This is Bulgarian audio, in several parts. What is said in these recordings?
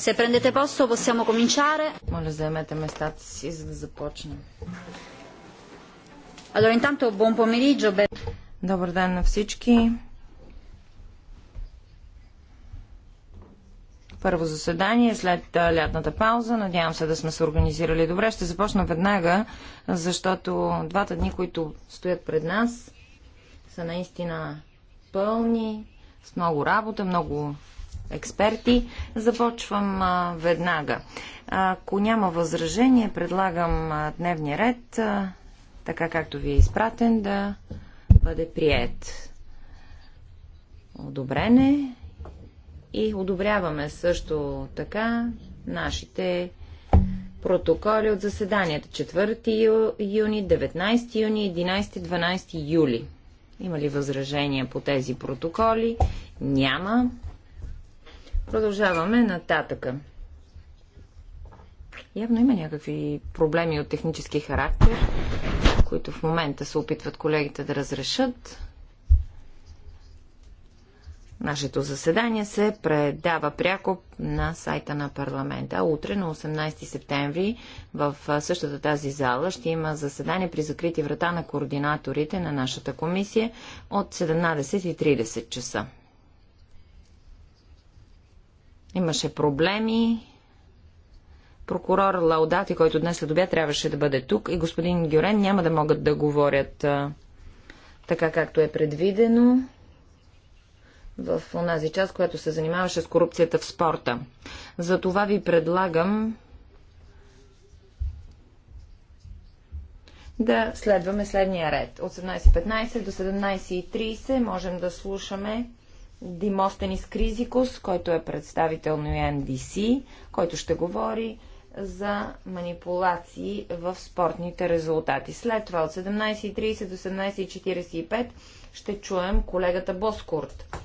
Se prendete posto possiamo cominciare. Моля, заемете местата си, за да започнем. Allora, intanto, buon pomeriggio. Ben... Добър ден на всички. Първо заседание след лятната пауза. Надявам се да сме се организирали добре. Ще започна веднага, защото двата дни, които стоят пред нас, са наистина пълни, с много работа, много експерти. Започвам а, веднага. Ако няма възражение, предлагам а, дневния ред, а, така както ви е изпратен, да бъде прият. Одобрене и одобряваме също така нашите протоколи от заседанията 4 юни, 19 юни, 11, 12 юли. Има ли възражения по тези протоколи? Няма. Продължаваме нататъка. Явно има някакви проблеми от технически характер, които в момента се опитват колегите да разрешат. Нашето заседание се предава пряко на сайта на парламента. Утре на 18 септември в същата тази зала ще има заседание при закрити врата на координаторите на нашата комисия от 17.30 часа. Имаше проблеми. Прокурор Лаудати, който днес след обяд трябваше да бъде тук, и господин Гюрен няма да могат да говорят а, така, както е предвидено в онази част, която се занимаваше с корупцията в спорта. За това ви предлагам да следваме следния ред. От 17.15 до 17.30 можем да слушаме Димостенис Кризикус, който е представител на UNDC, който ще говори за манипулации в спортните резултати. След това от 17.30 до 18.45 ще чуем колегата Боскурт,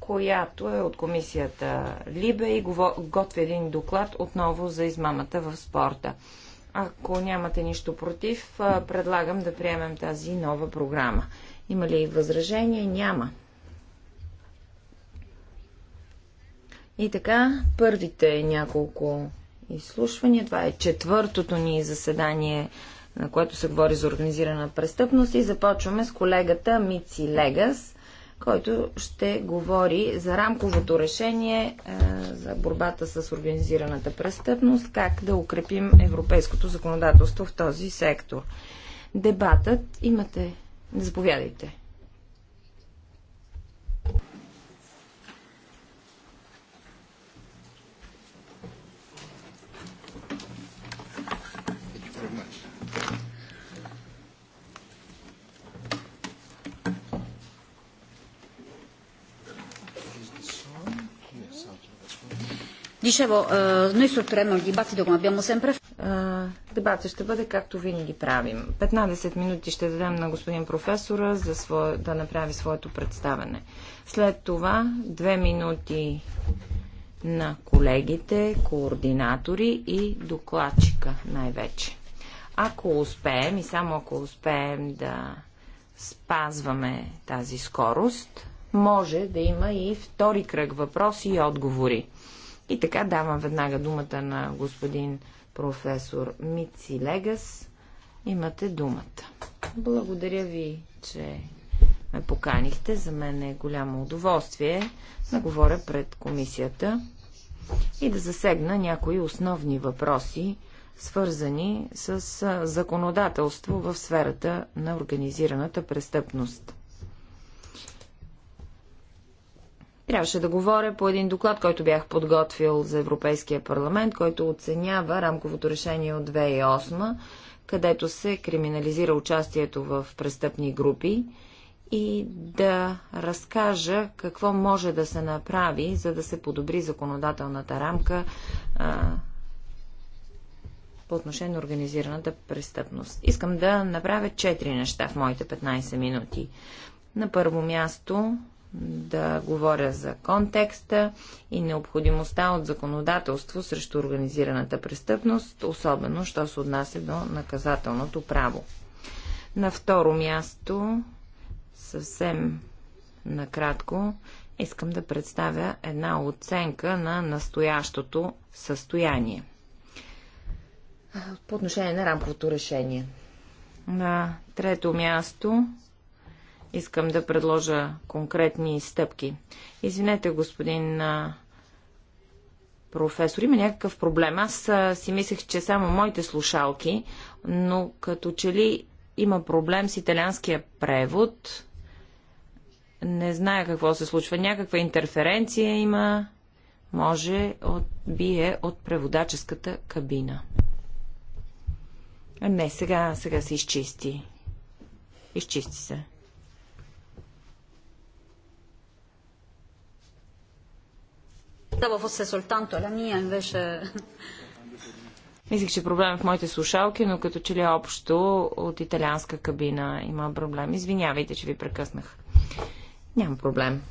която е от комисията Либе и готви един доклад отново за измамата в спорта. Ако нямате нищо против, предлагам да приемем тази нова програма. Има ли възражение? Няма. И така, първите няколко изслушвания, това е четвъртото ни заседание, на което се говори за организирана престъпност и започваме с колегата Мици Легас, който ще говори за рамковото решение е, за борбата с организираната престъпност, как да укрепим европейското законодателство в този сектор. Дебатът имате. Заповядайте. Dicevo, eh, noi sotterremo il dibattito го abbiamo sempre eh, Дебатът ще бъде както винаги правим. 15 минути ще дадем на господин професора за свое, да направи своето представене. След това две минути на колегите, координатори и докладчика най-вече. Ако успеем и само ако успеем да спазваме тази скорост, може да има и втори кръг въпроси и отговори. И така давам веднага думата на господин професор Мици Легас. Имате думата. Благодаря ви, че ме поканихте. За мен е голямо удоволствие да говоря пред комисията и да засегна някои основни въпроси, свързани с законодателство в сферата на организираната престъпност. Трябваше да говоря по един доклад, който бях подготвил за Европейския парламент, който оценява рамковото решение от 2008, където се криминализира участието в престъпни групи и да разкажа какво може да се направи, за да се подобри законодателната рамка а, по отношение на организираната престъпност. Искам да направя четири неща в моите 15 минути. На първо място да говоря за контекста и необходимостта от законодателство срещу организираната престъпност, особено, що се отнася до наказателното право. На второ място, съвсем накратко, искам да представя една оценка на настоящото състояние. По отношение на рамковото решение. На трето място Искам да предложа конкретни стъпки. Извинете, господин професор, има някакъв проблем. Аз си мислех, че само моите слушалки, но като че ли има проблем с италианския превод. Не зная какво се случва. Някаква интерференция има. Може от, бие от преводаческата кабина. Не, сега, сега се изчисти. Изчисти се. Става fosse soltanto la mia, invece... Мислих, че е проблем е в моите слушалки, но като че ли е общо от италианска кабина има проблем. Извинявайте, че ви прекъснах. Няма проблем.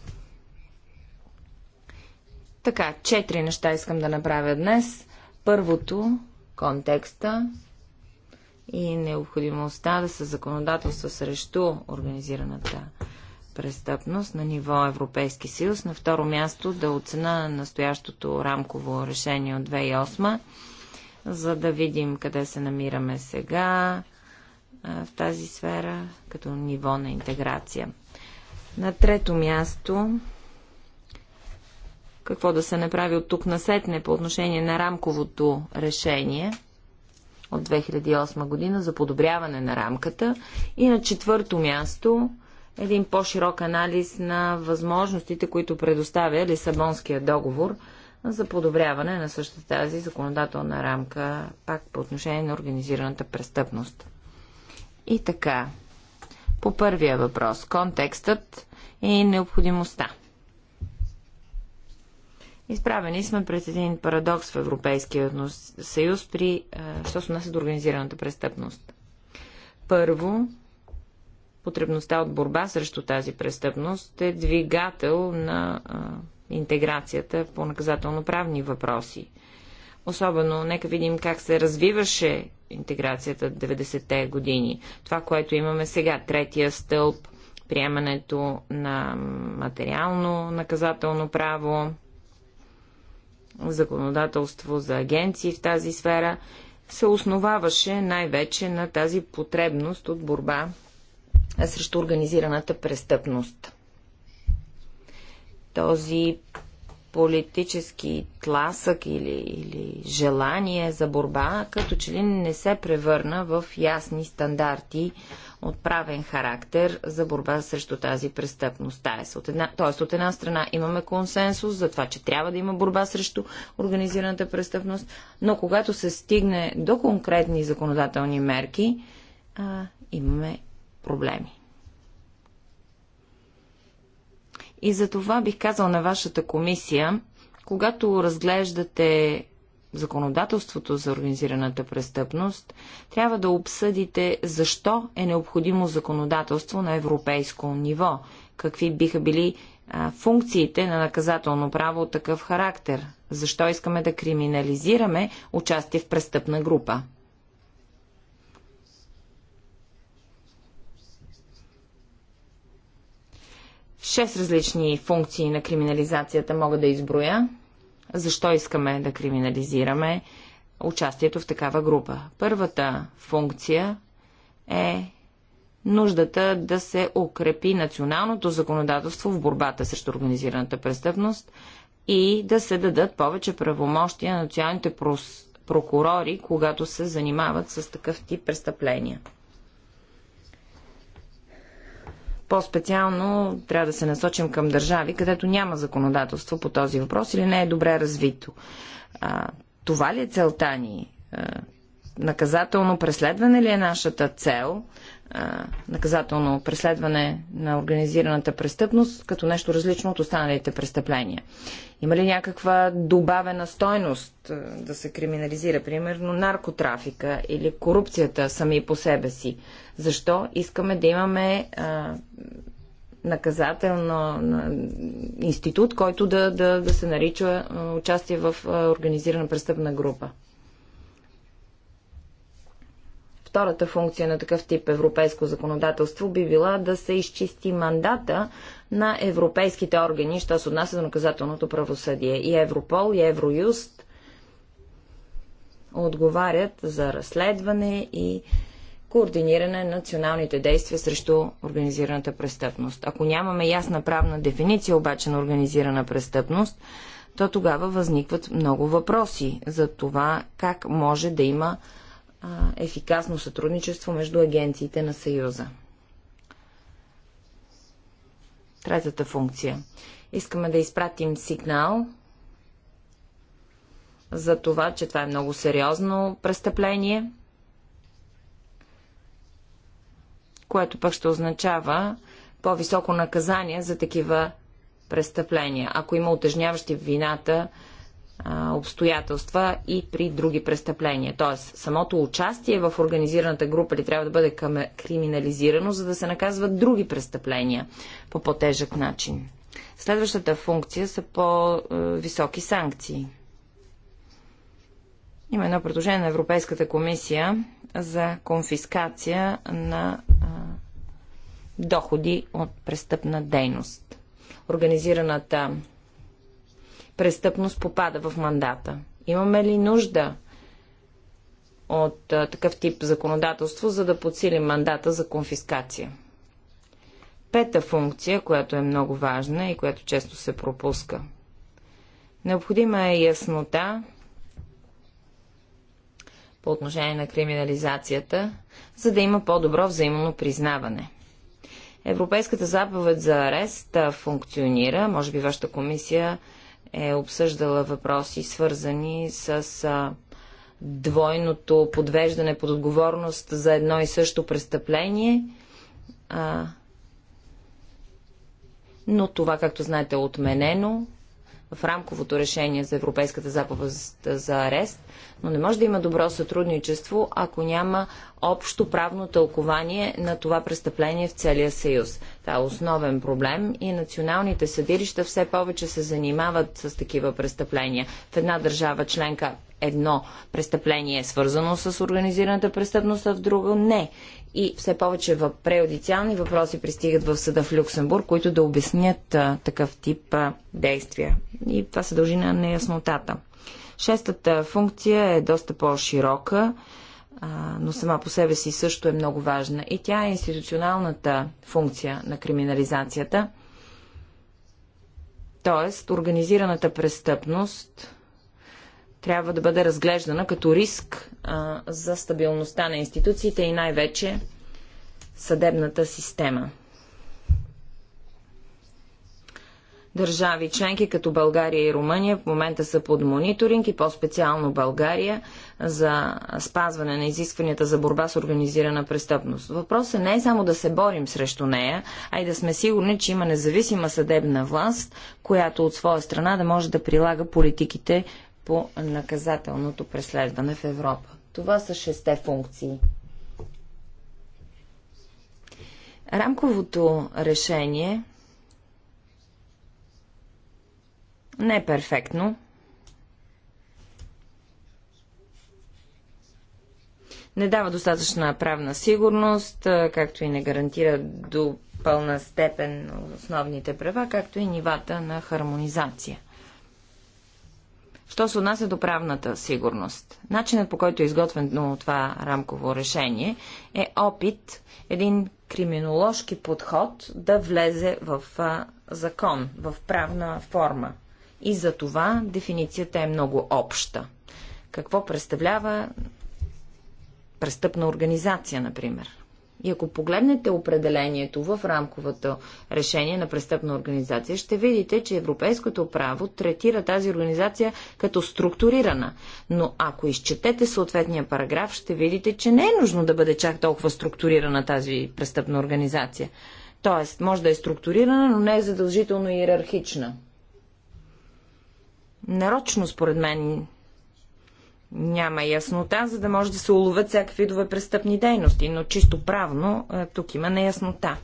Така, четири неща искам да направя днес. Първото, контекста и необходимостта да се законодателства срещу организираната престъпност на ниво Европейски съюз. На второ място да оцена настоящото рамково решение от 2008, за да видим къде се намираме сега в тази сфера като ниво на интеграция. На трето място какво да се направи от тук насетне по отношение на рамковото решение от 2008 година за подобряване на рамката. И на четвърто място един по-широк анализ на възможностите, които предоставя Лисабонския договор за подобряване на същата тази законодателна рамка, пак по отношение на организираната престъпност. И така, по първия въпрос, контекстът и необходимостта. Изправени сме пред един парадокс в Европейския съюз при, що се отнася до организираната престъпност. Първо, потребността от борба срещу тази престъпност е двигател на а, интеграцията по наказателно-правни въпроси. Особено, нека видим как се развиваше интеграцията 90-те години. Това, което имаме сега, третия стълб, приемането на материално наказателно право, законодателство за агенции в тази сфера, се основаваше най-вече на тази потребност от борба срещу организираната престъпност. Този политически тласък или, или желание за борба, като че ли не се превърна в ясни стандарти от правен характер за борба срещу тази престъпност. Тоест от, една, от една страна имаме консенсус за това, че трябва да има борба срещу организираната престъпност, но когато се стигне до конкретни законодателни мерки, а, имаме проблеми. И за това бих казал на вашата комисия, когато разглеждате законодателството за организираната престъпност, трябва да обсъдите защо е необходимо законодателство на европейско ниво, какви биха били функциите на наказателно право от такъв характер, защо искаме да криминализираме участие в престъпна група. Шест различни функции на криминализацията мога да изброя. Защо искаме да криминализираме участието в такава група? Първата функция е нуждата да се укрепи националното законодателство в борбата срещу организираната престъпност и да се дадат повече правомощия на националните прокурори, когато се занимават с такъв тип престъпления. По-специално трябва да се насочим към държави, където няма законодателство по този въпрос или не е добре развито. А, това ли е целта ни? А, наказателно преследване ли е нашата цел? А, наказателно преследване на организираната престъпност като нещо различно от останалите престъпления. Има ли някаква добавена стойност е, да се криминализира, примерно наркотрафика или корупцията сами по себе си? Защо искаме да имаме а, е, наказателно на, институт, който да, да, да се нарича е, участие в организирана престъпна група? втората функция на такъв тип европейско законодателство би била да се изчисти мандата на европейските органи, що се отнася до наказателното правосъдие. И Европол, и Евроюст отговарят за разследване и координиране на националните действия срещу организираната престъпност. Ако нямаме ясна правна дефиниция обаче на организирана престъпност, то тогава възникват много въпроси за това как може да има ефикасно сътрудничество между агенциите на Съюза. Третата функция. Искаме да изпратим сигнал за това, че това е много сериозно престъпление, което пък ще означава по-високо наказание за такива престъпления. Ако има утежняващи вината, обстоятелства и при други престъпления. Тоест, самото участие в организираната група ли трябва да бъде криминализирано, за да се наказват други престъпления по по-тежък начин. Следващата функция са по-високи санкции. Има едно предложение на Европейската комисия за конфискация на доходи от престъпна дейност. Организираната престъпност попада в мандата? Имаме ли нужда от а, такъв тип законодателство, за да подсилим мандата за конфискация? Пета функция, която е много важна и която често се пропуска. Необходима е яснота по отношение на криминализацията, за да има по-добро взаимно признаване. Европейската заповед за арест функционира, може би вашата комисия е обсъждала въпроси, свързани с а, двойното подвеждане под отговорност за едно и също престъпление. А, но това, както знаете, е отменено в рамковото решение за Европейската заповед за арест, но не може да има добро сътрудничество, ако няма общо правно тълкование на това престъпление в целия съюз. Това е основен проблем и националните съдилища все повече се занимават с такива престъпления. В една държава членка едно престъпление е свързано с организираната престъпност, а в друга не и все повече в преодициални въпроси пристигат в съда в Люксембург, които да обяснят а, такъв тип а, действия. И това се дължи на неяснотата. Шестата функция е доста по-широка, но сама по себе си също е много важна. И тя е институционалната функция на криминализацията, т.е. организираната престъпност трябва да бъде разглеждана като риск а, за стабилността на институциите и най-вече съдебната система. Държави членки като България и Румъния в момента са под мониторинг и по-специално България за спазване на изискванията за борба с организирана престъпност. Въпросът е не е само да се борим срещу нея, а и да сме сигурни, че има независима съдебна власт, която от своя страна да може да прилага политиките, по наказателното преследване в Европа. Това са шесте функции. Рамковото решение не е перфектно. Не дава достатъчна правна сигурност, както и не гарантира до пълна степен основните права, както и нивата на хармонизация. Що се отнася до правната сигурност? Начинът по който е изготвено това рамково решение е опит един криминоложки подход да влезе в а, закон, в правна форма. И за това дефиницията е много обща. Какво представлява престъпна организация, например? И ако погледнете определението в рамковото решение на престъпна организация, ще видите, че европейското право третира тази организация като структурирана. Но ако изчетете съответния параграф, ще видите, че не е нужно да бъде чак толкова структурирана тази престъпна организация. Тоест, може да е структурирана, но не е задължително иерархична. Нарочно, според мен, няма яснота, за да може да се уловят всякакви видове престъпни дейности, но чисто правно е, тук има неяснота.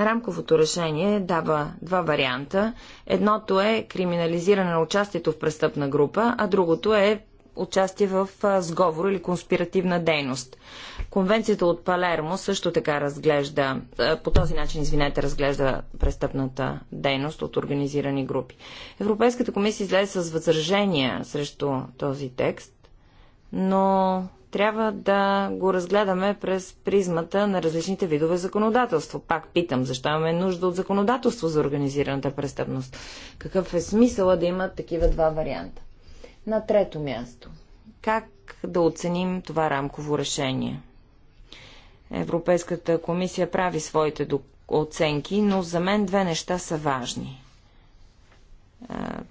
Рамковото решение дава два варианта. Едното е криминализиране на участието в престъпна група, а другото е участие в сговор или конспиративна дейност. Конвенцията от Палермо също така разглежда, по този начин, извинете, разглежда престъпната дейност от организирани групи. Европейската комисия излезе с възражения срещу този текст, но трябва да го разгледаме през призмата на различните видове законодателство. Пак питам, защо имаме нужда от законодателство за организираната престъпност? Какъв е смисъла да има такива два варианта? На трето място. Как да оценим това рамково решение? Европейската комисия прави своите оценки, но за мен две неща са важни.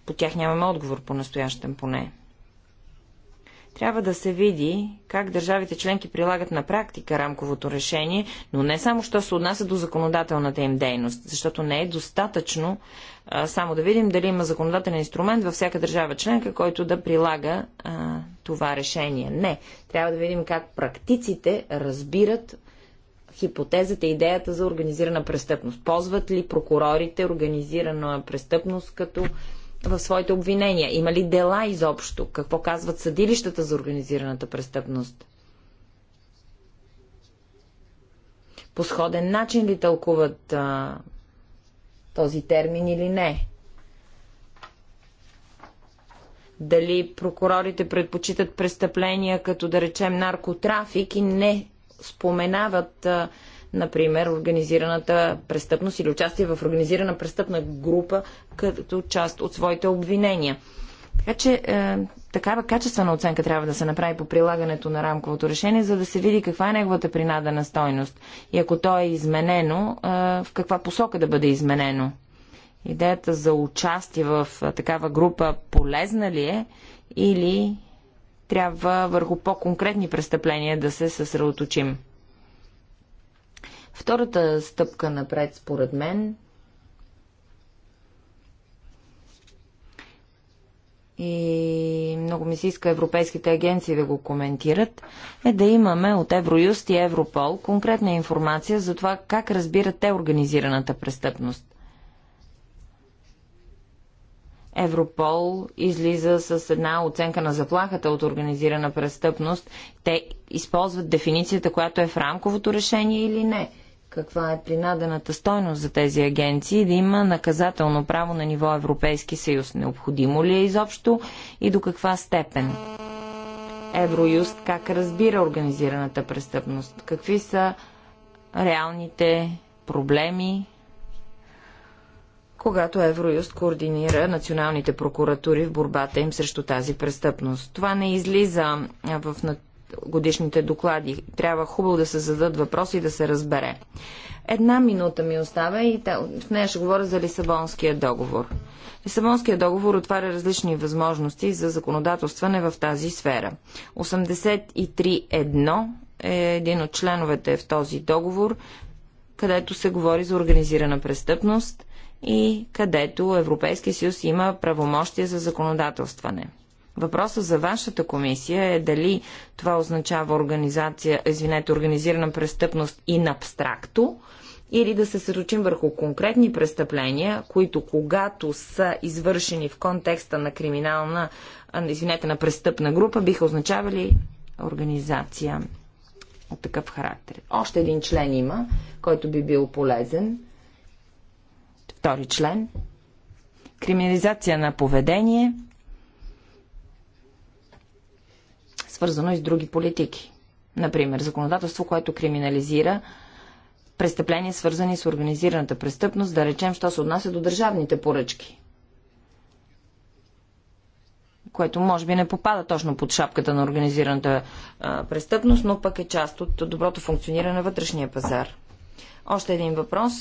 По тях нямаме отговор по настоящем поне. Трябва да се види как държавите членки прилагат на практика рамковото решение, но не само, що се отнася до законодателната им дейност, защото не е достатъчно а, само да видим дали има законодателен инструмент във всяка държава членка, който да прилага а, това решение. Не. Трябва да видим как практиците разбират хипотезата, идеята за организирана престъпност. Ползват ли прокурорите организирана престъпност като в своите обвинения? Има ли дела изобщо? Какво казват съдилищата за организираната престъпност? По сходен начин ли тълкуват а, този термин или не? Дали прокурорите предпочитат престъпления като, да речем, наркотрафик и не споменават а, например, организираната престъпност или участие в организирана престъпна група като част от своите обвинения. Така че е, такава качествена оценка трябва да се направи по прилагането на рамковото решение, за да се види каква е неговата принадена стойност и ако то е изменено, е, в каква посока да бъде изменено. Идеята за участие в е, такава група полезна ли е или трябва върху по-конкретни престъпления да се съсредоточим. Втората стъпка напред, според мен, и много ми се иска европейските агенции да го коментират, е да имаме от Евроюст и Европол конкретна информация за това как разбират те организираната престъпност. Европол излиза с една оценка на заплахата от организирана престъпност. Те използват дефиницията, която е в рамковото решение или не каква е принадената стойност за тези агенции, да има наказателно право на ниво Европейски съюз. Необходимо ли е изобщо и до каква степен? Евроюст как разбира организираната престъпност? Какви са реалните проблеми, когато Евроюст координира националните прокуратури в борбата им срещу тази престъпност. Това не излиза в годишните доклади. Трябва хубаво да се зададат въпроси и да се разбере. Една минута ми остава, и в нея ще говоря за Лисабонския договор. Лисабонския договор отваря различни възможности за законодателстване в тази сфера. 83.1 е един от членовете в този договор, където се говори за организирана престъпност и където Европейския съюз има правомощия за законодателстване. Въпросът за вашата комисия е дали това означава организация, извинете, организирана престъпност и на абстракто, или да се съсредоточим върху конкретни престъпления, които когато са извършени в контекста на криминална, извинете, на престъпна група, биха означавали организация от такъв характер. Още един член има, който би бил полезен. Втори член. Криминализация на поведение свързано и с други политики. Например, законодателство, което криминализира престъпления, свързани с организираната престъпност, да речем, що се отнася до държавните поръчки. Което може би не попада точно под шапката на организираната а, престъпност, но пък е част от доброто функциониране на вътрешния пазар. Още един въпрос.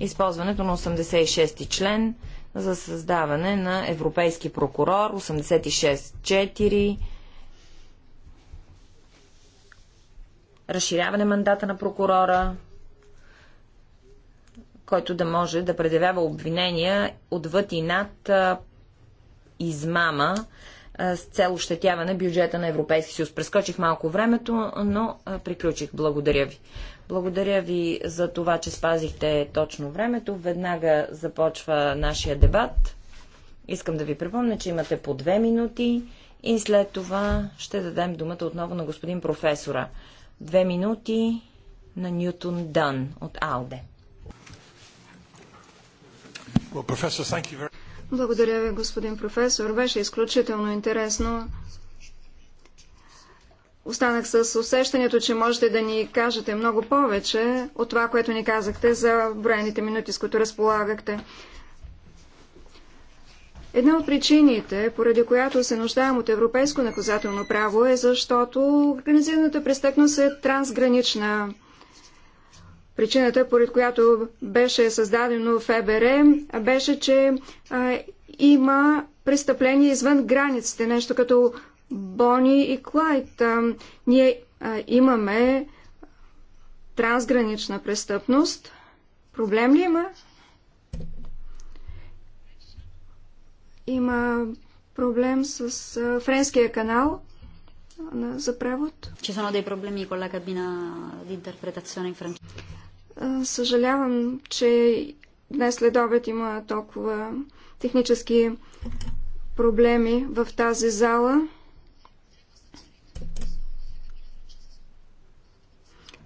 Използването на 86-ти член за създаване на европейски прокурор 86-4 разширяване мандата на прокурора, който да може да предявява обвинения отвъд и над измама с цел ощетяване бюджета на Европейски съюз. Прескочих малко времето, но приключих. Благодаря ви. Благодаря ви за това, че спазихте точно времето. Веднага започва нашия дебат. Искам да ви припомня, че имате по две минути и след това ще дадем думата отново на господин професора. Две минути на Ньютон Дън от АЛДЕ. Благодаря ви, господин професор. Беше изключително интересно. Останах с усещането, че можете да ни кажете много повече от това, което ни казахте за броените минути, с които разполагахте. Една от причините, поради която се нуждаем от европейско наказателно право е защото организираната престъпност е трансгранична. Причината, поради която беше създадено ФБР, беше, че а, има престъпления извън границите, нещо като Бони и Клайд. А, ние а, имаме трансгранична престъпност. Проблем ли има? Има проблем с френския канал за превод. Ci sono dei problemi con la cabina di interpretazione in francese. Съжалявам, че днес след обед има толкова технически проблеми в тази зала.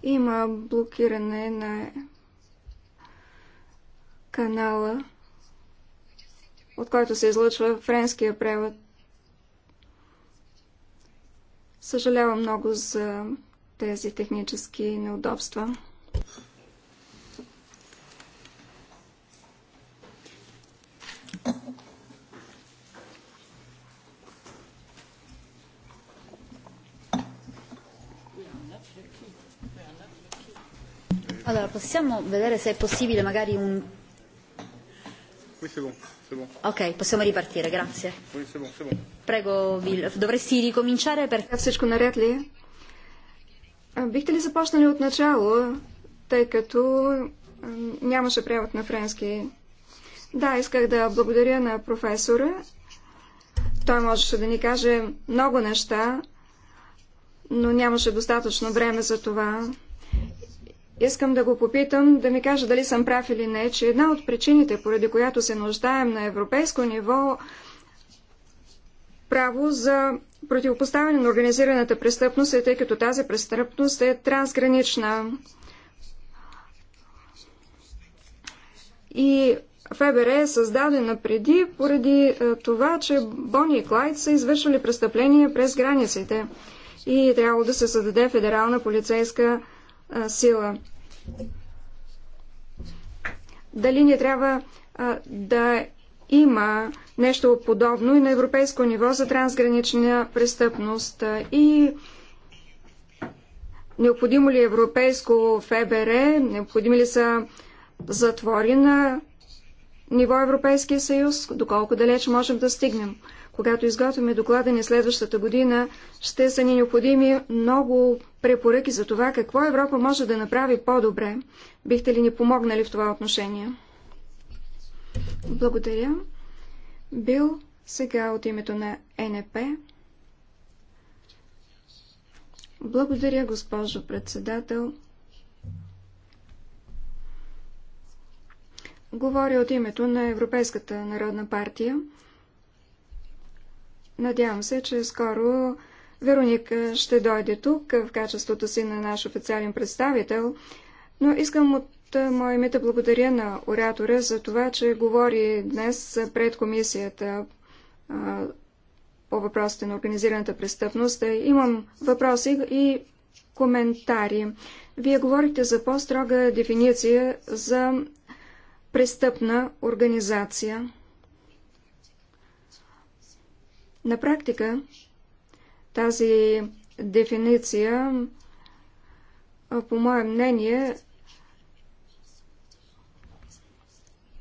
Има блокиране на канала от който се излъчва френския превод. Съжалявам много за тези технически неудобства. Allora, possiamo vedere se è possibile magari un... Questo è buono. Ok, possiamo ripartire, grazie. Prego, dovresti ricominciare е, Всичко наред ли? Бихте ли започнали от начало, тъй като нямаше превод на френски? Да, исках да благодаря на професора. Той можеше да ни каже много неща, но нямаше достатъчно време за това. Искам да го попитам, да ми каже дали съм прав или не, че една от причините, поради която се нуждаем на европейско ниво право за противопоставяне на организираната престъпност е тъй като тази престъпност е трансгранична. И ФБР е създадена преди поради е, това, че Бони и Клайд са извършвали престъпления през границите и е трябвало да се създаде федерална полицейска е, сила. Дали не трябва а, да има нещо подобно и на европейско ниво за трансгранична престъпност и необходимо ли е европейско ФБР, необходими ли са затвори на ниво Европейския съюз, доколко далеч можем да стигнем. Когато изготвяме доклада ни следващата година, ще са ни необходими много препоръки за това какво Европа може да направи по-добре. Бихте ли ни помогнали в това отношение? Благодаря. Бил сега от името на НП. Благодаря, госпожо председател. Говоря от името на Европейската народна партия. Надявам се, че скоро Вероника ще дойде тук в качеството си на наш официален представител, но искам от мое име да благодаря на оратора за това, че говори днес пред комисията по въпросите на организираната престъпност. Имам въпроси и коментари. Вие говорите за по-строга дефиниция за престъпна организация. На практика тази дефиниция, по мое мнение,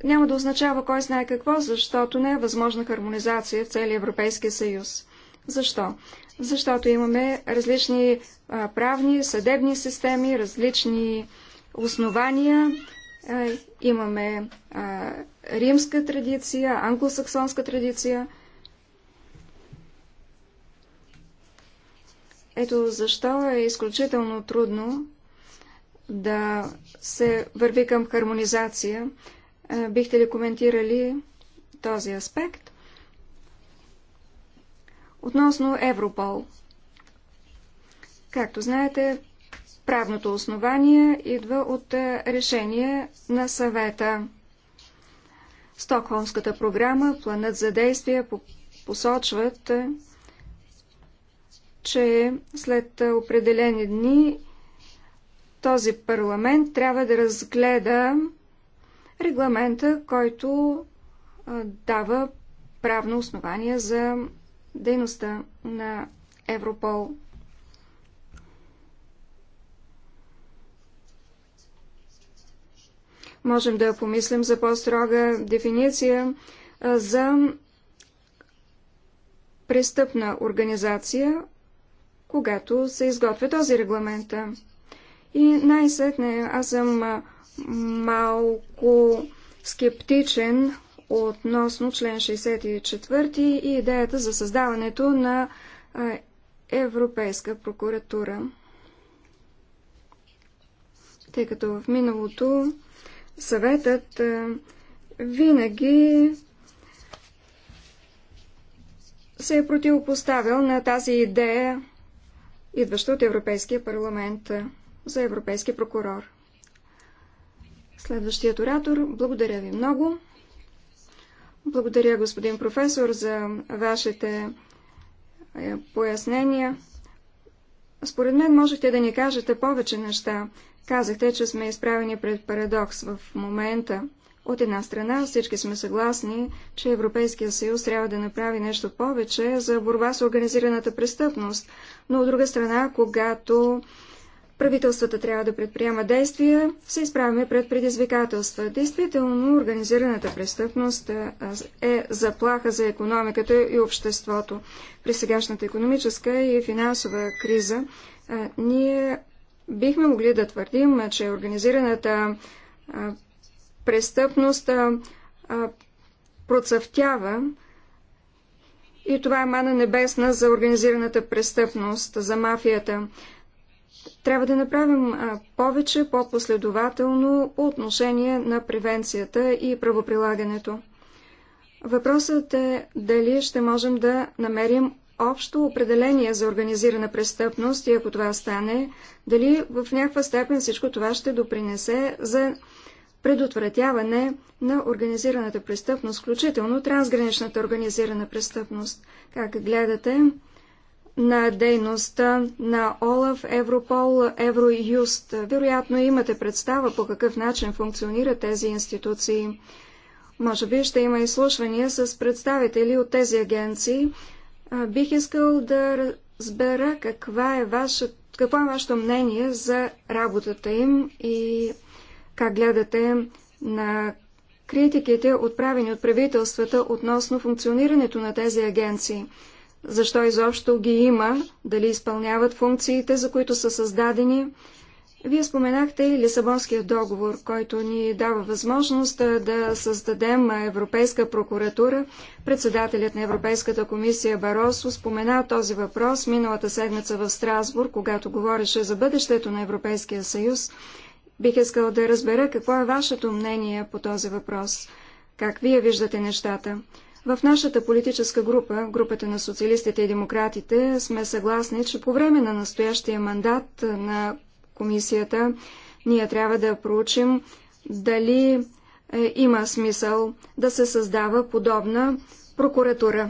няма да означава кой знае какво, защото не е възможна хармонизация в целия Европейски съюз. Защо? Защото имаме различни правни, съдебни системи, различни основания. имаме римска традиция, англосаксонска традиция – Ето защо е изключително трудно да се върви към хармонизация. Е, бихте ли коментирали този аспект? Относно Европол. Както знаете, правното основание идва от е, решение на съвета. Стокхолмската програма, планът за действие посочват, е, че след определени дни този парламент трябва да разгледа регламента, който дава правно основание за дейността на Европол. Можем да помислим за по-строга дефиниция за престъпна организация, когато се изготвя този регламент. И най-сетне аз съм малко скептичен относно член 64 и идеята за създаването на Европейска прокуратура. Тъй като в миналото съветът винаги се е противопоставил на тази идея идваща от Европейския парламент за Европейски прокурор. Следващият оратор. Благодаря ви много. Благодаря, господин професор, за вашите е, пояснения. Според мен можете да ни кажете повече неща. Казахте, че сме изправени пред парадокс в момента. От една страна всички сме съгласни, че Европейския съюз трябва да направи нещо повече за борба с организираната престъпност, но от друга страна, когато правителствата трябва да предприемат действия, се изправяме пред предизвикателства. Действително, организираната престъпност е заплаха за економиката и обществото. При сегашната економическа и финансова криза ние бихме могли да твърдим, че организираната Престъпността а, процъфтява и това е мана небесна за организираната престъпност, за мафията. Трябва да направим а, повече, по-последователно по отношение на превенцията и правоприлагането. Въпросът е дали ще можем да намерим общо определение за организирана престъпност и ако това стане, дали в някаква степен всичко това ще допринесе за предотвратяване на организираната престъпност, включително трансграничната организирана престъпност. Как гледате на дейността на ОЛАФ, Европол, Евроюст? Вероятно имате представа по какъв начин функционират тези институции. Може би ще има изслушвания с представители от тези агенции. Бих искал да разбера каква е вашата какво е вашето мнение за работата им и как гледате на критиките, отправени от правителствата относно функционирането на тези агенции. Защо изобщо ги има, дали изпълняват функциите, за които са създадени. Вие споменахте и Лисабонския договор, който ни дава възможност да създадем Европейска прокуратура. Председателят на Европейската комисия Баросо спомена този въпрос миналата седмица в Страсбург, когато говореше за бъдещето на Европейския съюз. Бих искал да разбера какво е вашето мнение по този въпрос. Как вие виждате нещата? В нашата политическа група, групата на социалистите и демократите, сме съгласни, че по време на настоящия мандат на комисията ние трябва да проучим дали е, има смисъл да се създава подобна прокуратура.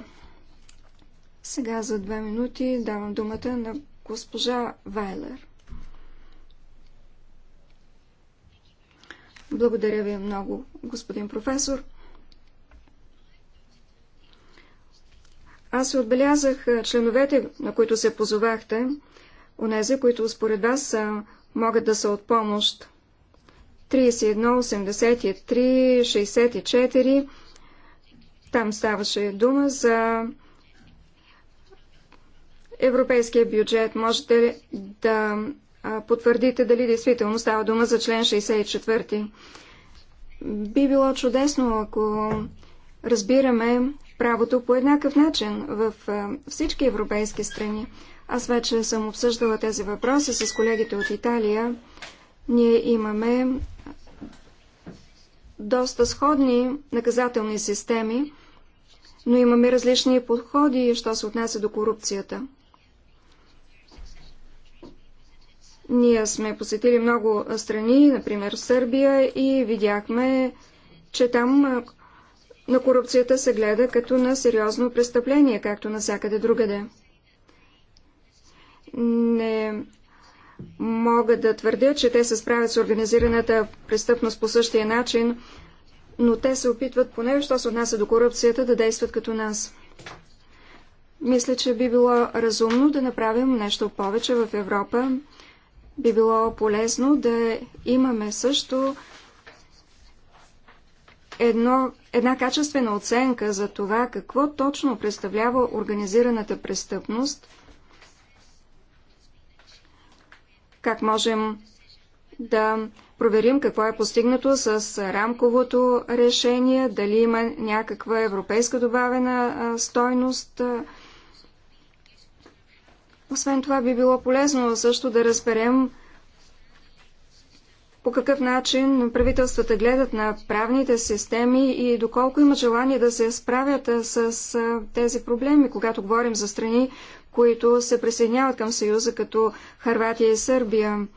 Сега за две минути давам думата на госпожа Вайлер. Благодаря ви много, господин професор. Аз се отбелязах членовете, на които се позовахте, онези, които според вас са, могат да са от помощ. 31, 83, 64. Там ставаше дума за европейския бюджет. Можете да потвърдите дали действително става дума за член 64. Би било чудесно, ако разбираме правото по еднакъв начин в всички европейски страни. Аз вече съм обсъждала тези въпроси с колегите от Италия. Ние имаме доста сходни наказателни системи, но имаме различни подходи, що се отнася до корупцията. Ние сме посетили много страни, например Сърбия, и видяхме, че там на корупцията се гледа като на сериозно престъпление, както навсякъде другаде. Не мога да твърдя, че те се справят с организираната престъпност по същия начин, но те се опитват, поне що се отнася до корупцията, да действат като нас. Мисля, че би било разумно да направим нещо повече в Европа, би било полезно да имаме също едно, една качествена оценка за това какво точно представлява организираната престъпност, как можем да проверим какво е постигнато с рамковото решение, дали има някаква европейска добавена стойност, освен това би било полезно също да разберем по какъв начин правителствата гледат на правните системи и доколко имат желание да се справят с тези проблеми, когато говорим за страни, които се присъединяват към Съюза, като Харватия и Сърбия.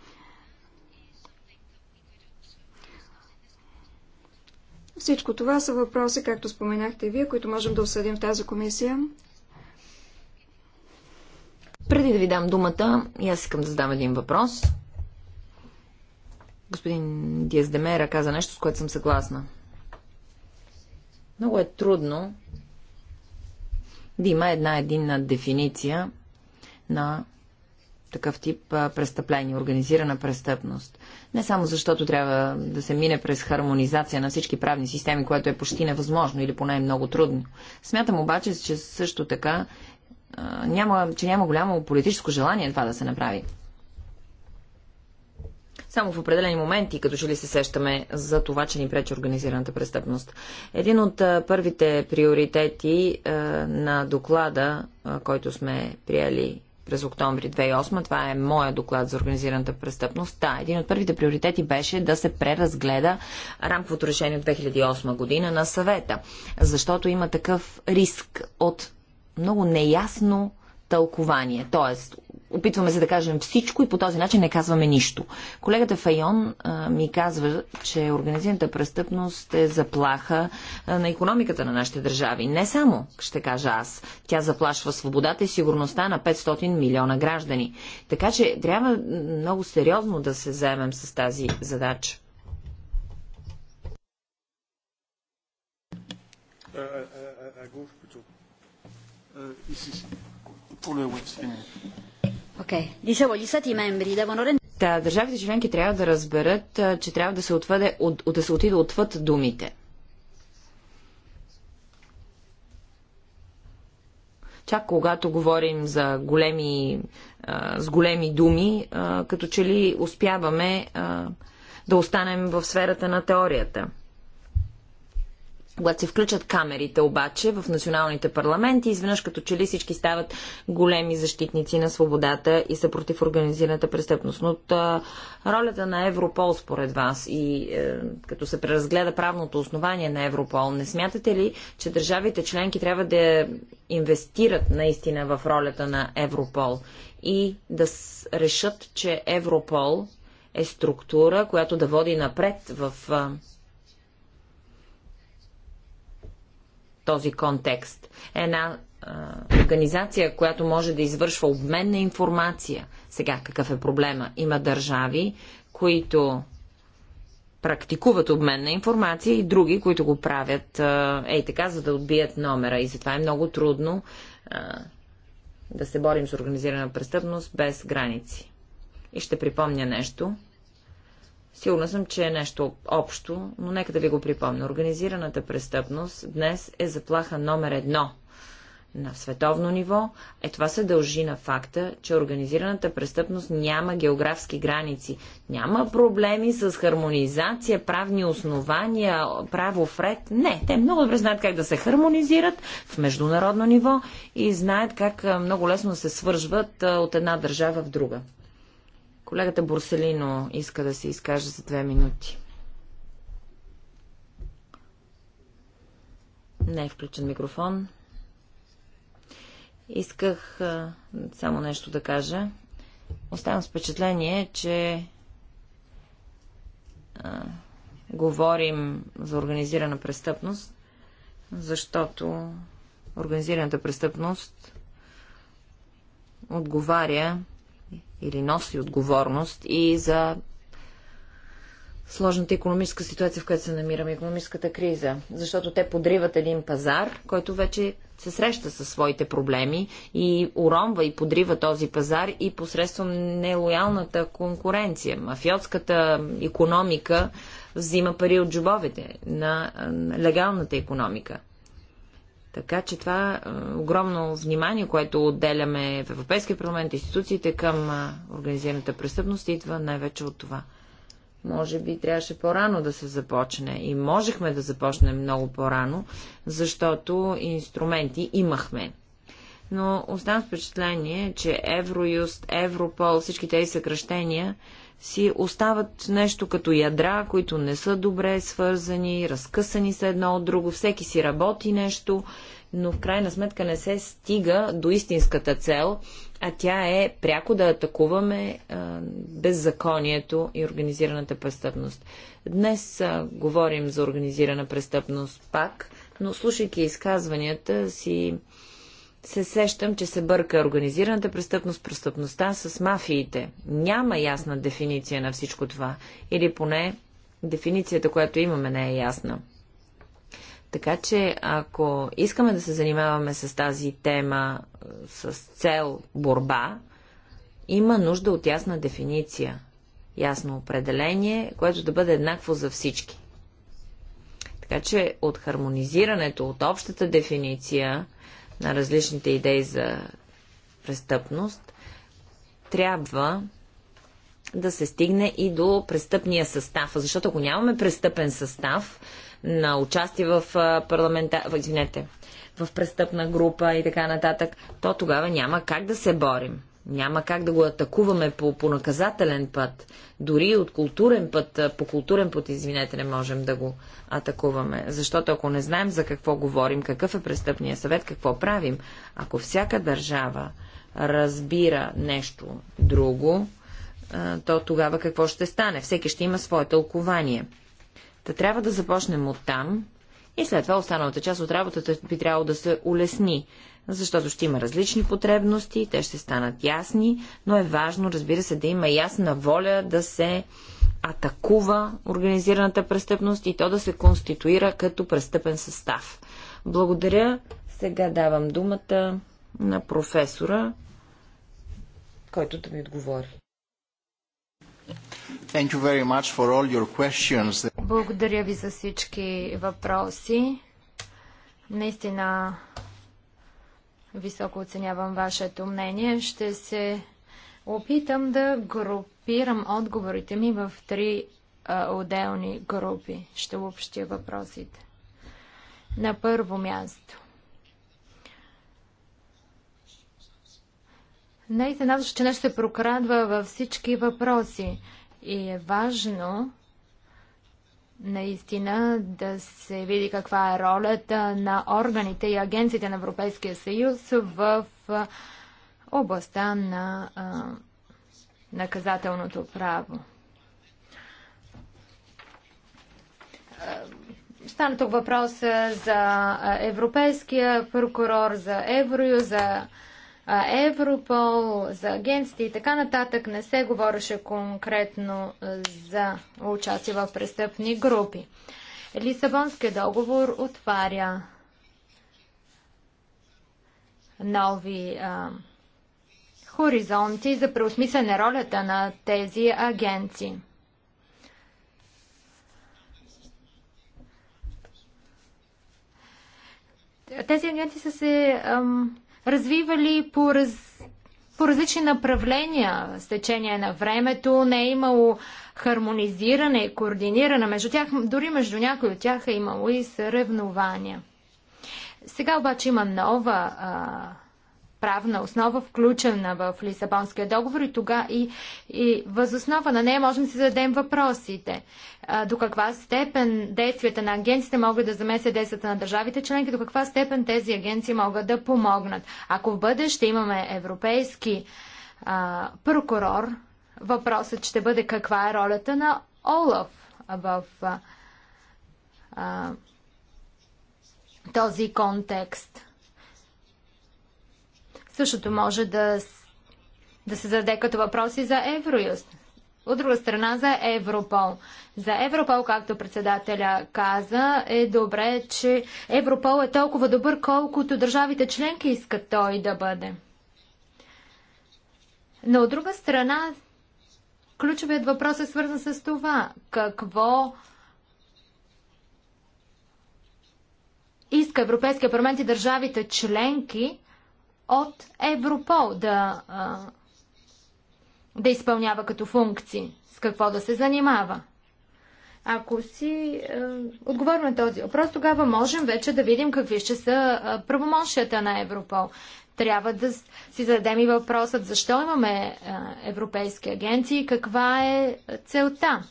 Всичко това са въпроси, както споменахте вие, които можем да осъдим в тази комисия. Преди да ви дам думата, и аз искам да задам един въпрос. Господин Диездемера каза нещо, с което съм съгласна. Много е трудно да има една единна дефиниция на такъв тип престъпление, организирана престъпност. Не само защото трябва да се мине през хармонизация на всички правни системи, което е почти невъзможно или поне е много трудно. Смятам обаче, че също така няма, че няма голямо политическо желание това да се направи. Само в определени моменти, като че ли се сещаме за това, че ни пречи организираната престъпност. Един от първите приоритети на доклада, който сме приели през октомври 2008, това е моя доклад за организираната престъпност. Да, един от първите приоритети беше да се преразгледа рамковото решение от 2008 година на съвета, защото има такъв риск от много неясно тълкование. Тоест, опитваме се да кажем всичко и по този начин не казваме нищо. Колегата Файон а, ми казва, че организираната престъпност е заплаха а, на економиката на нашите държави. Не само, ще кажа аз. Тя заплашва свободата и сигурността на 500 милиона граждани. Така че трябва много сериозно да се заемем с тази задача. Uh, uh, uh, uh Eh, държавите членки трябва да разберат, че трябва да се, отвъде, от, да се отиде отвъд думите. Чак когато говорим за големи, а, с големи думи, а, като че ли успяваме а, да останем в сферата на теорията. Когато се включат камерите обаче в националните парламенти, изведнъж като че ли всички стават големи защитници на свободата и са против организираната престъпност. Но от ролята на Европол според вас и е, като се преразгледа правното основание на Европол, не смятате ли, че държавите членки трябва да инвестират наистина в ролята на Европол и да решат, че Европол е структура, която да води напред в този контекст. Една организация, която може да извършва обмен на информация. Сега, какъв е проблема? Има държави, които практикуват обмен на информация и други, които го правят ей така, за да отбият номера. И затова е много трудно а, да се борим с организирана престъпност без граници. И ще припомня нещо. Сигурна съм, че е нещо общо, но нека да ви го припомня. Организираната престъпност днес е заплаха номер едно на световно ниво. Е това се дължи на факта, че организираната престъпност няма географски граници. Няма проблеми с хармонизация, правни основания, право вред. Не, те много добре знаят как да се хармонизират в международно ниво и знаят как много лесно се свържват от една държава в друга. Колегата Борселино иска да се изкаже за две минути. Не е включен микрофон. Исках а, само нещо да кажа. Оставам с впечатление, че а, говорим за организирана престъпност, защото организираната престъпност отговаря или носи отговорност и за сложната економическа ситуация, в която се намираме, економическата криза, защото те подриват един пазар, който вече се среща със своите проблеми и уронва и подрива този пазар и посредством нелоялната конкуренция. Мафиотската економика взима пари от джобовете на легалната економика. Така че това е огромно внимание, което отделяме в Европейския парламент, институциите към е, организираната престъпност, идва най-вече от това. Може би трябваше по-рано да се започне и можехме да започнем много по-рано, защото инструменти имахме. Но оставам впечатление, че Евроюст, Европол, всички тези съкръщения си остават нещо като ядра, които не са добре свързани, разкъсани са едно от друго, всеки си работи нещо, но в крайна сметка не се стига до истинската цел, а тя е пряко да атакуваме а, беззаконието и организираната престъпност. Днес а, говорим за организирана престъпност пак, но слушайки изказванията си се сещам, че се бърка организираната престъпност, престъпността с мафиите. Няма ясна дефиниция на всичко това. Или поне дефиницията, която имаме, не е ясна. Така че, ако искаме да се занимаваме с тази тема с цел борба, има нужда от ясна дефиниция, ясно определение, което да бъде еднакво за всички. Така че от хармонизирането, от общата дефиниция, на различните идеи за престъпност, трябва да се стигне и до престъпния състав. Защото ако нямаме престъпен състав на участие в парламента... Извинете, в престъпна група и така нататък, то тогава няма как да се борим. Няма как да го атакуваме по, по наказателен път. Дори от културен път, по културен път, извинете, не можем да го атакуваме. Защото ако не знаем за какво говорим, какъв е престъпния съвет, какво правим, ако всяка държава разбира нещо друго, то тогава какво ще стане? Всеки ще има свое тълкование. Та трябва да започнем от там и след това останалата част от работата би трябвало да се улесни защото ще има различни потребности, те ще станат ясни, но е важно, разбира се, да има ясна воля да се атакува организираната престъпност и то да се конституира като престъпен състав. Благодаря. Сега давам думата на професора, който да ми отговори. Благодаря ви за всички въпроси. Наистина Високо оценявам вашето мнение. Ще се опитам да групирам отговорите ми в три а, отделни групи. Ще общя въпросите. На първо място. Не че нещо се прокрадва във всички въпроси. И е важно наистина да се види каква е ролята на органите и агенциите на Европейския съюз в областта на а, наказателното право. Стана тук въпрос за Европейския прокурор, за Еврою, за Европол, за агенции и така нататък не се говореше конкретно за участие в престъпни групи. Лисабонския договор отваря нови а, хоризонти за преосмислене ролята на тези агенции. Тези агенти са се ам, развивали по, раз... по различни направления с течение на времето. Не е имало хармонизиране, и координиране между тях. Дори между някои от тях е имало и съревнования. Сега обаче има нова а, правна основа, включена в Лисабонския договор и тога и, и възоснова на нея можем да си зададем въпросите. До каква степен действията на агенциите могат да замесят действията на държавите членки, до каква степен тези агенции могат да помогнат. Ако в бъдеще имаме европейски а, прокурор, въпросът ще бъде каква е ролята на Олаф в а, а, този контекст. Същото може да, да се зададе като въпроси за Евроюст. От друга страна за Европол. За Европол, както председателя каза, е добре, че Европол е толкова добър, колкото държавите членки искат той да бъде. Но от друга страна, ключовият въпрос е свързан с това. Какво иска Европейския парламент и държавите членки от Европол да, да изпълнява като функции, с какво да се занимава. Ако си е, отговорим на този въпрос, тогава можем вече да видим какви ще са е, правомощията на Европол. Трябва да си зададем и въпросът защо имаме е, европейски агенции, и каква е целта.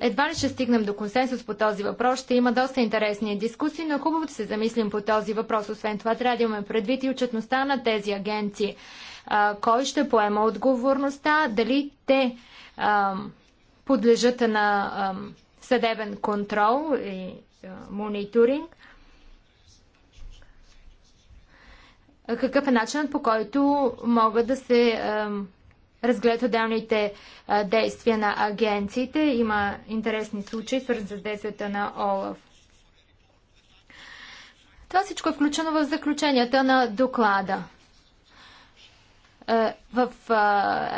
Едва ли ще стигнем до консенсус по този въпрос. Ще има доста интересни дискусии, но хубаво да се замислим по този въпрос. Освен това, трябва да имаме предвид и отчетността на тези агенции. Кой ще поема отговорността? Дали те подлежат на съдебен контрол и мониторинг? Какъв е начинът по който могат да се разгледа данните действия на агенциите. Има интересни случаи, свързани с действията на ОЛАФ. Това всичко е включено в заключенията на доклада. В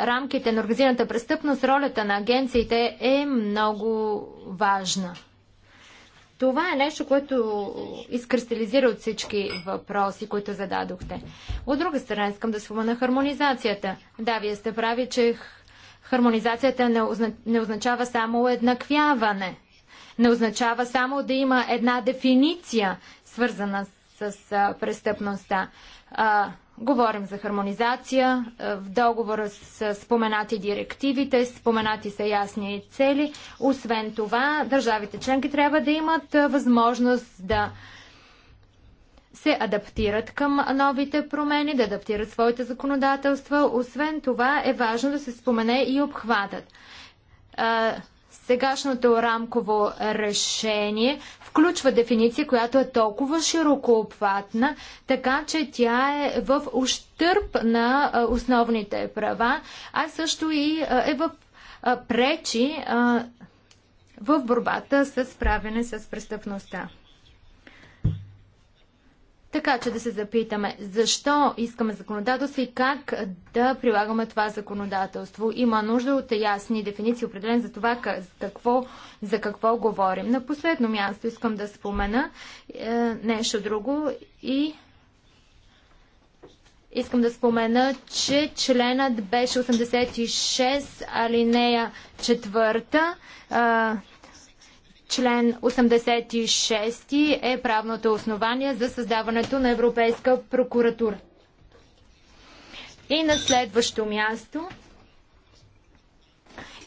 рамките на организираната престъпност ролята на агенциите е много важна. Това е нещо, което изкристализира от всички въпроси, които зададохте. От друга страна, искам да спомена хармонизацията. Да, вие сте прави, че хармонизацията не, озна... не означава само еднаквяване. Не означава само да има една дефиниция, свързана с, с престъпността. А, Говорим за хармонизация. Е, в договора са споменати директивите, споменати са ясни цели. Освен това, държавите членки трябва да имат е, възможност да се адаптират към новите промени, да адаптират своите законодателства. Освен това е важно да се спомене и обхватът. Е, сегашното рамково решение включва дефиниция, която е толкова широко така че тя е в ущърп на основните права, а също и е в пречи в борбата с правене с престъпността. Така че да се запитаме, защо искаме законодателство и как да прилагаме това законодателство. Има нужда от ясни дефиниции, определен за това какво, за какво говорим. На последно място искам да спомена е, нещо друго и Искам да спомена, че членът беше 86 алинея 4. Член 86 е правното основание за създаването на Европейска прокуратура. И на следващо място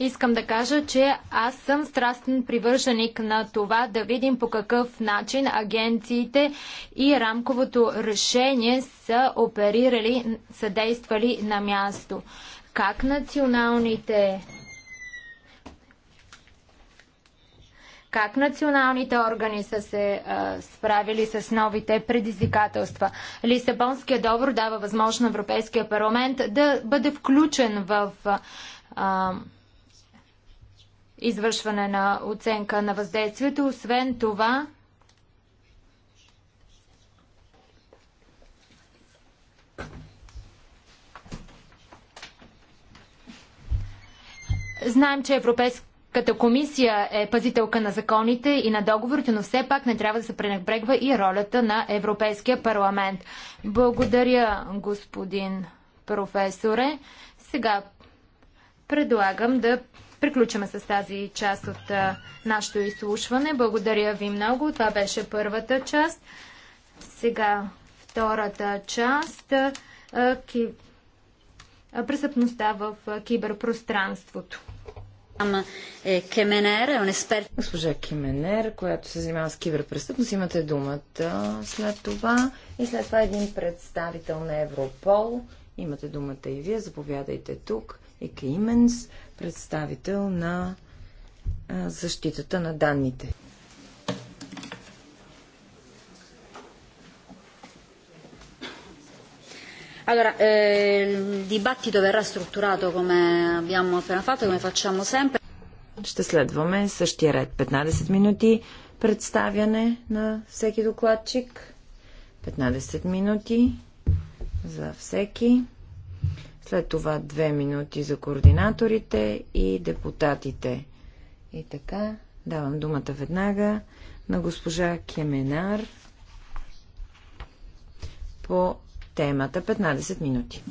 искам да кажа, че аз съм страстен привърженик на това да видим по какъв начин агенциите и рамковото решение са оперирали, са действали на място. Как националните как националните органи са се а, справили с новите предизвикателства. Лисабонския договор дава възможност на Европейския парламент да бъде включен в а, извършване на оценка на въздействието. Освен това, знаем, че Европейския като комисия е пазителка на законите и на договорите, но все пак не трябва да се пренебрегва и ролята на Европейския парламент. Благодаря, господин професоре. Сега предлагам да приключваме с тази част от нашето изслушване. Благодаря ви много. Това беше първата част. Сега втората част. А, ки... Престъпността в киберпространството. Е, е Госпожа Кименер, която се занимава с киберпрестъпност, имате думата след това. И след това един представител на Европол. Имате думата и вие. Заповядайте тук. И Кейменс, представител на защитата на данните. Allora, eh, il dibattito verrà strutturato come abbiamo appena fatto, come facciamo sempre. Ще следваме същия ред. 15 минути представяне на всеки докладчик. 15 минути за всеки. След това 2 минути за координаторите и депутатите. И така, давам думата веднага на госпожа Кеменар по темата. 15 минути.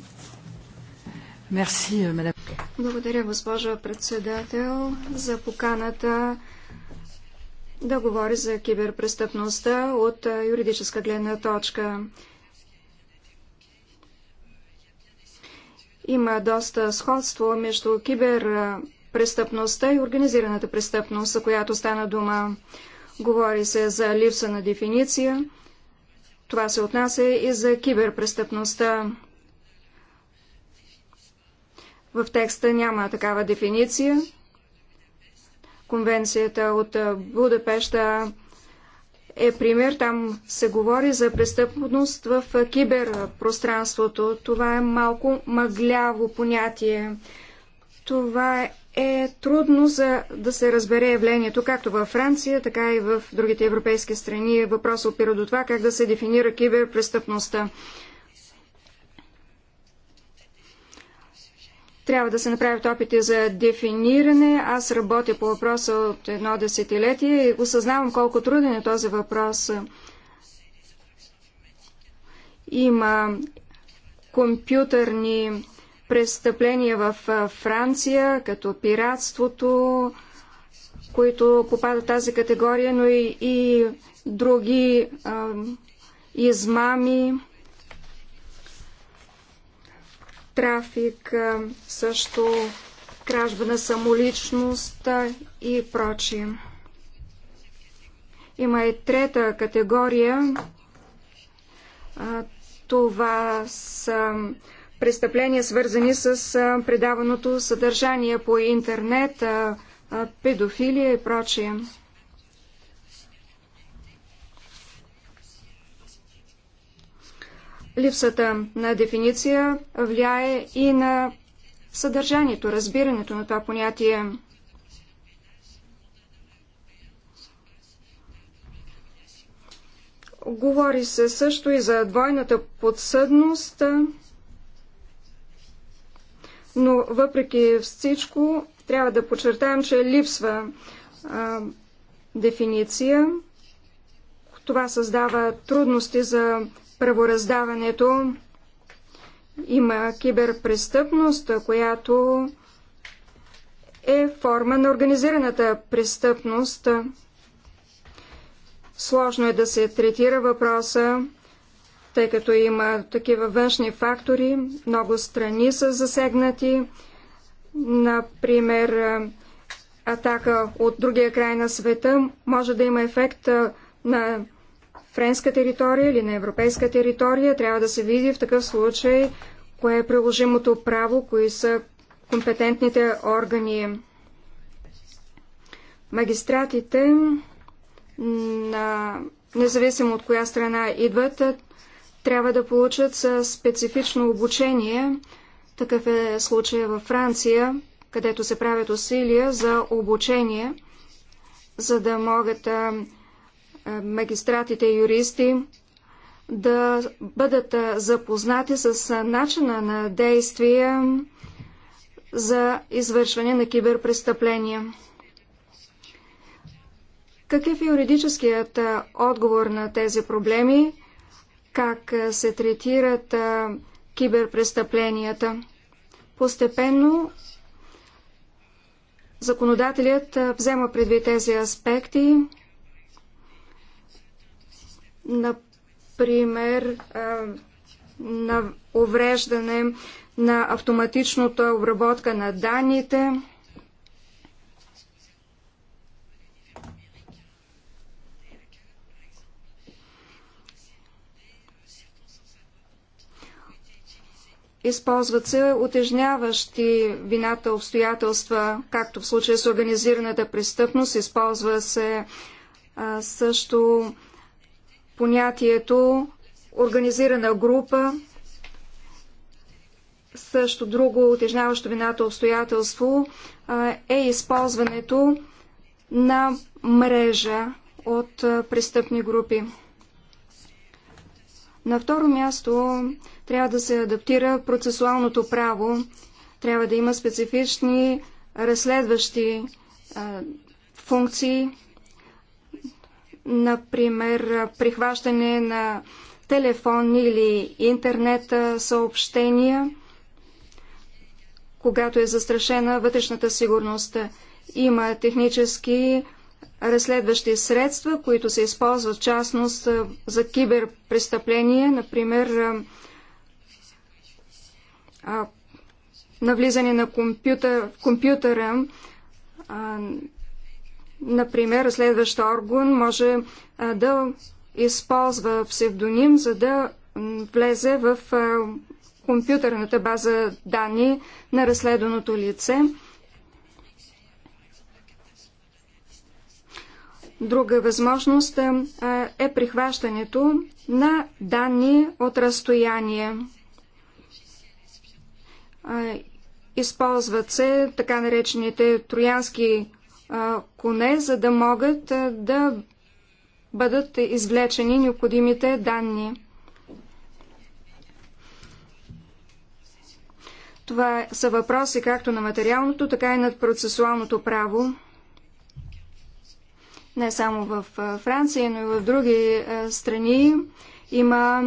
Мерси, е, Благодаря, госпожа председател, за поканата да говори за киберпрестъпността от е, юридическа гледна точка. Има доста сходство между киберпрестъпността и организираната престъпност, за която стана дума. Говори се за липса на дефиниция – това се отнася и за киберпрестъпността. В текста няма такава дефиниция. Конвенцията от Будапешта е пример. Там се говори за престъпност в киберпространството. Това е малко мъгляво понятие. Това е е трудно за да се разбере явлението, както във Франция, така и в другите европейски страни. Е въпросът опира до това как да се дефинира киберпрестъпността. Трябва да се направят опити за дефиниране. Аз работя по въпроса от едно десетилетие и осъзнавам колко труден е този въпрос. Има компютърни престъпления в Франция, като пиратството, които попадат в тази категория, но и, и други а, измами, трафик, а, също кражба на самоличност и прочие. Има и трета категория. А, това са престъпления, свързани с предаваното съдържание по интернет, педофилия и прочие. Липсата на дефиниция влияе и на съдържанието, разбирането на това понятие. Говори се също и за двойната подсъдност – но въпреки всичко трябва да подчертаем, че липсва а, дефиниция. Това създава трудности за правораздаването. Има киберпрестъпност, която е форма на организираната престъпност. Сложно е да се третира въпроса тъй като има такива външни фактори, много страни са засегнати, например атака от другия край на света може да има ефект на френска територия или на европейска територия. Трябва да се види в такъв случай кое е приложимото право, кои са компетентните органи. Магистратите, на... независимо от коя страна идват, трябва да получат специфично обучение. Такъв е случая във Франция, където се правят усилия за обучение, за да могат магистратите и юристи да бъдат запознати с начина на действие за извършване на киберпрестъпления. Какъв е юридическият отговор на тези проблеми? как е, се третират е, киберпрестъпленията. Постепенно законодателят е, взема предвид тези аспекти. Например, на увреждане на автоматичната обработка на данните – Използват се отежняващи вината обстоятелства, както в случая с организираната престъпност. Използва се а, също понятието организирана група, също друго отежняващо вината обстоятелство е използването на мрежа от престъпни групи. На второ място трябва да се адаптира процесуалното право, трябва да има специфични разследващи а, функции, например прихващане на телефон или интернет съобщения, когато е застрашена вътрешната сигурност. Има технически разследващи средства, които се използват в частност за киберпрестъпления, например а, навлизане на компютър, компютъра. А, например, следващ орган може а, да използва псевдоним, за да влезе в а, компютърната база данни на разследваното лице. Друга възможност е прихващането на данни от разстояние. Използват се така наречените троянски коне, за да могат да бъдат извлечени необходимите данни. Това са въпроси както на материалното, така и на процесуалното право. Не само в Франция, но и в други страни има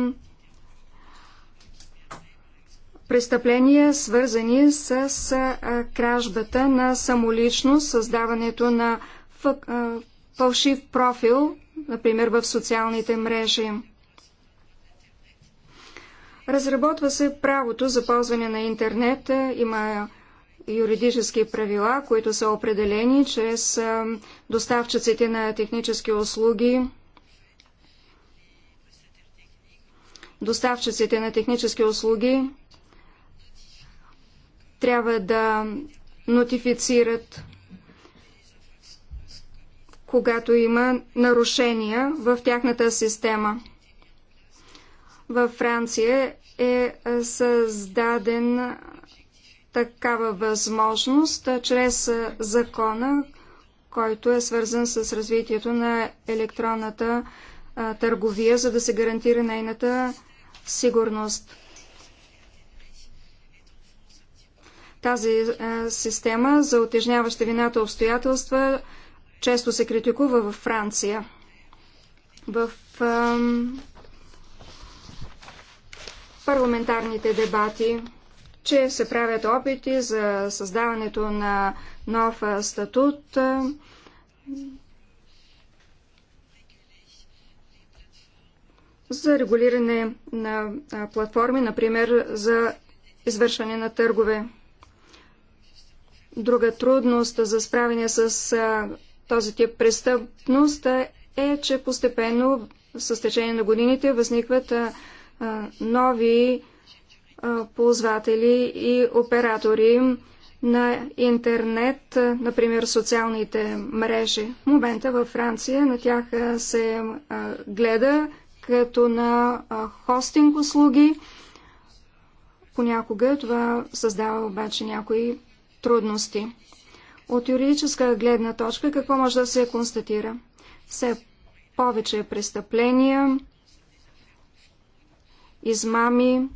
престъпления, свързани с кражбата на самоличност, създаването на фалшив профил, например в социалните мрежи. Разработва се правото за ползване на интернет. Има юридически правила, които са определени чрез доставчиците на технически услуги, доставчиците на технически услуги трябва да нотифицират, когато има нарушения в тяхната система. Във Франция е създаден такава възможност чрез закона, който е свързан с развитието на електронната търговия, за да се гарантира нейната сигурност. Тази е, система за отежняваща вината обстоятелства често се критикува във Франция. В парламентарните дебати, че се правят опити за създаването на нов статут. за регулиране на платформи, например за извършване на търгове. Друга трудност за справяне с а, този тип престъпност е, че постепенно с течение на годините възникват а, а, нови а, ползватели и оператори на интернет, например социалните мрежи. В момента във Франция на тях се гледа като на хостинг услуги. Понякога това създава обаче някои трудности. От юридическа гледна точка какво може да се констатира? Все повече престъпления, измами,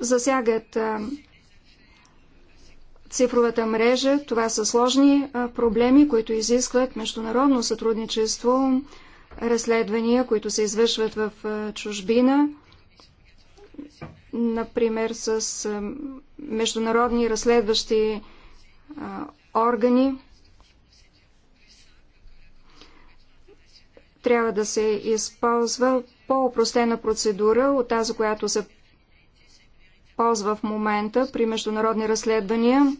засягат цифровата мрежа. Това са сложни проблеми, които изискват международно сътрудничество, разследвания, които се извършват в чужбина например с е, международни разследващи е, органи. Трябва да се използва по-опростена процедура от тази, която се ползва в момента при международни разследвания,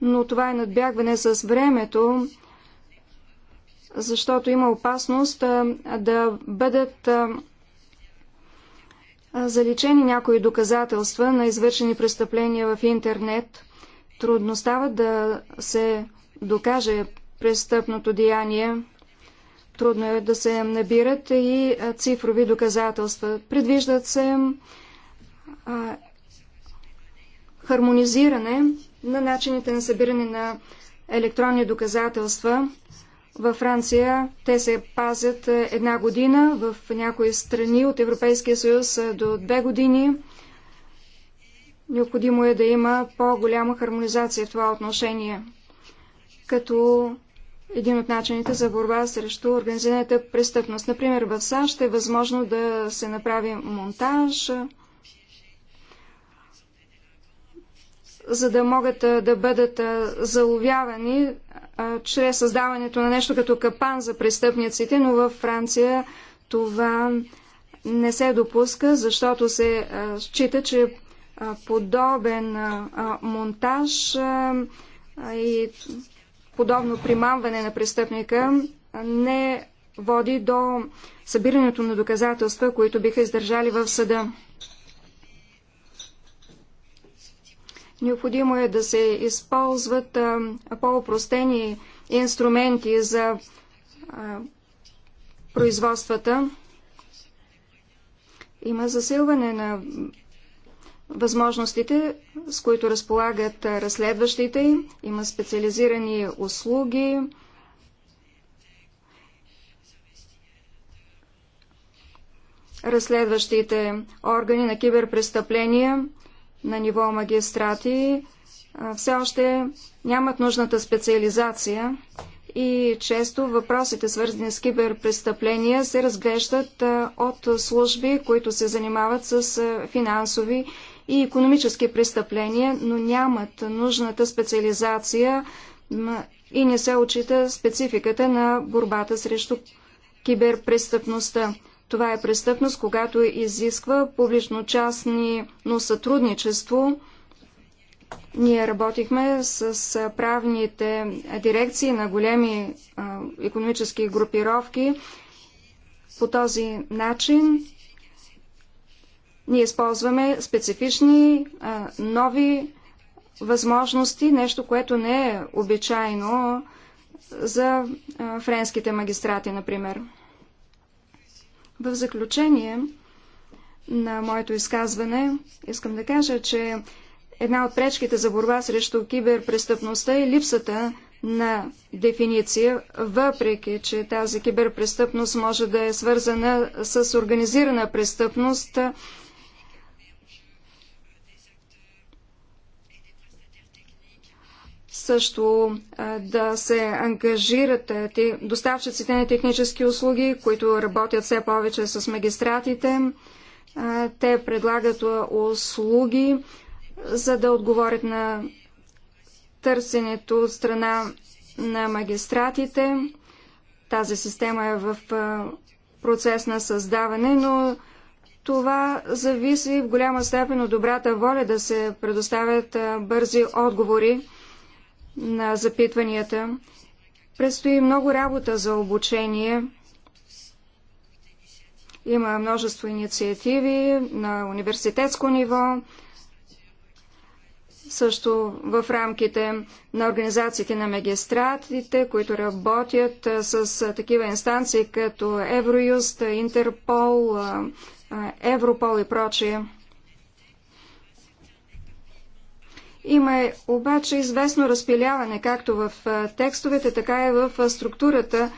но това е надбягване с времето, защото има опасност е, да бъдат заличени някои доказателства на извършени престъпления в интернет. Трудно става да се докаже престъпното деяние. Трудно е да се набират и цифрови доказателства. Предвиждат се а, хармонизиране на начините на събиране на електронни доказателства във Франция те се пазят е, една година, в някои страни от Европейския съюз е, до две години. Необходимо е да има по-голяма хармонизация в това отношение, като един от начините за борба срещу организираната престъпност. Например, в САЩ е възможно да се направи монтаж, за да могат е, да бъдат заловявани а, чрез създаването на нещо като капан за престъпниците, но във Франция това не се допуска, защото се а, счита, че а, подобен а, монтаж а, и подобно примамване на престъпника не води до събирането на доказателства, които биха издържали в съда. Необходимо е да се използват по-опростени инструменти за а, производствата. Има засилване на възможностите, с които разполагат разследващите. Има специализирани услуги. Разследващите органи на киберпрестъпления на ниво магистрати все още нямат нужната специализация и често въпросите, свързани с киберпрестъпления, се разглеждат от служби, които се занимават с финансови и економически престъпления, но нямат нужната специализация и не се очита спецификата на борбата срещу киберпрестъпността. Това е престъпност, когато изисква публично-частни, но сътрудничество. Ние работихме с правните дирекции на големи економически групировки. По този начин ние използваме специфични нови възможности, нещо, което не е обичайно за френските магистрати, например. В заключение на моето изказване искам да кажа, че една от пречките за борба срещу киберпрестъпността е липсата на дефиниция, въпреки че тази киберпрестъпност може да е свързана с организирана престъпност, също да се ангажират доставчиците на технически услуги, които работят все повече с магистратите. Те предлагат услуги, за да отговорят на търсенето от страна на магистратите. Тази система е в процес на създаване, но това зависи в голяма степен от добрата воля да се предоставят бързи отговори на запитванията. Предстои много работа за обучение. Има множество инициативи на университетско ниво, също в рамките на организациите на магистратите, които работят с такива инстанции като Евроюст, Интерпол, Европол и прочие. Има е обаче известно разпиляване, както в текстовете, така и в структурата,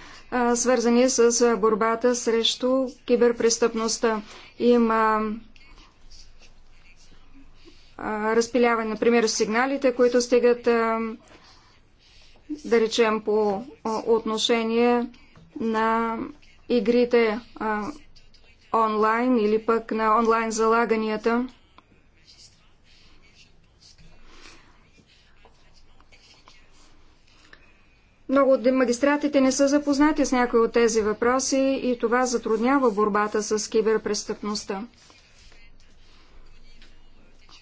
свързани с борбата срещу киберпрестъпността. Има разпиляване, например, сигналите, които стигат, да речем, по отношение на игрите онлайн или пък на онлайн залаганията. Много от магистратите не са запознати с някои от тези въпроси и това затруднява борбата с киберпрестъпността.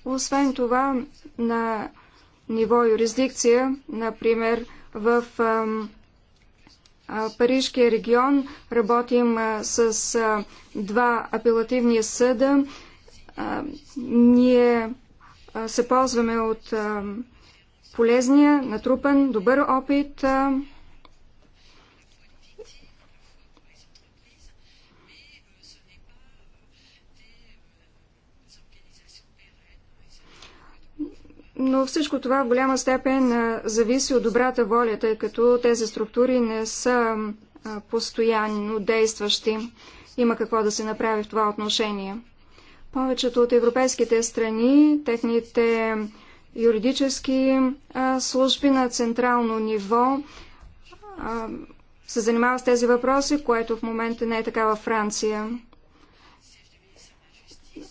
Освен това, на ниво юрисдикция, например, в а, а, Парижкия регион работим а, с а, два апелативни съда. А, ние а, се ползваме от. А, полезния, натрупан, добър опит. Но всичко това в голяма степен зависи от добрата воля, тъй като тези структури не са постоянно действащи. Има какво да се направи в това отношение. Повечето от европейските страни, техните юридически служби на централно ниво се занимава с тези въпроси, което в момента не е така във Франция.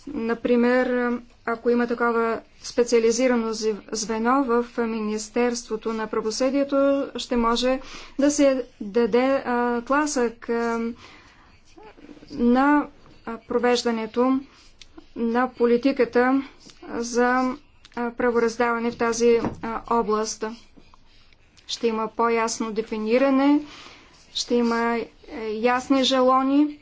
Например, ако има такова специализирано звено в Министерството на правосъдието, ще може да се даде тласък на провеждането на политиката за правораздаване в тази област. Ще има по-ясно дефиниране, ще има е, ясни жалони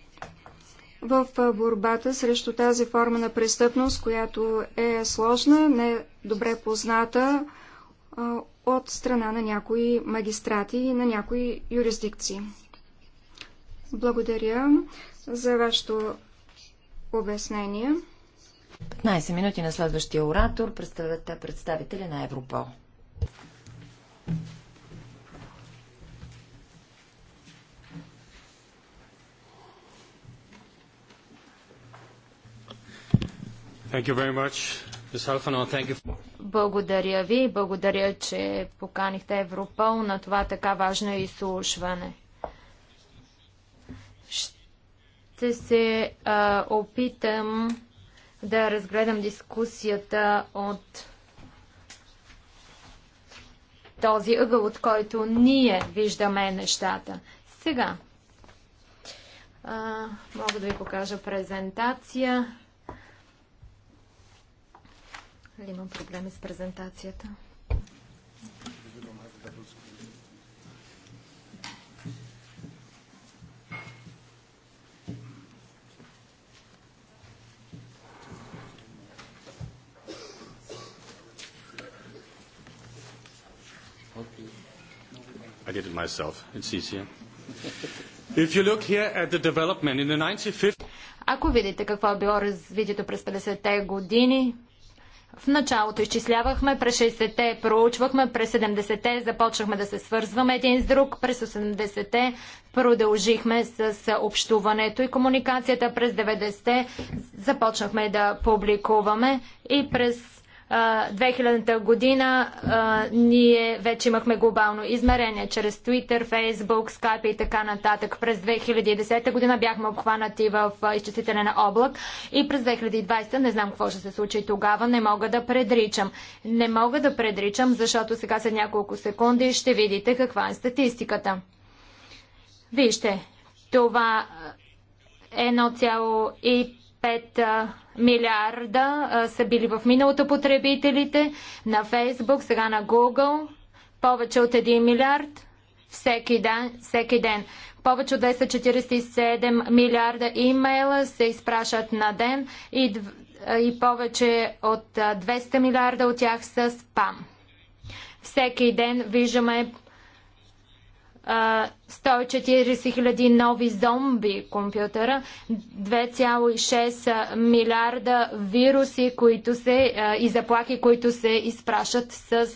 в борбата срещу тази форма на престъпност, която е сложна, не добре позната от страна на някои магистрати и на някои юрисдикции. Благодаря за вашето обяснение. 15 минути на следващия оратор, представители на Европол. Благодаря ви и благодаря, че поканихте Европол на това така важно изслушване. Ще се а, опитам да разгледам дискусията от този ъгъл, от който ние виждаме нещата. Сега а, мога да ви покажа презентация. Или имам проблеми с презентацията? I did it myself. It's easier. If you look here at the development in the 1950 Ако видите какво е било развитието през 50-те години, в началото изчислявахме, през 60-те проучвахме, през 70-те започнахме да се свързваме един с друг, през 80-те продължихме с общуването и комуникацията, през 90-те започнахме да публикуваме и през 2000-та година а, ние вече имахме глобално измерение чрез Twitter, Facebook, Skype и така нататък. През 2010 година бяхме обхванати в изчислителен облак и през 2020 не знам какво ще се случи тогава, не мога да предричам. Не мога да предричам, защото сега след няколко секунди ще видите каква е статистиката. Вижте, това е 1,5 милиарда а, са били в миналото потребителите, на Фейсбук, сега на Google, повече от 1 милиард всеки ден. Всеки ден. Повече от 247 милиарда имейла се изпращат на ден и, и повече от 200 милиарда от тях са спам. Всеки ден виждаме 140 000 нови зомби компютъра, 2,6 милиарда вируси които се, и заплахи, които се изпращат с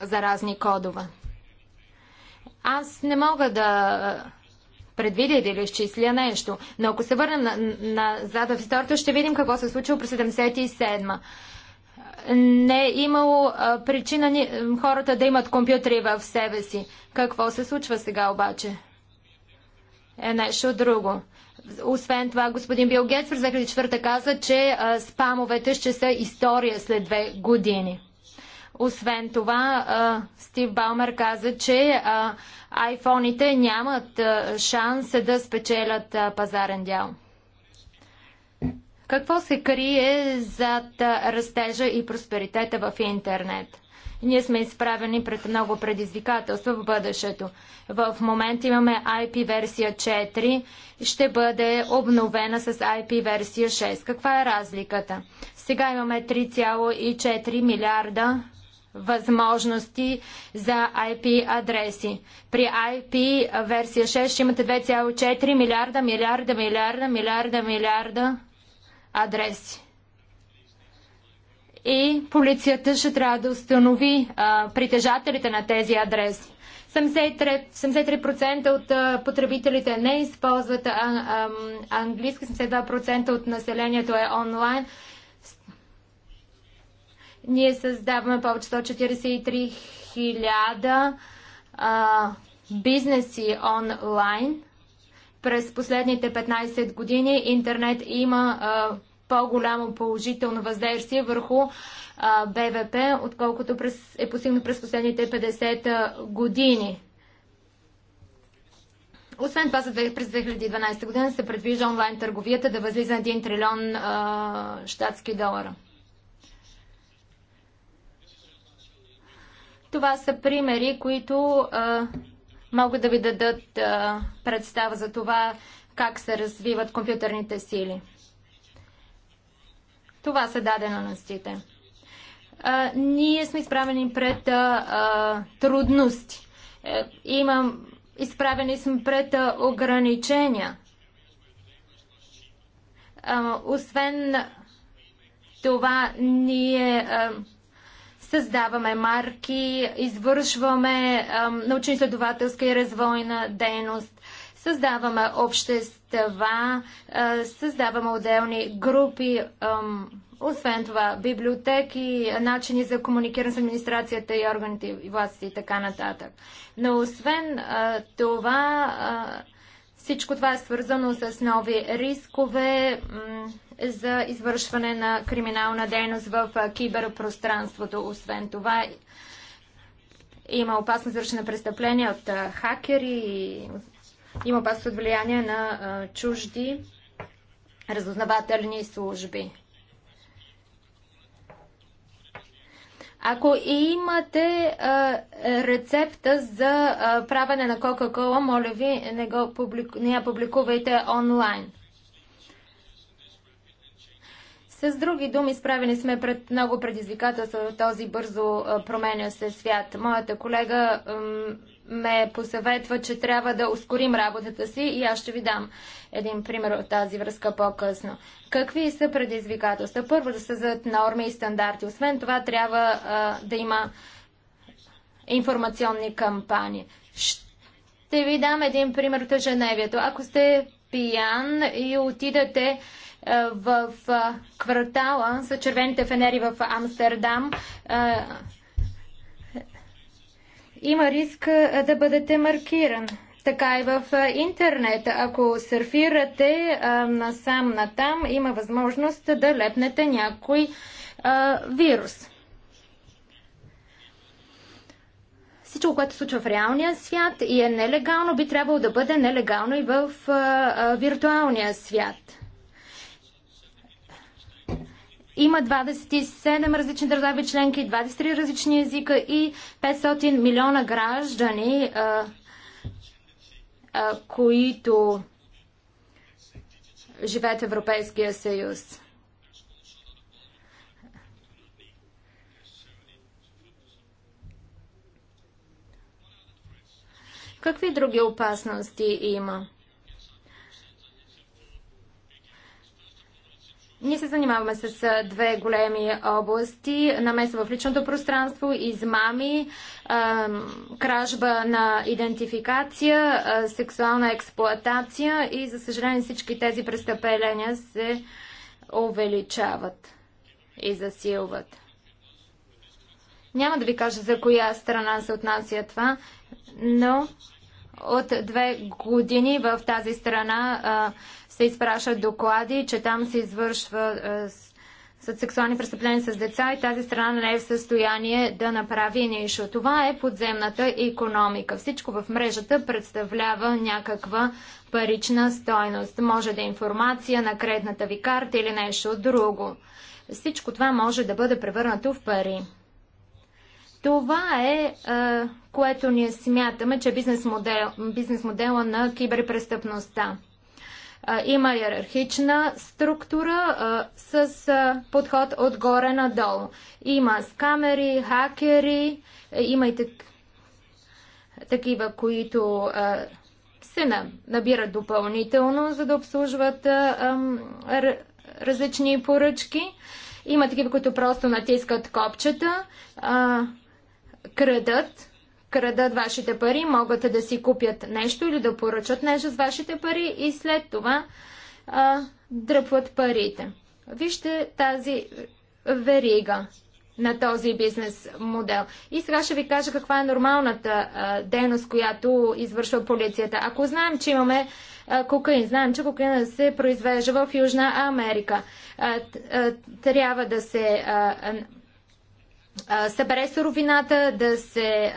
заразни кодове. Аз не мога да предвидя или изчисля нещо, но ако се върнем назад на, на в историята, ще видим какво се е случило през 77 не е имало а, причина ни, хората да имат компютри в себе си. Какво се случва сега обаче? Е нещо друго. Освен това, господин Бил Гейтс през 2004 каза, че а, спамовете ще са история след две години. Освен това, а, Стив Балмер каза, че айфоните нямат шанс да спечелят пазарен дял. Какво се крие зад растежа и просперитета в интернет? Ние сме изправени пред много предизвикателства в бъдещето. В момента имаме IP версия 4, ще бъде обновена с IP версия 6. Каква е разликата? Сега имаме 3,4 милиарда възможности за IP адреси. При IP версия 6 ще имате 2,4 милиарда, милиарда, милиарда, милиарда, милиарда адреси. И полицията ще трябва да установи а, притежателите на тези адреси. 73%, 73 от а, потребителите не използват а, а, английски, 72% от населението е онлайн. Ние създаваме повече 143 000 бизнеси онлайн. През последните 15 години интернет има по-голямо положително въздействие върху а, БВП, отколкото през, е постигнато през последните 50 години. Освен това, за през 2012 година се предвижда онлайн търговията да възлиза на 1 трилион а, штатски долара. Това са примери, които а, могат да ви дадат а, представа за това как се развиват компютърните сили. Това са даденостите. А, ние сме изправени пред а, а, трудности. Е, имам, изправени сме пред а, ограничения. А, освен това, ние. А, Създаваме марки, извършваме научно-изследователска и развойна дейност, създаваме общества, създаваме отделни групи, освен това библиотеки, начини за комуникиране с администрацията и органите и властите и така нататък. Но освен това, всичко това е свързано с нови рискове, за извършване на криминална дейност в киберпространството. Освен това, има опасност извършване на престъпления от хакери, и има опасност от влияние на чужди разузнавателни служби. Ако имате а, рецепта за а, правене на Кока-Кола, моля ви, не, го публику... не я публикувайте онлайн. С други думи, справени сме пред много предизвикателства в този бързо променя се свят. Моята колега ме посъветва, че трябва да ускорим работата си и аз ще ви дам един пример от тази връзка по-късно. Какви са предизвикателства? Първо да създадат норми и стандарти. Освен това трябва да има информационни кампании. Ще ви дам един пример от Женевието. Ако сте пиян и отидете е, в е, квартала за червените фенери в Амстердам е, има риск да бъдете маркиран. Така и в интернет. Ако сърфирате насам натам, има възможност да лепнете някой вирус. Всичко, което се случва в реалния свят и е нелегално, би трябвало да бъде нелегално и в виртуалния свят. Има 27 различни държави членки, 23 различни езика и 500 милиона граждани, а, а, които живеят в Европейския съюз. Какви други опасности има? Ние се занимаваме с две големи области. Намеса в личното пространство, измами, кражба на идентификация, сексуална експлоатация и, за съжаление, всички тези престъпления се увеличават и засилват. Няма да ви кажа за коя страна се отнася това, но от две години в тази страна а, се изпращат доклади, че там се извършва а, с сексуални престъпления с деца и тази страна не е в състояние да направи нищо. Това е подземната економика. Всичко в мрежата представлява някаква парична стойност. Може да е информация на кредната ви карта или нещо друго. Всичко това може да бъде превърнато в пари. Това е, което ние смятаме, че е бизнес, модел, бизнес модела на киберпрестъпността. Има иерархична структура с подход отгоре надолу. Има скамери, хакери, има и так... такива, които се набират допълнително, за да обслужват различни поръчки. Има такива, които просто натискат копчета крадат, крадат вашите пари, могат да си купят нещо или да поръчат нещо с вашите пари и след това а, дръпват парите. Вижте тази верига на този бизнес модел. И сега ще ви кажа каква е нормалната а, дейност, която извършва полицията. Ако знаем, че имаме а, кокаин, знаем, че кокаина се произвежда в Южна Америка, а, а, трябва да се а, събере суровината, да се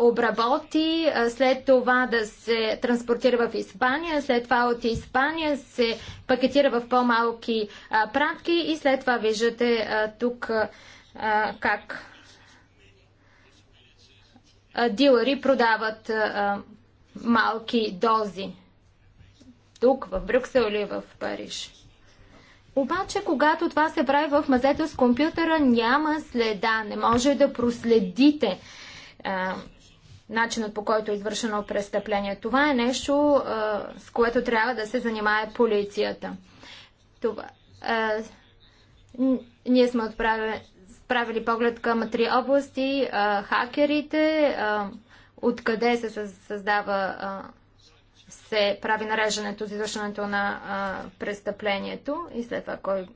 обработи, след това да се транспортира в Испания, след това от Испания се пакетира в по-малки пратки и след това виждате тук как дилъри продават малки дози тук в Брюксел или в Париж. Обаче, когато това се прави в мазето с компютъра, няма следа. Не може да проследите а, начинът по който е извършено престъпление. Това е нещо, а, с което трябва да се занимае полицията. Това, а, ние сме отправили, правили поглед към три области. А, хакерите, а, откъде се създава. А, се прави нареждането за извършването на а, престъплението и след това кой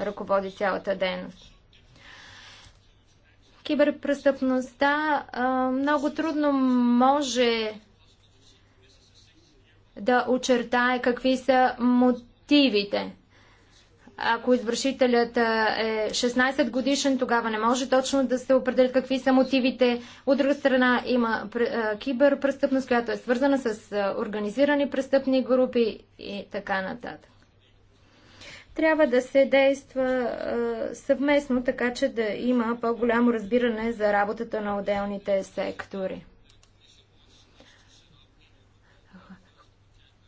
ръководи цялата дейност. Киберпрестъпността а, много трудно може да очертае какви са мотивите ако извършителят е 16 годишен, тогава не може точно да се определят какви са мотивите. От друга страна има киберпрестъпност, която е свързана с организирани престъпни групи и така нататък. Трябва да се действа съвместно, така че да има по-голямо разбиране за работата на отделните сектори.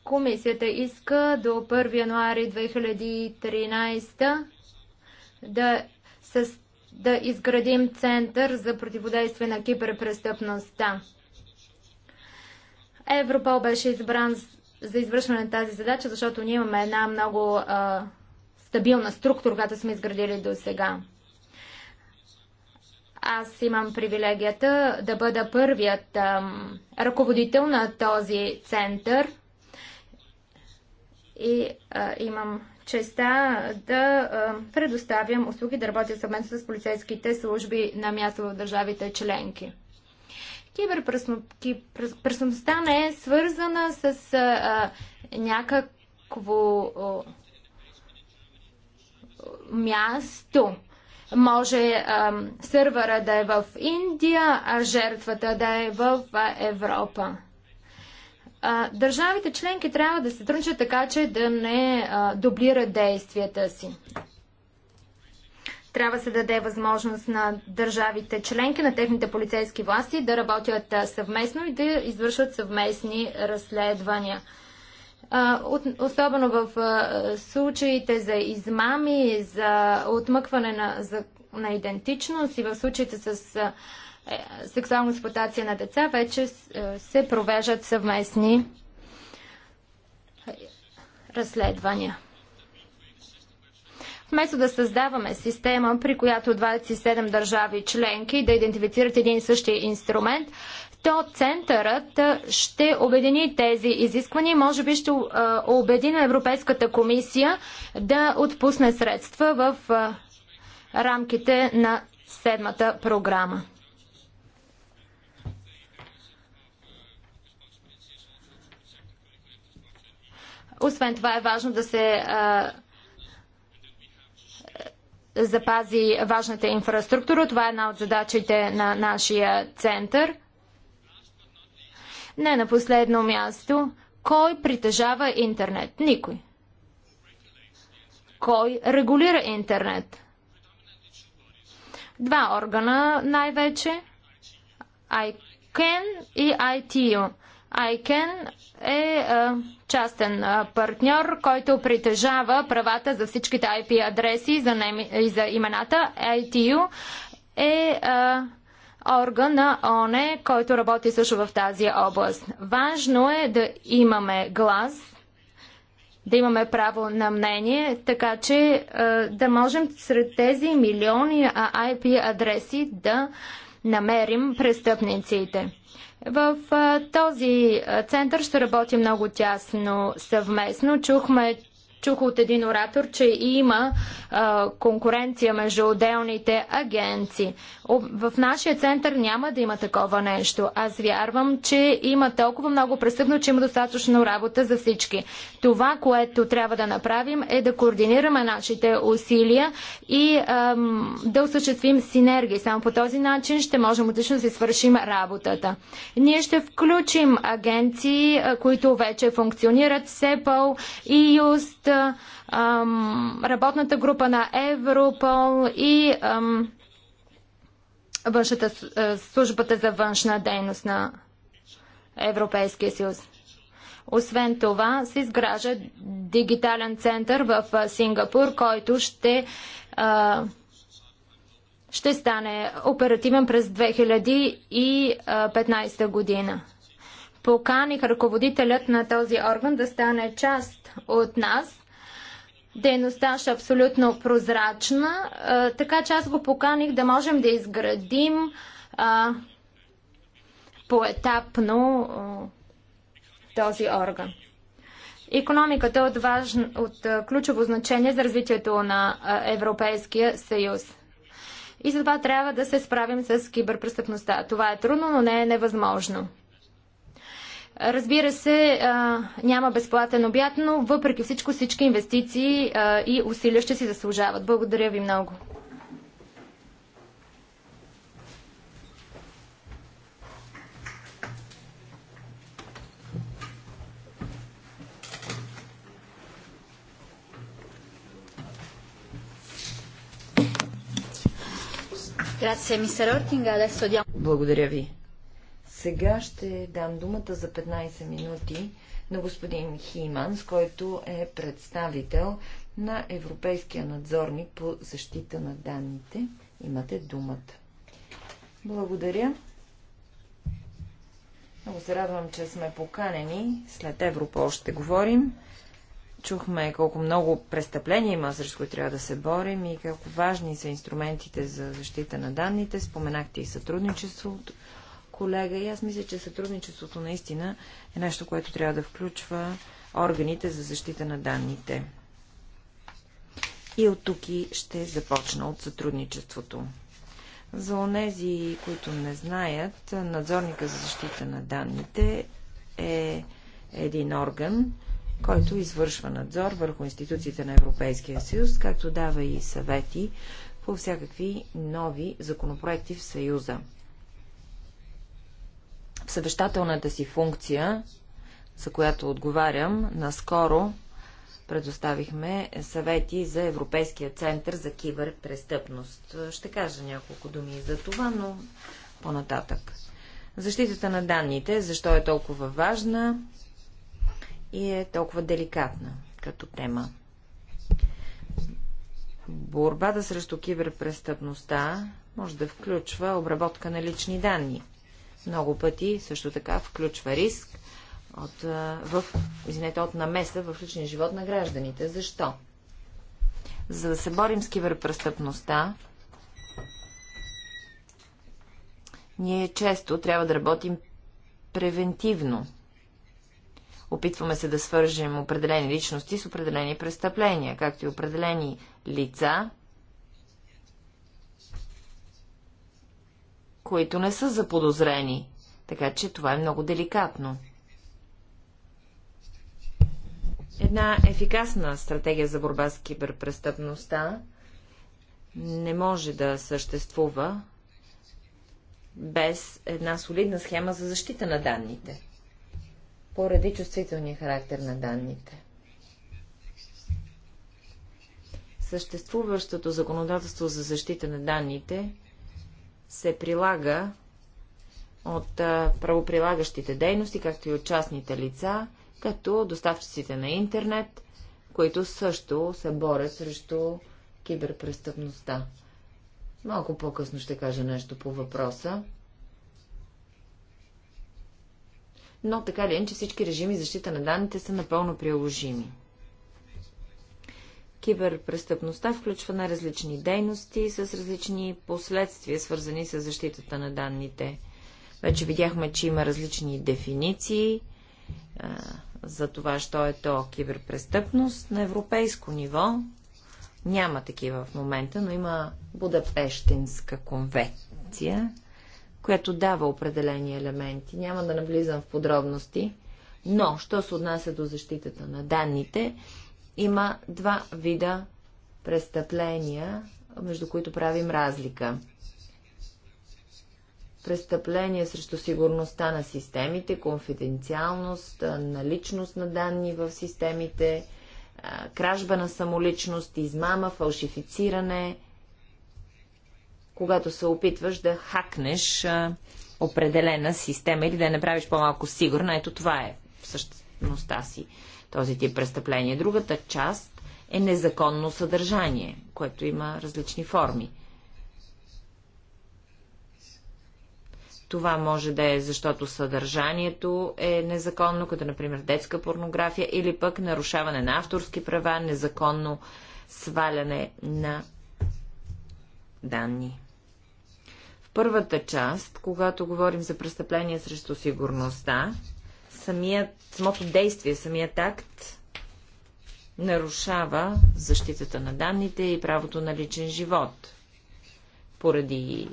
Комисията иска до 1 януари 2013 да, с, да изградим център за противодействие на киберпрестъпността. Европол беше избран за извършване на тази задача, защото ние имаме една много а, стабилна структура, която сме изградили до сега. Аз имам привилегията да бъда първият а, ръководител на този център – и а, имам честа да а, предоставям услуги да работя съвместно с полицейските служби на място в държавите членки. Киберпресността не е свързана с а, някакво а, място. Може а, сървъра да е в Индия, а жертвата да е в а, Европа. Държавите членки трябва да се трънчат така, че да не дублират действията си. Трябва се да даде възможност на държавите членки, на техните полицейски власти да работят съвместно и да извършват съвместни разследвания. Особено в случаите за измами, за отмъкване на, за, на идентичност и в случаите с е, сексуална експлуатация на деца, вече е, се провеждат съвместни разследвания. Вместо да създаваме система, при която 27 държави членки да идентифицират един и същи инструмент, то центърът е, ще обедини тези изисквания може би ще обедина на Европейската комисия да отпусне средства в рамките на седмата програма. Освен това е важно да се а, запази важната инфраструктура. Това е една от задачите на нашия център. Не на последно място. Кой притежава интернет? Никой. Кой регулира интернет? Два органа най-вече. ICANN и ITU. Айкен е частен партньор, който притежава правата за всичките IP адреси и за имената. ITU е орган на ОНЕ, който работи също в тази област. Важно е да имаме глас, да имаме право на мнение, така че да можем сред тези милиони IP адреси да намерим престъпниците. В този център ще работи много тясно съвместно. Чухме, Чух от един оратор, че има а, конкуренция между отделните агенции. В нашия център няма да има такова нещо. Аз вярвам, че има толкова много престъпно, че има достатъчно работа за всички. Това, което трябва да направим е да координираме нашите усилия и ам, да осъществим синергии. Само по този начин ще можем отлично да си свършим работата. Ние ще включим агенции, които вече функционират, СЕПЛ, и ЮСТ, ам, работната група на Европол и ам, външната, е, службата за външна дейност на Европейския съюз. Освен това, се изгражда дигитален център в е, Сингапур, който ще, а, ще стане оперативен през 2015 година. Поканих ръководителят на този орган да стане част от нас Дейността ще е абсолютно прозрачна, а, така че аз го поканих да можем да изградим а, поетапно а, този орган. Економиката е от, важ, от ключово значение за развитието на Европейския съюз. И затова трябва да се справим с киберпрестъпността. Това е трудно, но не е невъзможно. Разбира се, няма безплатен обяд, но въпреки всичко всички инвестиции и усилия ще си заслужават. Благодаря ви много. Благодаря ви. Сега ще дам думата за 15 минути на господин Химанс, който е представител на Европейския надзорник по защита на данните. Имате думата. Благодаря. Много се радвам, че сме поканени. След Европол ще говорим. Чухме колко много престъпления има, срещу които трябва да се борим и колко важни са инструментите за защита на данните. Споменахте и сътрудничеството колега. И аз мисля, че сътрудничеството наистина е нещо, което трябва да включва органите за защита на данните. И от тук и ще започна от сътрудничеството. За онези, които не знаят, надзорника за защита на данните е един орган, който извършва надзор върху институциите на Европейския съюз, както дава и съвети по всякакви нови законопроекти в Съюза. В съвещателната си функция, за която отговарям, наскоро предоставихме съвети за Европейския център за киберпрестъпност. Ще кажа няколко думи за това, но по-нататък. Защитата на данните, защо е толкова важна и е толкова деликатна като тема. Борбата срещу киберпрестъпността може да включва обработка на лични данни – много пъти също така включва риск от, в, извинете, от намеса в личния живот на гражданите. Защо? За да се борим с киберпрестъпността, ние често трябва да работим превентивно. Опитваме се да свържем определени личности с определени престъпления, както и определени лица които не са заподозрени. Така че това е много деликатно. Една ефикасна стратегия за борба с киберпрестъпността не може да съществува без една солидна схема за защита на данните, поради чувствителния характер на данните. Съществуващото законодателство за защита на данните се прилага от правоприлагащите дейности, както и от частните лица, като доставчиците на интернет, които също се борят срещу киберпрестъпността. Малко по-късно ще кажа нещо по въпроса. Но така ли е, че всички режими защита на данните са напълно приложими? Киберпрестъпността включва на различни дейности с различни последствия, свързани с защитата на данните. Вече видяхме, че има различни дефиниции а, за това, що е то киберпрестъпност. На европейско ниво няма такива в момента, но има Будапештинска конвенция, която дава определени елементи. Няма да навлизам в подробности, но, що се отнася до защитата на данните, има два вида престъпления, между които правим разлика. Престъпления срещу сигурността на системите, конфиденциалност, наличност на данни в системите, кражба на самоличност, измама, фалшифициране, когато се опитваш да хакнеш определена система или да я направиш по-малко сигурна. Ето това е същността си този тип престъпление. Другата част е незаконно съдържание, което има различни форми. Това може да е защото съдържанието е незаконно, като например детска порнография или пък нарушаване на авторски права, незаконно сваляне на данни. В първата част, когато говорим за престъпления срещу сигурността, самият, самото действие, самият акт нарушава защитата на данните и правото на личен живот. Поради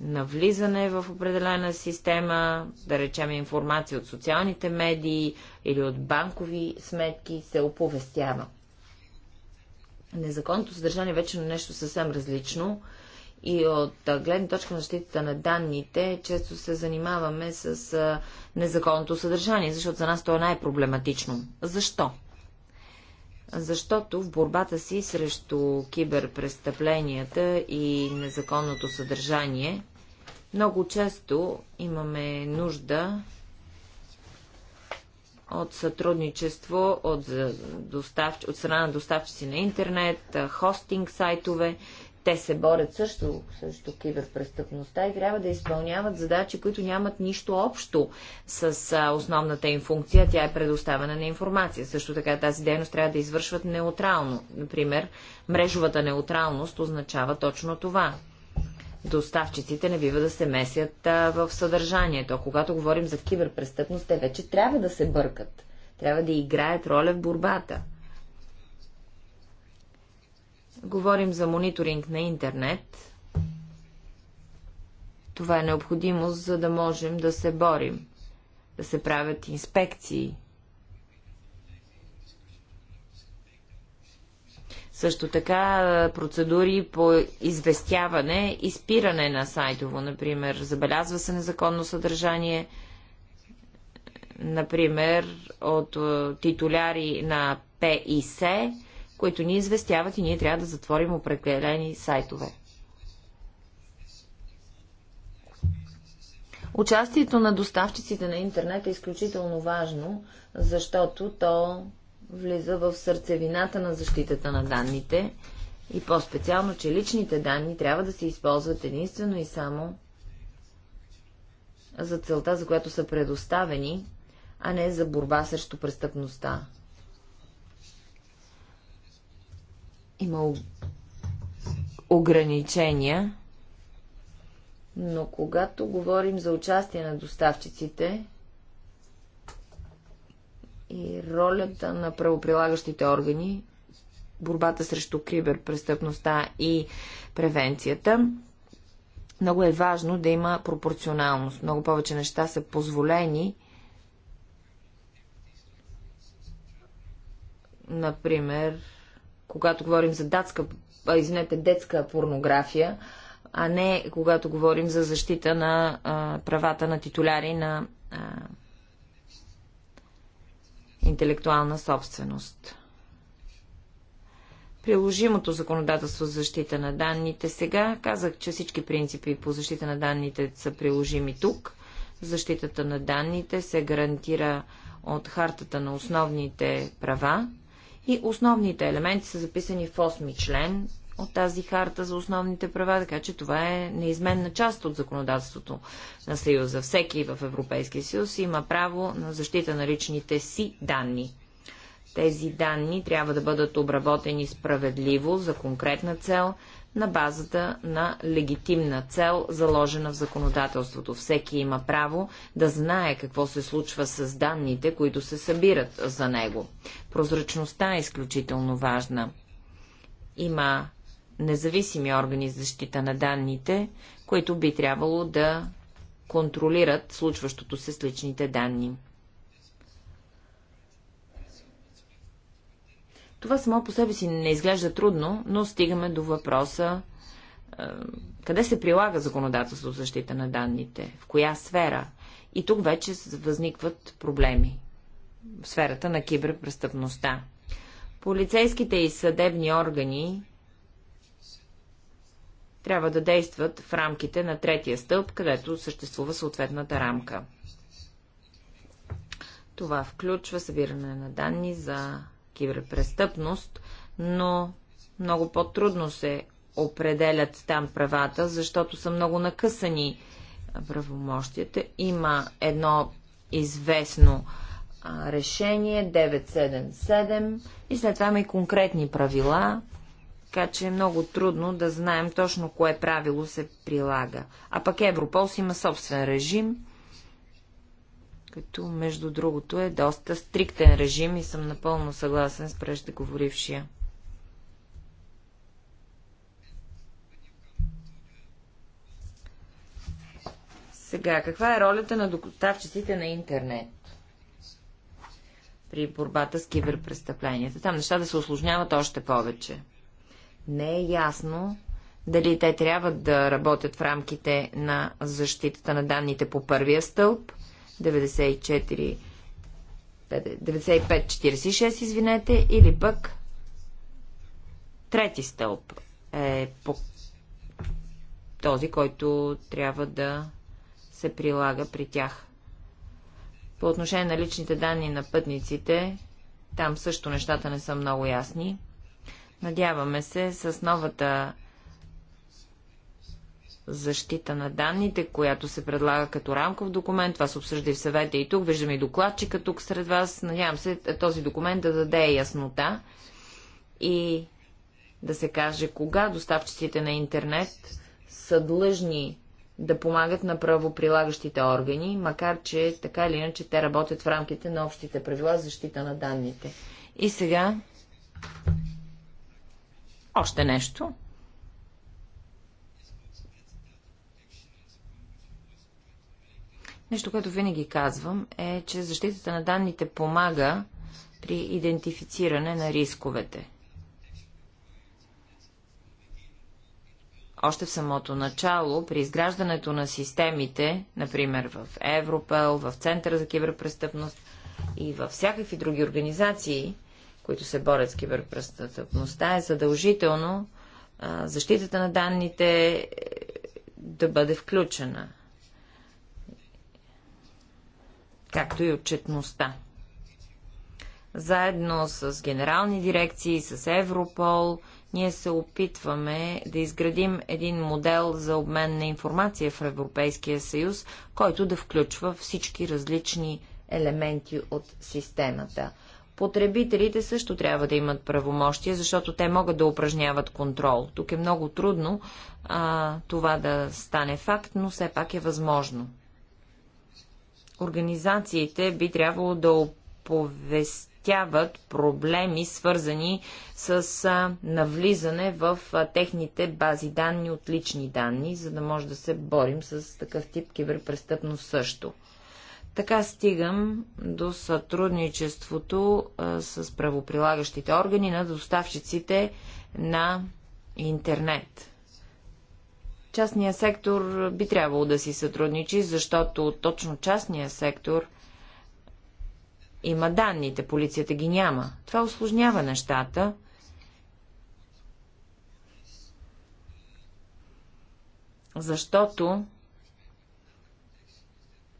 навлизане в определена система, да речем информация от социалните медии или от банкови сметки, се оповестява. Незаконното съдържание вече е нещо съвсем различно и от гледна точка на защитата на данните често се занимаваме с незаконното съдържание, защото за нас то е най-проблематично. Защо? Защото в борбата си срещу киберпрестъпленията и незаконното съдържание, много често имаме нужда от сътрудничество от, от страна на доставчици на интернет, хостинг сайтове, те се борят също срещу киберпрестъпността и трябва да изпълняват задачи, които нямат нищо общо с а, основната им функция, тя е предоставяне на информация. Също така тази дейност трябва да извършват неутрално. Например, мрежовата неутралност означава точно това. Доставчиците не бива да се месят а, в съдържанието. А когато говорим за киберпрестъпност, те вече трябва да се бъркат. Трябва да играят роля в борбата. Говорим за мониторинг на интернет. Това е необходимост, за да можем да се борим, да се правят инспекции. Също така процедури по известяване и спиране на сайтово, например, забелязва се незаконно съдържание, например, от титуляри на ПИС, които ни известяват и ние трябва да затворим определени сайтове. Участието на доставчиците на интернет е изключително важно, защото то влиза в сърцевината на защитата на данните и по-специално, че личните данни трябва да се използват единствено и само за целта, за която са предоставени, а не за борба срещу престъпността. Има ограничения, но когато говорим за участие на доставчиците и ролята на правоприлагащите органи, борбата срещу киберпрестъпността и превенцията, много е важно да има пропорционалност. Много повече неща са позволени. Например, когато говорим за датска, а, извинете, детска порнография, а не когато говорим за защита на а, правата на титуляри на а, интелектуална собственост. Приложимото законодателство за защита на данните сега казах, че всички принципи по защита на данните са приложими тук. Защитата на данните се гарантира от хартата на основните права, и основните елементи са записани в 8 член от тази харта за основните права, така че това е неизменна част от законодателството на Съюза. Всеки в Европейския съюз има право на защита на личните си данни. Тези данни трябва да бъдат обработени справедливо за конкретна цел – на базата на легитимна цел, заложена в законодателството. Всеки има право да знае какво се случва с данните, които се събират за него. Прозрачността е изключително важна. Има независими органи за защита на данните, които би трябвало да контролират случващото се с личните данни. Това само по себе си не изглежда трудно, но стигаме до въпроса е, къде се прилага законодателство за защита на данните, в коя сфера. И тук вече възникват проблеми в сферата на киберпрестъпността. Полицейските и съдебни органи трябва да действат в рамките на третия стълб, където съществува съответната рамка. Това включва събиране на данни за киберпрестъпност, но много по-трудно се определят там правата, защото са много накъсани правомощията. Има едно известно решение 977 и след това има и конкретни правила, така че е много трудно да знаем точно кое правило се прилага. А пък Европол си има собствен режим като, между другото, е доста стриктен режим и съм напълно съгласен с преждеговорившия. Сега, каква е ролята на доставчиците на интернет при борбата с киберпрестъпленията? Там неща да се осложняват още повече. Не е ясно дали те трябва да работят в рамките на защитата на данните по първия стълб – 95-46, извинете, или пък трети стълб е по този, който трябва да се прилага при тях. По отношение на личните данни на пътниците, там също нещата не са много ясни. Надяваме се с новата защита на данните, която се предлага като рамков документ. Това се обсъжда и в съвета и тук. Виждаме и докладчика тук сред вас. Надявам се е, този документ да даде яснота и да се каже кога доставчиците на интернет са длъжни да помагат на правоприлагащите органи, макар че така или иначе те работят в рамките на общите правила за защита на данните. И сега още нещо. Нещо, което винаги казвам, е, че защитата на данните помага при идентифициране на рисковете. Още в самото начало, при изграждането на системите, например в Европел, в Центъра за киберпрестъпност и във всякакви други организации, които се борят с киберпрестъпността, е задължително защитата на данните е, да бъде включена. както и отчетността. Заедно с генерални дирекции, с Европол, ние се опитваме да изградим един модел за обмен на информация в Европейския съюз, който да включва всички различни елементи от системата. Потребителите също трябва да имат правомощия, защото те могат да упражняват контрол. Тук е много трудно а, това да стане факт, но все пак е възможно. Организациите би трябвало да оповестяват проблеми, свързани с навлизане в техните бази данни от лични данни, за да може да се борим с такъв тип киберпрестъпност също. Така стигам до сътрудничеството с правоприлагащите органи на доставчиците на интернет. Частния сектор би трябвало да си сътрудничи, защото точно частния сектор има данните, полицията ги няма. Това осложнява нещата. Защото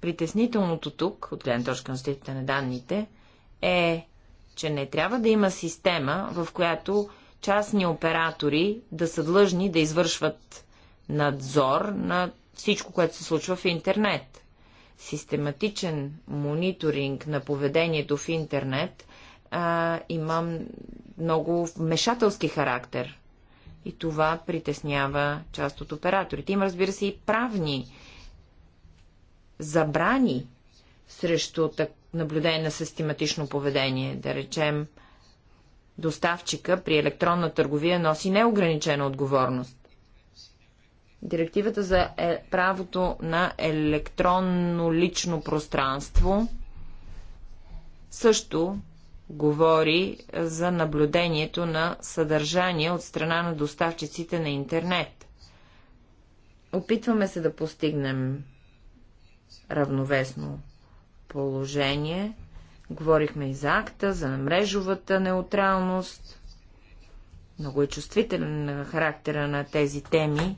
притеснителното тук, от гледна точка на защитите на данните, е, че не трябва да има система, в която частни оператори да са длъжни да извършват надзор на всичко, което се случва в интернет. Систематичен мониторинг на поведението в интернет а, има много вмешателски характер. И това притеснява част от операторите. Има, разбира се, и правни забрани срещу так, наблюдение на систематично поведение. Да речем, доставчика при електронна търговия носи неограничена отговорност. Директивата за е, правото на електронно лично пространство също говори за наблюдението на съдържание от страна на доставчиците на интернет. Опитваме се да постигнем равновесно положение. Говорихме и за акта, за мрежовата неутралност. Много е чувствителен характера на тези теми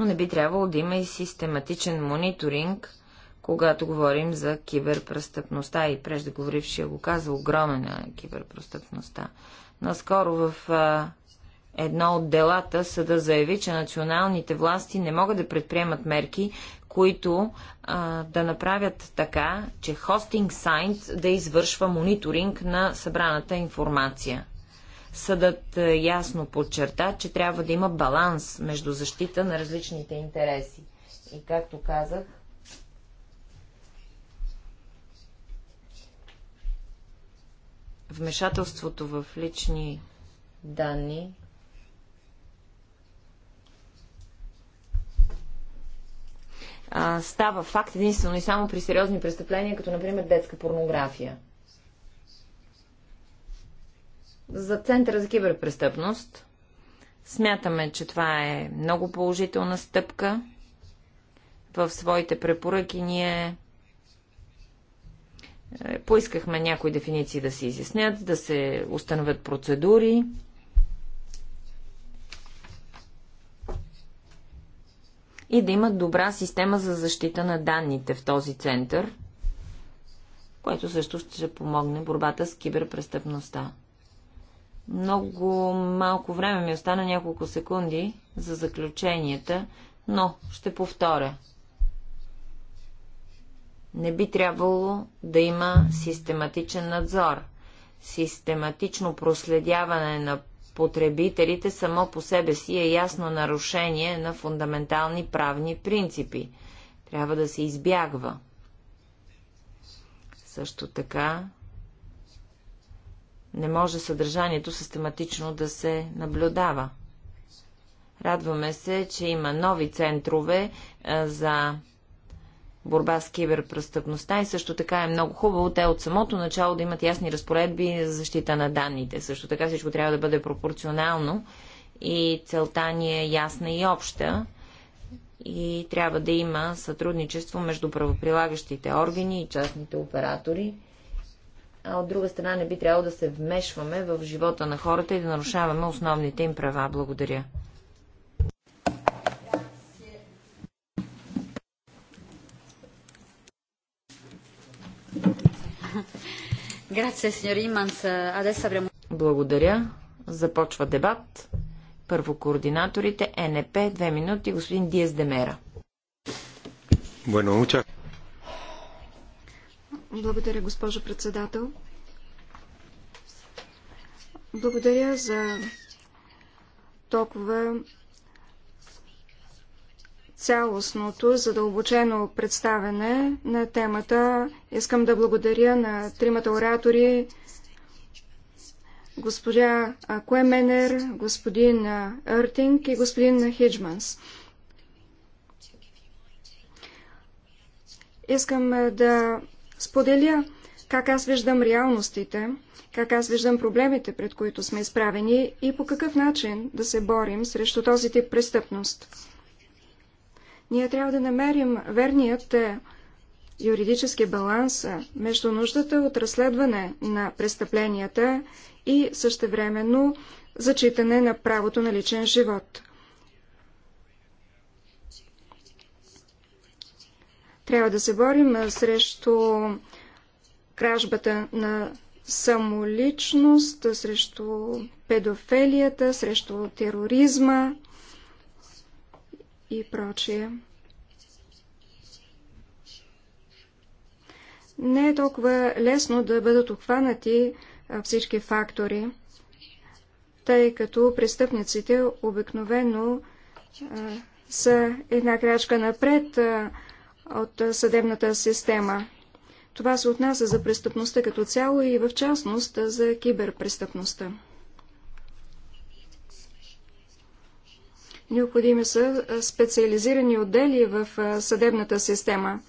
но не би трябвало да има и систематичен мониторинг, когато говорим за киберпрестъпността и преждеговорившия го каза, огромен е киберпрестъпността. Наскоро в а, едно от делата съда заяви, че националните власти не могат да предприемат мерки, които а, да направят така, че хостинг сайт да извършва мониторинг на събраната информация. Съдът е, ясно подчерта, че трябва да има баланс между защита на различните интереси. И както казах, вмешателството в лични данни става факт единствено и само при сериозни престъпления, като например детска порнография. За Центъра за киберпрестъпност смятаме, че това е много положителна стъпка. В своите препоръки ние е, поискахме някои дефиниции да се изяснят, да се установят процедури. И да имат добра система за защита на данните в този център, което също ще помогне борбата с киберпрестъпността. Много малко време ми остана, няколко секунди за заключенията, но ще повторя. Не би трябвало да има систематичен надзор. Систематично проследяване на потребителите само по себе си е ясно нарушение на фундаментални правни принципи. Трябва да се избягва. Също така не може съдържанието систематично да се наблюдава. Радваме се, че има нови центрове за борба с киберпрестъпността и също така е много хубаво те от самото начало да имат ясни разпоредби за защита на данните. Също така всичко трябва да бъде пропорционално и целта ни е ясна и обща и трябва да има сътрудничество между правоприлагащите органи и частните оператори а от друга страна не би трябвало да се вмешваме в живота на хората и да нарушаваме основните им права. Благодаря. Благодаря. Започва дебат. Първо координаторите, НП, две минути, господин Диез Демера. Благодаря, госпожо председател. Благодаря за толкова цялостното, задълбочено представене на темата. Искам да благодаря на тримата оратори, госпожа Куеменер, господин Ертинг и господин Хиджманс. Искам е, да споделя как аз виждам реалностите, как аз виждам проблемите, пред които сме изправени и по какъв начин да се борим срещу този тип престъпност. Ние трябва да намерим верният е, юридически баланс е, между нуждата от разследване на престъпленията и същевременно зачитане на правото на личен живот. Трябва да се борим срещу кражбата на самоличност, срещу педофелията, срещу тероризма и прочие. Не е толкова лесно да бъдат обхванати всички фактори, тъй като престъпниците обикновено а, са една крачка напред а, от съдебната система. Това се отнася за престъпността като цяло и в частност за киберпрестъпността. Необходими са специализирани отдели в съдебната система.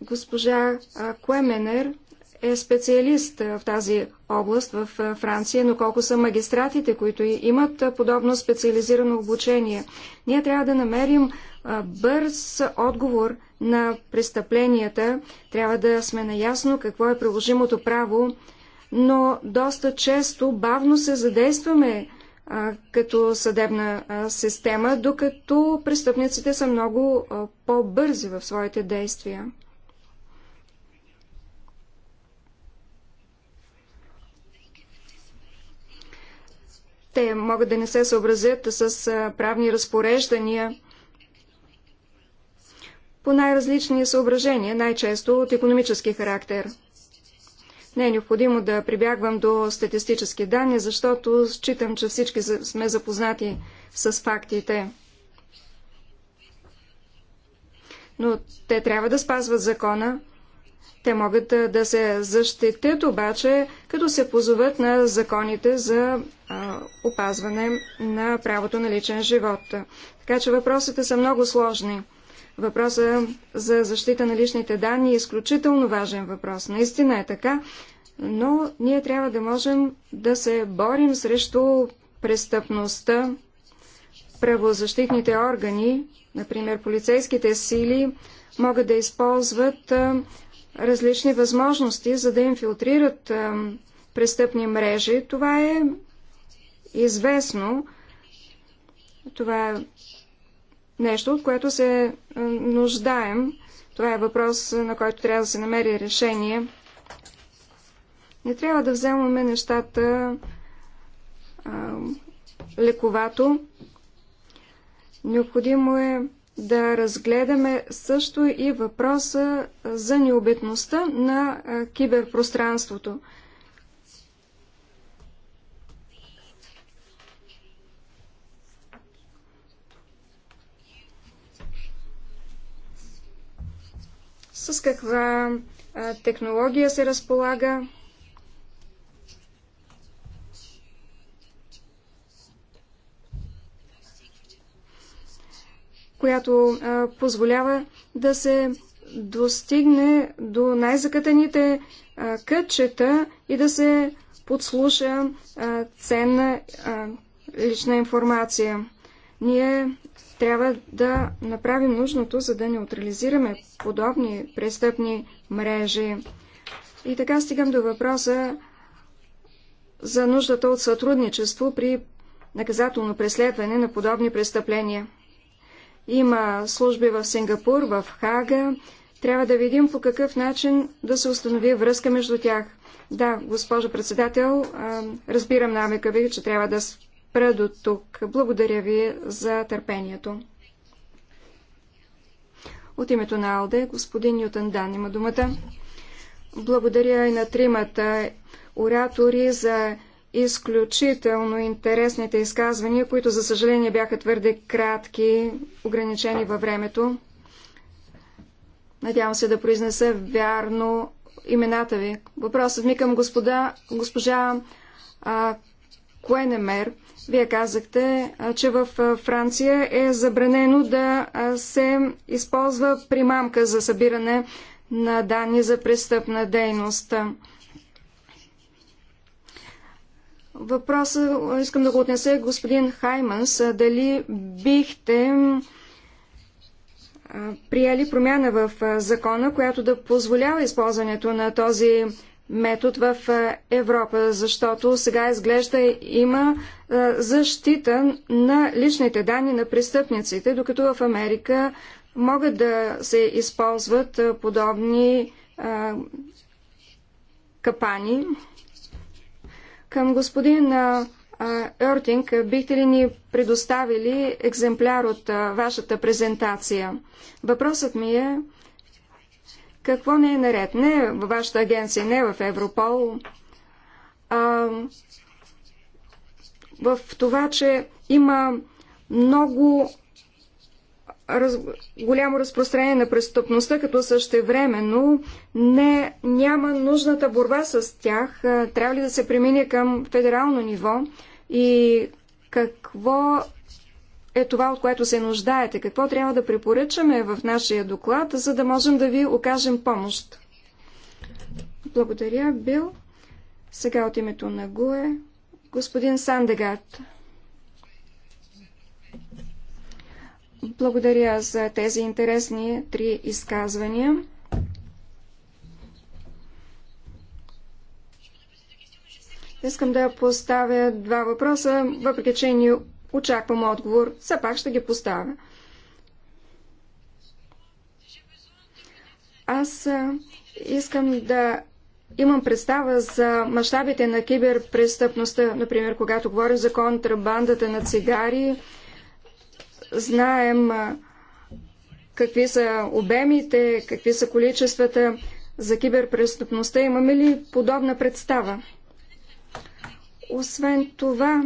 Госпожа Куеменер е специалист е, в тази област в е, Франция, но колко са магистратите, които имат е, подобно специализирано обучение. Ние трябва да намерим бърз отговор на престъпленията, трябва да сме наясно какво е приложимото право, но доста често бавно се задействаме като съдебна система, докато престъпниците са много по-бързи в своите действия. Те могат да не се съобразят с правни разпореждания по най-различни съображения, най-често от економически характер. Не е необходимо да прибягвам до статистически данни, защото считам, че всички сме запознати с фактите. Но те трябва да спазват закона, те могат да се защитят обаче, като се позоват на законите за а, опазване на правото на личен живот. Така че въпросите са много сложни. Въпросът за защита на личните данни е изключително важен въпрос. Наистина е така, но ние трябва да можем да се борим срещу престъпността. Правозащитните органи, например полицейските сили, могат да използват различни възможности, за да инфилтрират престъпни мрежи. Това е известно. Това е нещо, от което се нуждаем. Това е въпрос, на който трябва да се намери решение. Не трябва да вземаме нещата а, лековато. Необходимо е да разгледаме също и въпроса за необитността на киберпространството. С каква технология се разполага? която а, позволява да се достигне до най закътените кътчета и да се подслуша а, ценна а, лична информация. Ние трябва да направим нужното, за да неутрализираме подобни престъпни мрежи. И така стигам до въпроса за нуждата от сътрудничество при наказателно преследване на подобни престъпления. Има служби в Сингапур, в Хага. Трябва да видим по какъв начин да се установи връзка между тях. Да, госпожо председател, разбирам намека ви, че трябва да спра до тук. Благодаря ви за търпението. От името на Алде, господин Нютон Дан има думата. Благодаря и на тримата оратори за изключително интересните изказвания, които за съжаление бяха твърде кратки, ограничени във времето. Надявам се да произнеса вярно имената ви. Въпросът ми към господа, госпожа а, Куенемер. Вие казахте, а, че в а, Франция е забранено да а, се използва примамка за събиране на данни за престъпна дейност. Въпросът искам да го отнеса господин Хайманс. Дали бихте приели промяна в закона, която да позволява използването на този метод в Европа, защото сега изглежда има защита на личните данни на престъпниците, докато в Америка могат да се използват подобни капани към господин Ертинг, бихте ли ни предоставили екземпляр от вашата презентация? Въпросът ми е какво не е наред? Не във вашата агенция, не в Европол, а в това, че има много раз, голямо разпространение на престъпността, като същевременно не, няма нужната борба с тях. Трябва ли да се премине към федерално ниво и какво е това, от което се нуждаете? Какво трябва да препоръчаме в нашия доклад, за да можем да ви окажем помощ? Благодаря, Бил. Сега от името на ГУЕ, господин Сандегат. Благодаря за тези интересни три изказвания. Искам да поставя два въпроса, въпреки че ни очаквам отговор. Все пак ще ги поставя. Аз искам да имам представа за мащабите на киберпрестъпността, например, когато говоря за контрабандата на цигари, знаем какви са обемите, какви са количествата за киберпрестъпността. Имаме ли подобна представа? Освен това,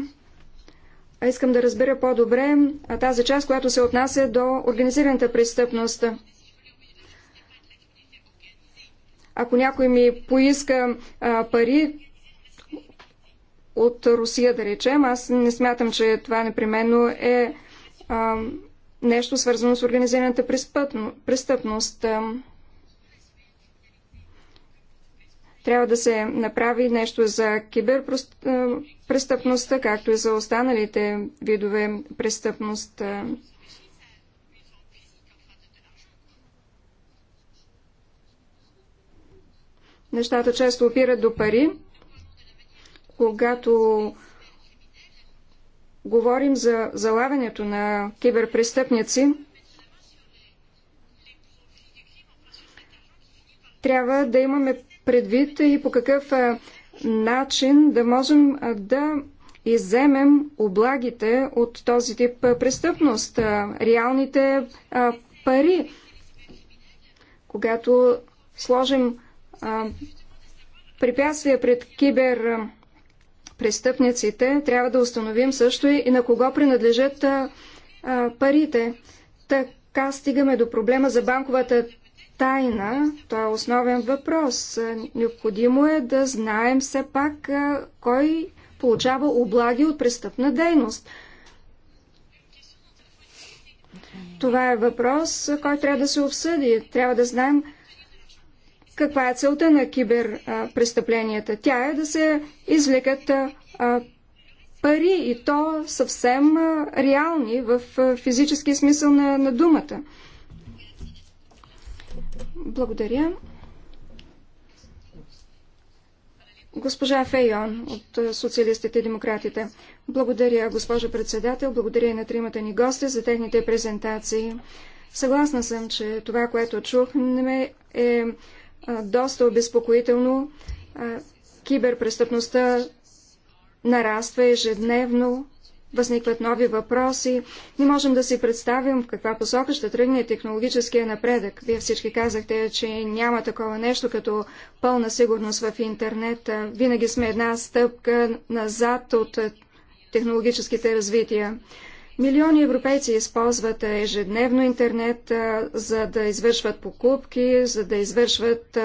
искам да разбера по-добре тази част, която се отнася до организираната престъпност. Ако някой ми поиска а, пари от Русия, да речем, аз не смятам, че това непременно е а, нещо свързано с организираната престъпност. Трябва да се направи нещо за киберпрестъпността, както и за останалите видове престъпност. Нещата често опират до пари. Когато говорим за залавянето на киберпрестъпници, трябва да имаме предвид и по какъв начин да можем да иземем облагите от този тип престъпност, реалните пари. Когато сложим препятствия пред кибер престъпниците, трябва да установим също и на кого принадлежат а, а, парите. Така стигаме до проблема за банковата тайна. Той е основен въпрос. Необходимо е да знаем все пак а, кой получава облаги от престъпна дейност. Това е въпрос, който трябва да се обсъди. Трябва да знаем каква е целта на киберпрестъпленията? Тя е да се извлекат пари и то съвсем реални в физически смисъл на, на думата. Благодаря. Госпожа Фейон от Социалистите и демократите. Благодаря, госпожа председател. Благодаря и на тримата ни гости за техните презентации. Съгласна съм, че това, което чухме е доста обезпокоително. Киберпрестъпността нараства ежедневно, възникват нови въпроси. Не можем да си представим в каква посока ще тръгне технологическия напредък. Вие всички казахте, че няма такова нещо като пълна сигурност в интернет. Винаги сме една стъпка назад от технологическите развития. Милиони европейци използват ежедневно интернет, за да извършват покупки, за да извършват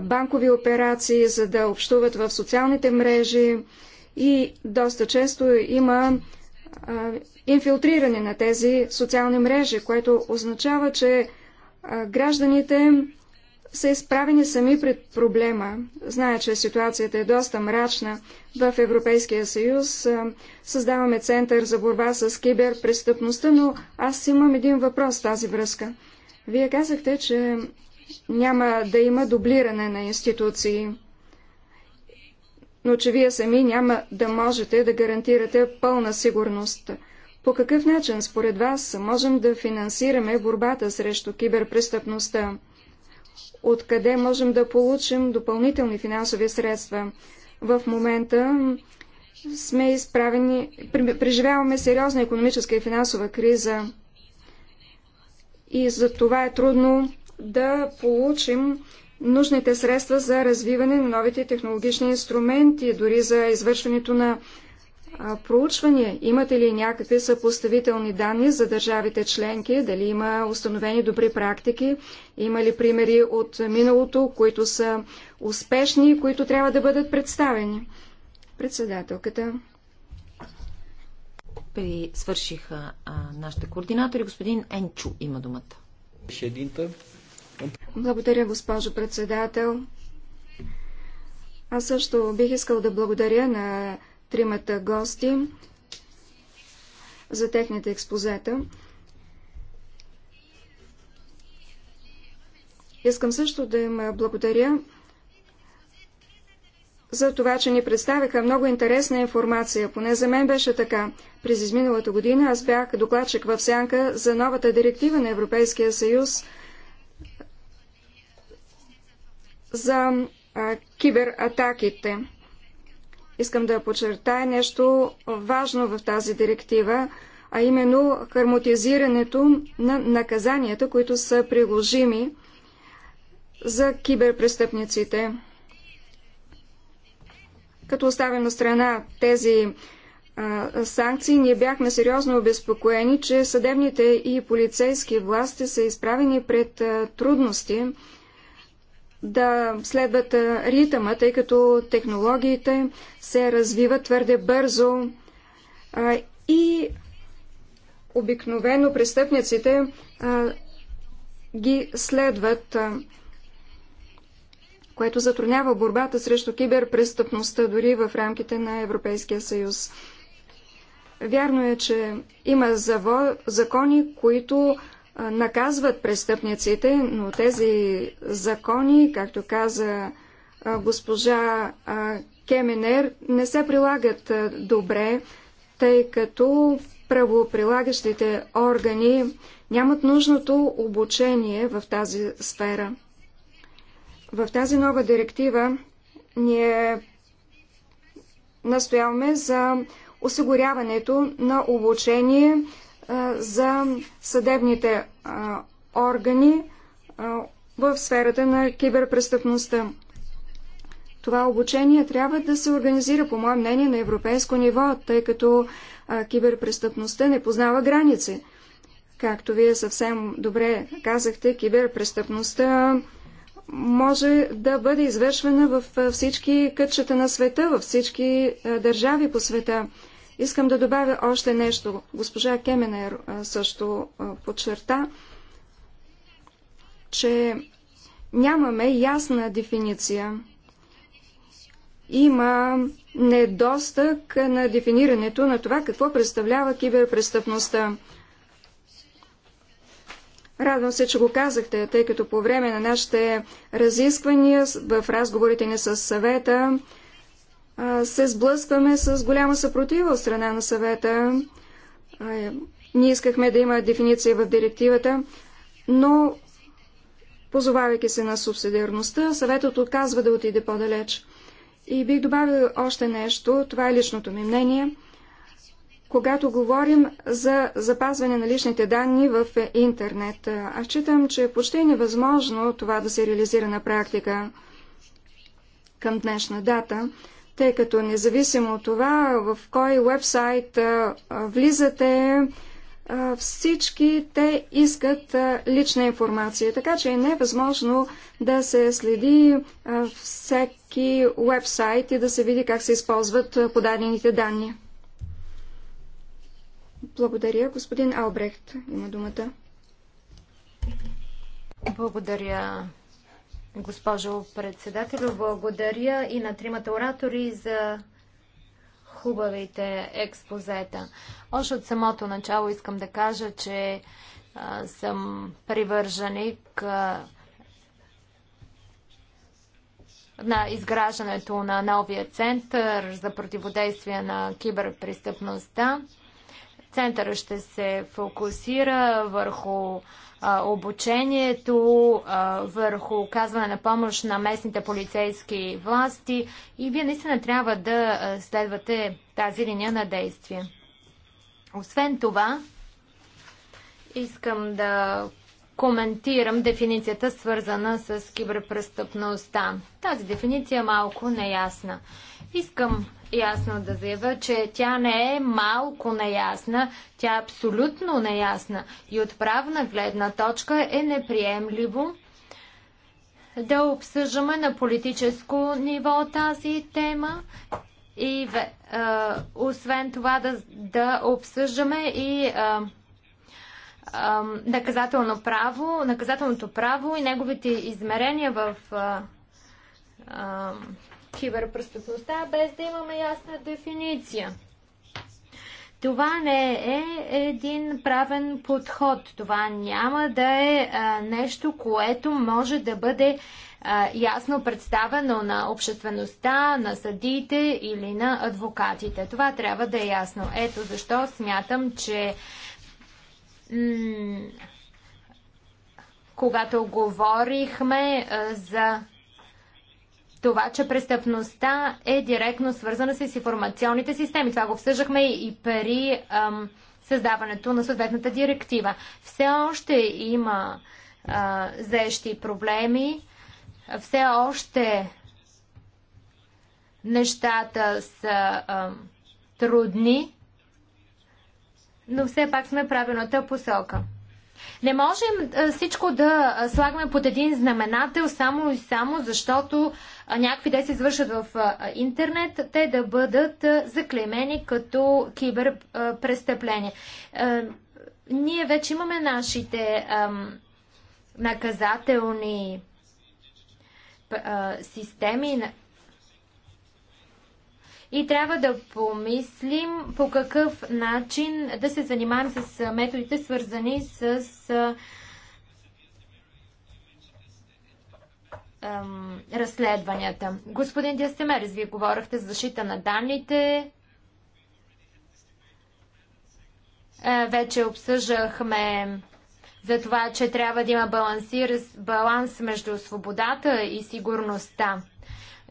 банкови операции, за да общуват в социалните мрежи и доста често има инфилтриране на тези социални мрежи, което означава, че гражданите са изправени сами пред проблема. Зная, че ситуацията е доста мрачна. В Европейския съюз създаваме център за борба с киберпрестъпността, но аз имам един въпрос в тази връзка. Вие казахте, че няма да има дублиране на институции, но че вие сами няма да можете да гарантирате пълна сигурност. По какъв начин, според вас, можем да финансираме борбата срещу киберпрестъпността? откъде можем да получим допълнителни финансови средства. В момента сме изправени, преживяваме сериозна економическа и финансова криза и за това е трудно да получим нужните средства за развиване на новите технологични инструменти, дори за извършването на проучвания? Имате ли някакви съпоставителни данни за държавите членки? Дали има установени добри практики? Има ли примери от миналото, които са успешни и които трябва да бъдат представени? Председателката. При свършиха а, нашите координатори. Господин Енчо има думата. Благодаря, госпожо председател. Аз също бих искал да благодаря на тримата гости за техните експозета. Искам също да им благодаря за това, че ни представиха много интересна информация. Поне за мен беше така. През изминалата година аз бях докладчик в сянка за новата директива на Европейския съюз за кибератаките. Искам да подчертая нещо важно в тази директива, а именно хармотизирането на наказанията, които са приложими за киберпрестъпниците. Като оставим на страна тези санкции, ние бяхме сериозно обезпокоени, че съдебните и полицейски власти са изправени пред трудности, да следват ритъма, тъй като технологиите се развиват твърде бързо а, и обикновено престъпниците а, ги следват, а, което затруднява борбата срещу киберпрестъпността дори в рамките на Европейския съюз. Вярно е, че има закони, които наказват престъпниците, но тези закони, както каза госпожа Кеменер, не се прилагат добре, тъй като правоприлагащите органи нямат нужното обучение в тази сфера. В тази нова директива ние настояваме за осигуряването на обучение за съдебните органи в сферата на киберпрестъпността. Това обучение трябва да се организира, по мое мнение, на европейско ниво, тъй като киберпрестъпността не познава граници. Както вие съвсем добре казахте, киберпрестъпността може да бъде извършвана във всички кътчета на света, във всички държави по света. Искам да добавя още нещо. Госпожа Кеменер също подчерта, че нямаме ясна дефиниция. Има недостъг на дефинирането на това какво представлява киберпрестъпността. Радвам се, че го казахте, тъй като по време на нашите разисквания в разговорите ни с съвета се сблъскваме с голяма съпротива от страна на съвета. Ние искахме да има дефиниция в директивата, но позовавайки се на субсидиарността, съветът отказва да отиде по-далеч. И бих добавил още нещо, това е личното ми мнение. Когато говорим за запазване на личните данни в интернет, аз считам, че е почти е невъзможно това да се реализира на практика към днешна дата тъй като независимо от това в кой вебсайт влизате, всички те искат лична информация, така че е невъзможно да се следи всеки вебсайт и да се види как се използват подадените данни. Благодаря. Господин Албрехт има думата. Благодаря, Госпожо председател, благодаря и на тримата оратори за хубавите експозета. Още от самото начало искам да кажа, че а, съм привърженик а, на изграждането на новия център за противодействие на киберпрестъпността. Центъра ще се фокусира върху а, обучението, върху оказване на помощ на местните полицейски власти и вие наистина трябва да следвате тази линия на действие. Освен това, искам да коментирам дефиницията, свързана с киберпрестъпността. Тази дефиниция е малко неясна. Искам ясно да заявя, че тя не е малко неясна, тя е абсолютно неясна и от правна гледна точка е неприемливо да обсъждаме на политическо ниво тази тема и е, освен това да, да обсъждаме и е, наказателно право, наказателното право и неговите измерения в киберпрестъпността, без да имаме ясна дефиниция. Това не е един правен подход. Това няма да е а, нещо, което може да бъде а, ясно представено на обществеността, на съдиите или на адвокатите. Това трябва да е ясно. Ето защо смятам, че когато говорихме за това, че престъпността е директно свързана с информационните системи. Това го обсъждахме и при създаването на съответната директива. Все още има заещи проблеми, все още нещата са трудни но все пак сме правилната посока. Не можем всичко да слагаме под един знаменател само и само, защото някакви да се извършат в интернет, те да бъдат заклемени като киберпрестъпление. Ние вече имаме нашите наказателни системи, и трябва да помислим по какъв начин да се занимаем с методите, свързани с разследванията. Господин Диастемерис, вие говорихте за защита на данните. Вече обсъждахме за това, че трябва да има баланс между свободата и сигурността.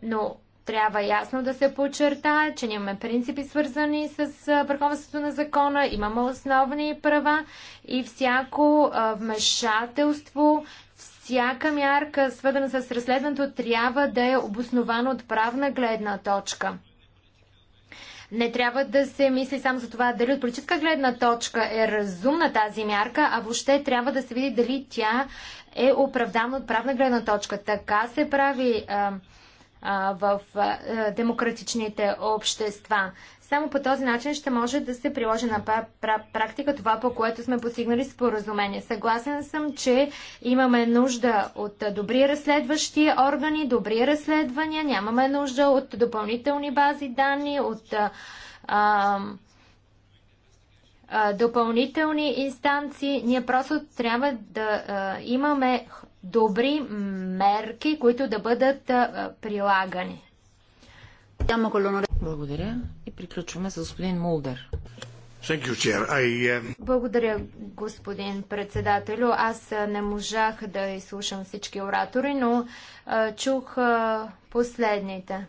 Но трябва ясно да се подчертае, че нямаме принципи свързани с върховенството на закона, имаме основни права и всяко вмешателство, всяка мярка, свързана с разследването, трябва да е обоснована от правна гледна точка. Не трябва да се мисли само за това дали от политическа гледна точка е разумна тази мярка, а въобще трябва да се види дали тя е оправдана от правна гледна точка. Така се прави. А, в демократичните общества. Само по този начин ще може да се приложи на практика това, по което сме постигнали споразумение. Съгласен съм, че имаме нужда от добри разследващи органи, добри разследвания, нямаме нужда от допълнителни бази данни, от а, а, допълнителни инстанции. Ние просто трябва да а, имаме добри мерки, които да бъдат прилагани. Благодаря и приключваме с господин Мулдер. Uh, Благодаря, господин председателю. Аз не можах да изслушам всички оратори, но а, чух а, последните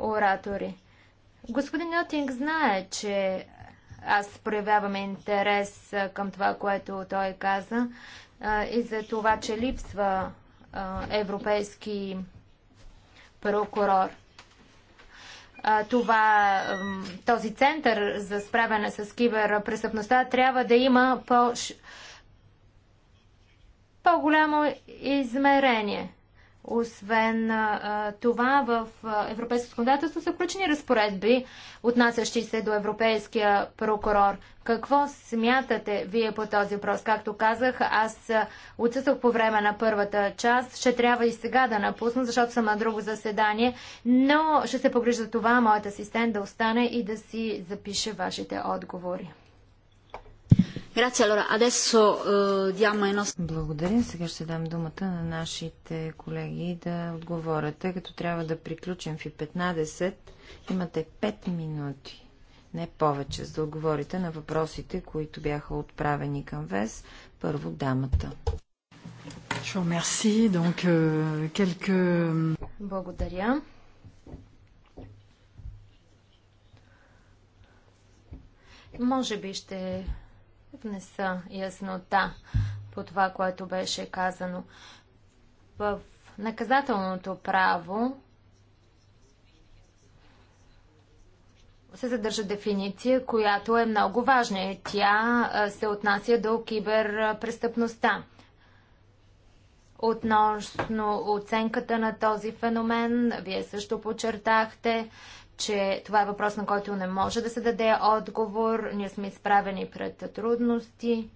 оратори. Господин Нотинг знае, че аз проявявам интерес към това, което той каза и за това, че липсва европейски прокурор. Това, този център за справяне с киберпрестъпността трябва да има по- по-голямо измерение. Освен а, това, в европейското законодателство са включени разпоредби, отнасящи се до европейския прокурор. Какво смятате вие по този въпрос? Както казах, аз отсъствах по време на първата част. Ще трябва и сега да напусна, защото съм на друго заседание, но ще се погрижа това моят асистент да остане и да си запише вашите отговори. Eh, Благодаря. Сега ще дам думата на нашите колеги да отговорят, тъй като трябва да приключим в 15. Имате 5 минути, не повече, за да отговорите на въпросите, които бяха отправени към ВЕС. Първо дамата. Euh, Благодаря. Може би ще внеса яснота по това, което беше казано. В наказателното право се задържа дефиниция, която е много важна и тя се отнася до киберпрестъпността. Относно оценката на този феномен, вие също подчертахте, че това е въпрос, на който не може да се даде отговор. Ние сме изправени пред трудности.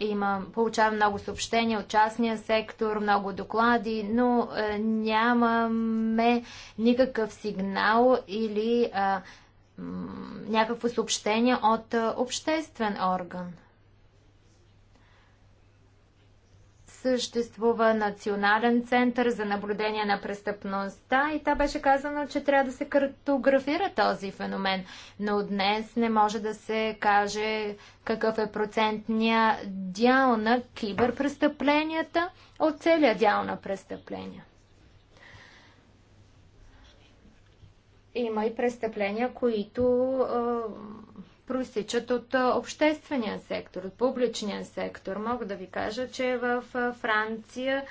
Има, получавам много съобщения от частния сектор, много доклади, но нямаме никакъв сигнал или някакво съобщение от обществен орган. съществува Национален център за наблюдение на престъпността и та беше казано, че трябва да се картографира този феномен. Но днес не може да се каже какъв е процентния дял на киберпрестъпленията от целия дял на престъпления. Има и престъпления, които проистичат от обществения сектор, от публичния сектор. Мога да ви кажа, че в Франция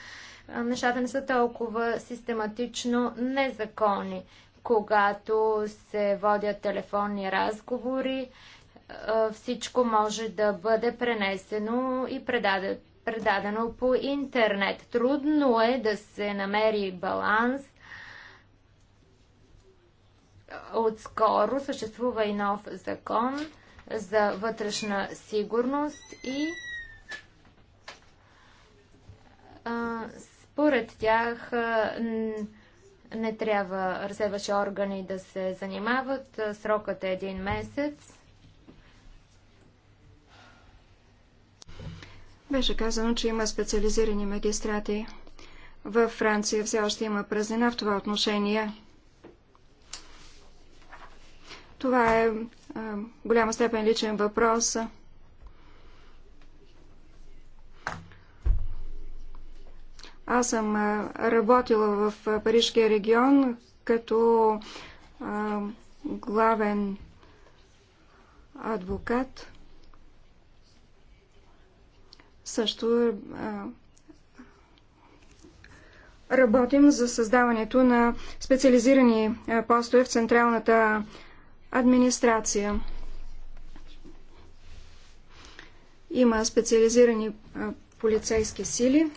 нещата не са толкова систематично незаконни. Когато се водят телефонни разговори, всичко може да бъде пренесено и предадено, предадено по интернет. Трудно е да се намери баланс Отскоро съществува и нов закон за вътрешна сигурност и според тях не трябва разследващи органи да се занимават. Срокът е един месец. Беше казано, че има специализирани магистрати. Във Франция все още има празнина в това отношение. Това е а, голяма степен личен въпрос. Аз съм работила в Парижкия регион като а, главен адвокат. Също а, работим за създаването на специализирани постове в Централната администрация. Има специализирани полицейски сили.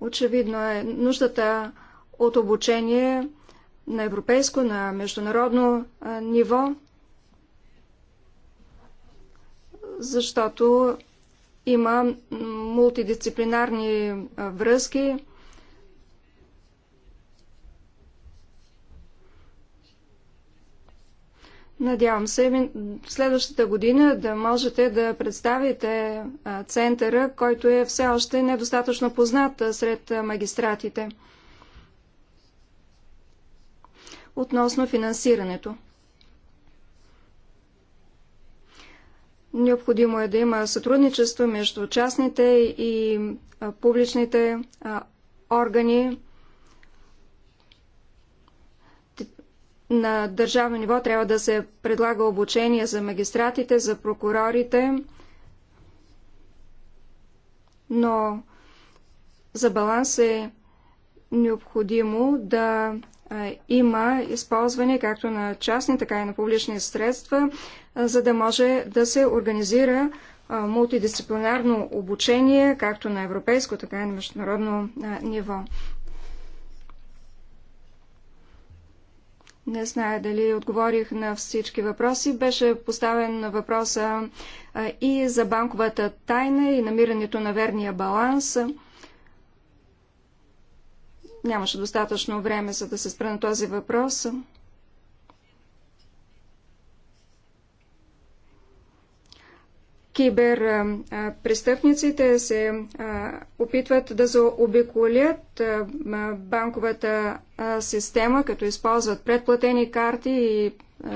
Очевидно е нуждата от обучение на европейско, на международно ниво, защото има мултидисциплинарни връзки. Надявам се следващата година да можете да представите центъра, който е все още недостатъчно познат сред магистратите. Относно финансирането. Необходимо е да има сътрудничество между частните и публичните органи на държавно ниво трябва да се предлага обучение за магистратите, за прокурорите, но за баланс е необходимо да има използване както на частни, така и на публични средства, за да може да се организира мултидисциплинарно обучение, както на европейско, така и на международно ниво. Не зная дали отговорих на всички въпроси. Беше поставен въпроса и за банковата тайна и намирането на верния баланс. Нямаше достатъчно време, за да се спра на този въпрос. Киберпрестъпниците се опитват да заобиколят банковата система, като използват предплатени карти и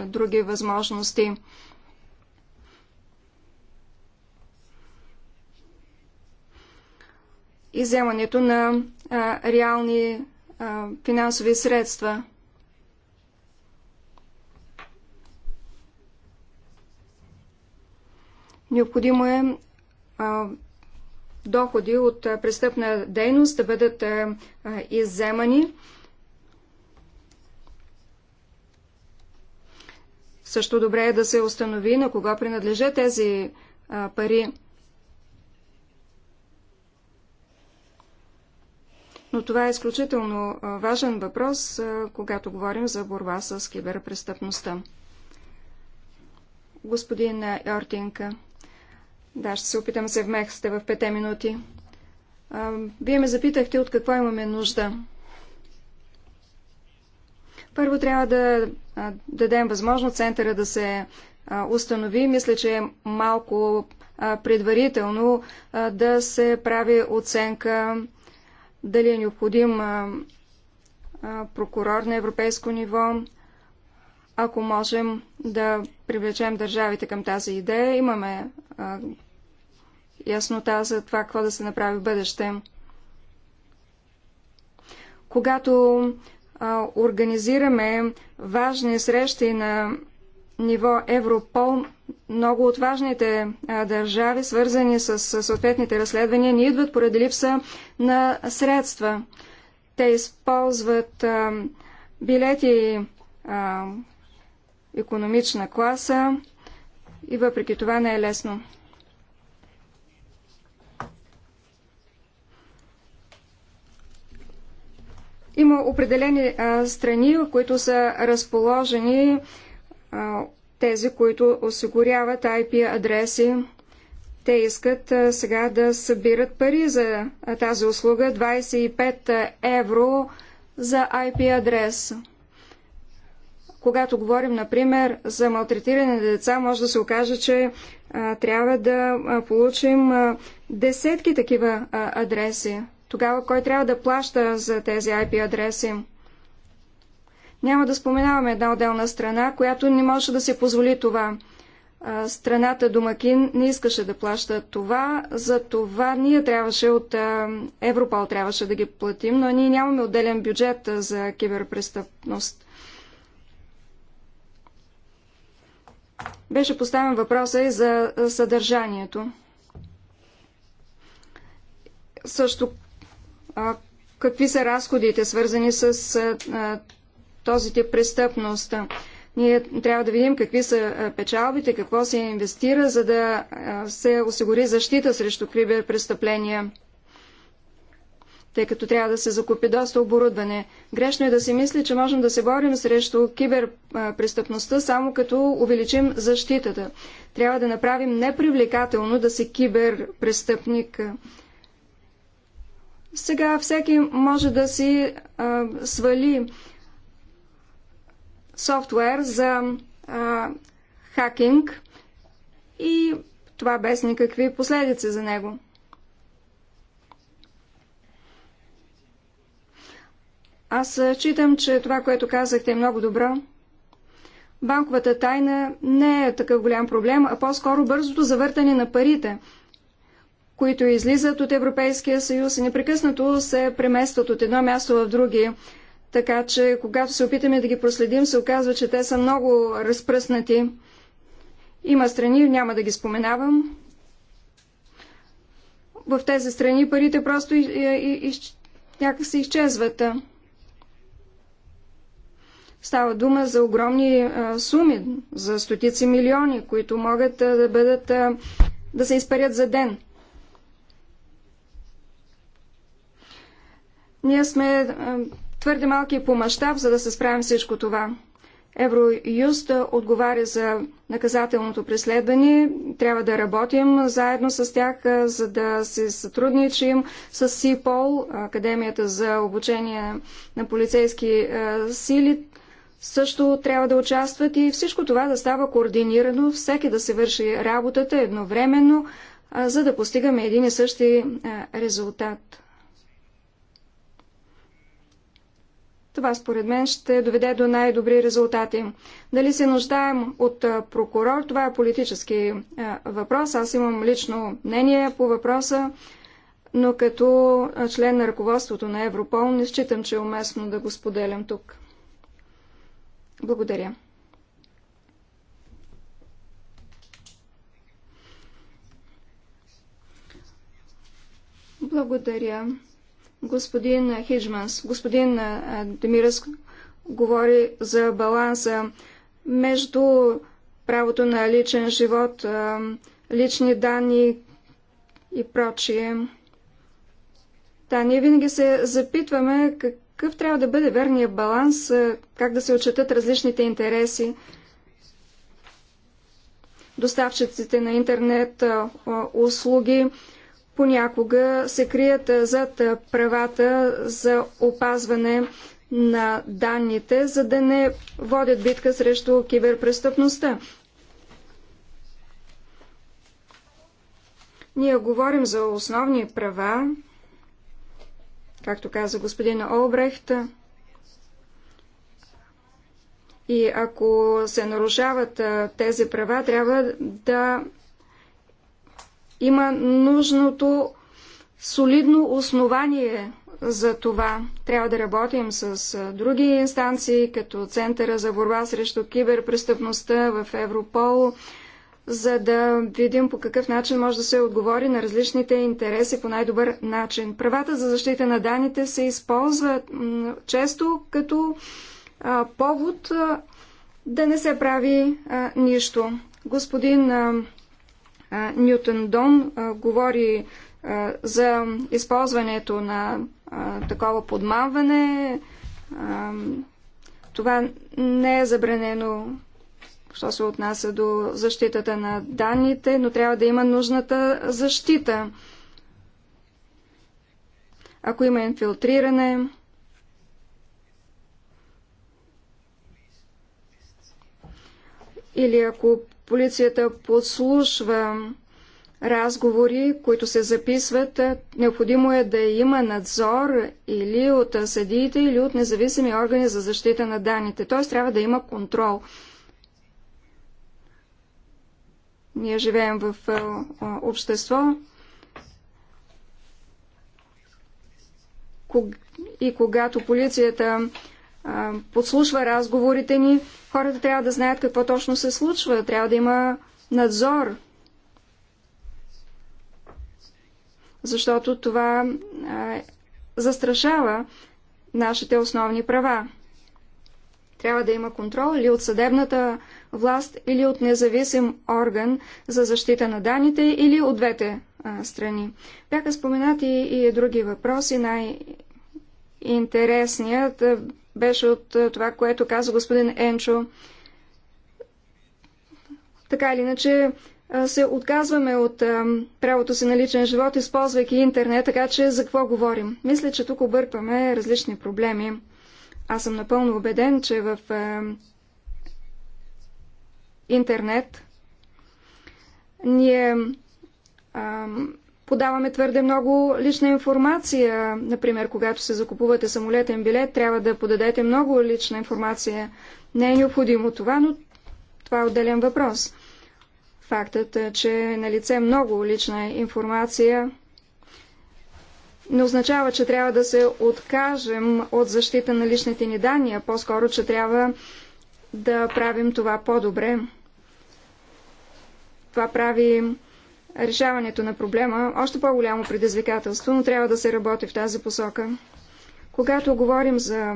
други възможности. иземането на а, реални а, финансови средства. Необходимо е а, доходи от престъпна дейност да бъдат изземани. Също добре е да се установи на кога принадлежат тези пари. но това е изключително важен въпрос, когато говорим за борба с киберпрестъпността. Господин Йортинка, да, ще се опитам се вмехте в пете минути. Вие ме запитахте от какво имаме нужда. Първо трябва да дадем възможност центъра да се установи. Мисля, че е малко предварително да се прави оценка дали е необходим прокурор на европейско ниво, ако можем да привлечем държавите към тази идея, имаме а, яснота за това какво да се направи в бъдеще. Когато а, организираме важни срещи на ниво Европол, много от важните държави, свързани с съответните разследвания, не идват поради липса на средства. Те използват билети економична класа и въпреки това не е лесно. Има определени а, страни, които са разположени а, тези, които осигуряват IP адреси. Те искат сега да събират пари за тази услуга 25 евро за IP адрес. Когато говорим, например, за малтретиране на деца, може да се окаже, че а, трябва да получим а, десетки такива а, адреси. Тогава кой трябва да плаща за тези IP адреси? Няма да споменаваме една отделна страна, която не може да се позволи това. Страната Домакин не искаше да плаща това, за това ние трябваше от Европол трябваше да ги платим, но ние нямаме отделен бюджет за киберпрестъпност. Беше поставен въпроса и за съдържанието. Също какви са разходите, свързани с този тип престъпност. Ние трябва да видим какви са печалбите, какво се инвестира, за да се осигури защита срещу киберпрестъпления тъй като трябва да се закупи доста оборудване. Грешно е да се мисли, че можем да се борим срещу киберпрестъпността само като увеличим защитата. Трябва да направим непривлекателно да се киберпрестъпник. Сега всеки може да си а, свали софтуер за а, хакинг и това без никакви последици за него. Аз читам, че това, което казахте е много добро. Банковата тайна не е такъв голям проблем, а по-скоро бързото завъртане на парите, които излизат от Европейския съюз и непрекъснато се преместват от едно място в други. Така че, когато се опитаме да ги проследим, се оказва, че те са много разпръснати. Има страни, няма да ги споменавам. В тези страни парите просто и, и, и, някак се изчезват. Става дума за огромни а, суми, за стотици милиони, които могат а, да бъдат а, да се изпарят за ден. Ние сме а, твърде малки по мащаб, за да се справим всичко това. Евроюст отговаря за наказателното преследване. Трябва да работим заедно с тях, за да се сътрудничим с СИПОЛ, Академията за обучение на полицейски сили. Също трябва да участват и всичко това да става координирано, всеки да се върши работата едновременно, за да постигаме един и същи резултат. Това според мен ще доведе до най-добри резултати. Дали се нуждаем от прокурор, това е политически въпрос. Аз имам лично мнение по въпроса, но като член на ръководството на Европол не считам, че е уместно да го споделям тук. Благодаря. Благодаря господин Хиджманс. Господин Демирас говори за баланса между правото на личен живот, лични данни и прочие. Да, ние винаги се запитваме какъв трябва да бъде верният баланс, как да се отчетат различните интереси. Доставчиците на интернет услуги, понякога се крият зад правата за опазване на данните, за да не водят битка срещу киберпрестъпността. Ние говорим за основни права, както каза господин Олбрехт, и ако се нарушават тези права, трябва да има нужното солидно основание за това. Трябва да работим с други инстанции, като Центъра за борба срещу киберпрестъпността в Европол, за да видим по какъв начин може да се отговори на различните интереси по най-добър начин. Правата за защита на данните се използват често като повод да не се прави нищо. Господин Ньютон Дон говори за използването на такова подмаване. Това не е забранено, що се отнася до защитата на данните, но трябва да има нужната защита. Ако има инфилтриране, или ако Полицията подслушва разговори, които се записват. Необходимо е да има надзор или от съдиите, или от независими органи за защита на данните. Т.е. трябва да има контрол. Ние живеем в общество, и когато полицията подслушва разговорите ни. Хората трябва да знаят какво точно се случва. Трябва да има надзор. Защото това а, застрашава нашите основни права. Трябва да има контрол или от съдебната власт, или от независим орган за защита на данните, или от двете а, страни. Бяха споменати и други въпроси. Най-интересният беше от е, това, което каза господин Енчо. Така или иначе е, се отказваме от е, правото си на личен живот, използвайки интернет, така че за какво говорим? Мисля, че тук объркваме различни проблеми. Аз съм напълно убеден, че в интернет ние подаваме твърде много лична информация. Например, когато се закупувате самолетен билет, трябва да подадете много лична информация. Не е необходимо това, но това е отделен въпрос. Фактът, е, че е на лице много лична информация, не означава, че трябва да се откажем от защита на личните ни данни, а по-скоро, че трябва да правим това по-добре. Това прави решаването на проблема още по-голямо предизвикателство, но трябва да се работи в тази посока. Когато говорим за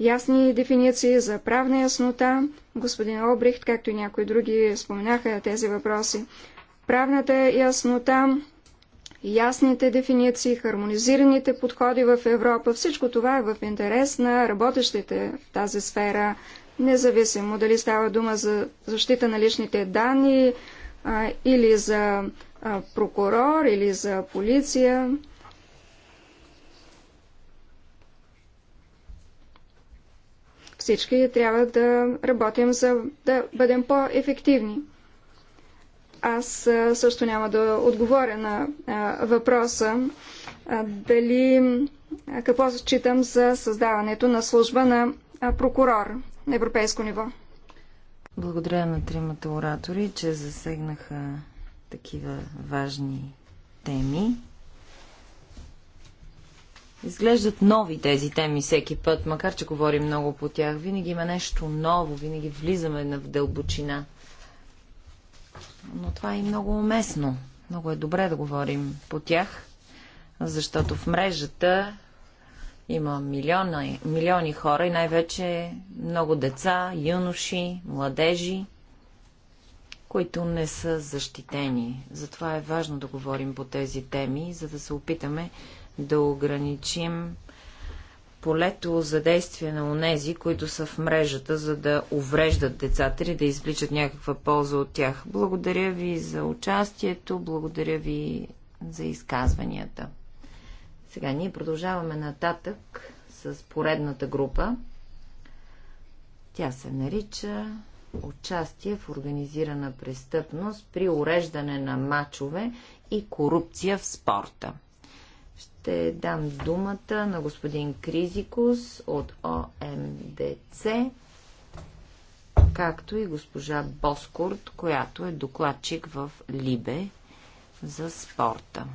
ясни дефиниции, за правна яснота, господин Обрихт, както и някои други споменаха тези въпроси, правната яснота, ясните дефиниции, хармонизираните подходи в Европа, всичко това е в интерес на работещите в тази сфера, независимо дали става дума за защита на личните данни а, или за прокурор или за полиция. Всички трябва да работим за да бъдем по-ефективни. Аз също няма да отговоря на въпроса дали какво считам за създаването на служба на прокурор на европейско ниво. Благодаря на тримата оратори, че засегнаха такива важни теми. Изглеждат нови тези теми всеки път, макар че говорим много по тях. Винаги има нещо ново, винаги влизаме в дълбочина. Но това е много уместно. Много е добре да говорим по тях, защото в мрежата има милиона, милиони хора и най-вече много деца, юноши, младежи – които не са защитени. Затова е важно да говорим по тези теми, за да се опитаме да ограничим полето за действие на онези, които са в мрежата, за да увреждат децата или да извличат някаква полза от тях. Благодаря ви за участието, благодаря ви за изказванията. Сега ние продължаваме нататък с поредната група. Тя се нарича участие в организирана престъпност при уреждане на мачове и корупция в спорта. Ще дам думата на господин Кризикус от ОМДЦ, както и госпожа Боскорт, която е докладчик в Либе за спорта.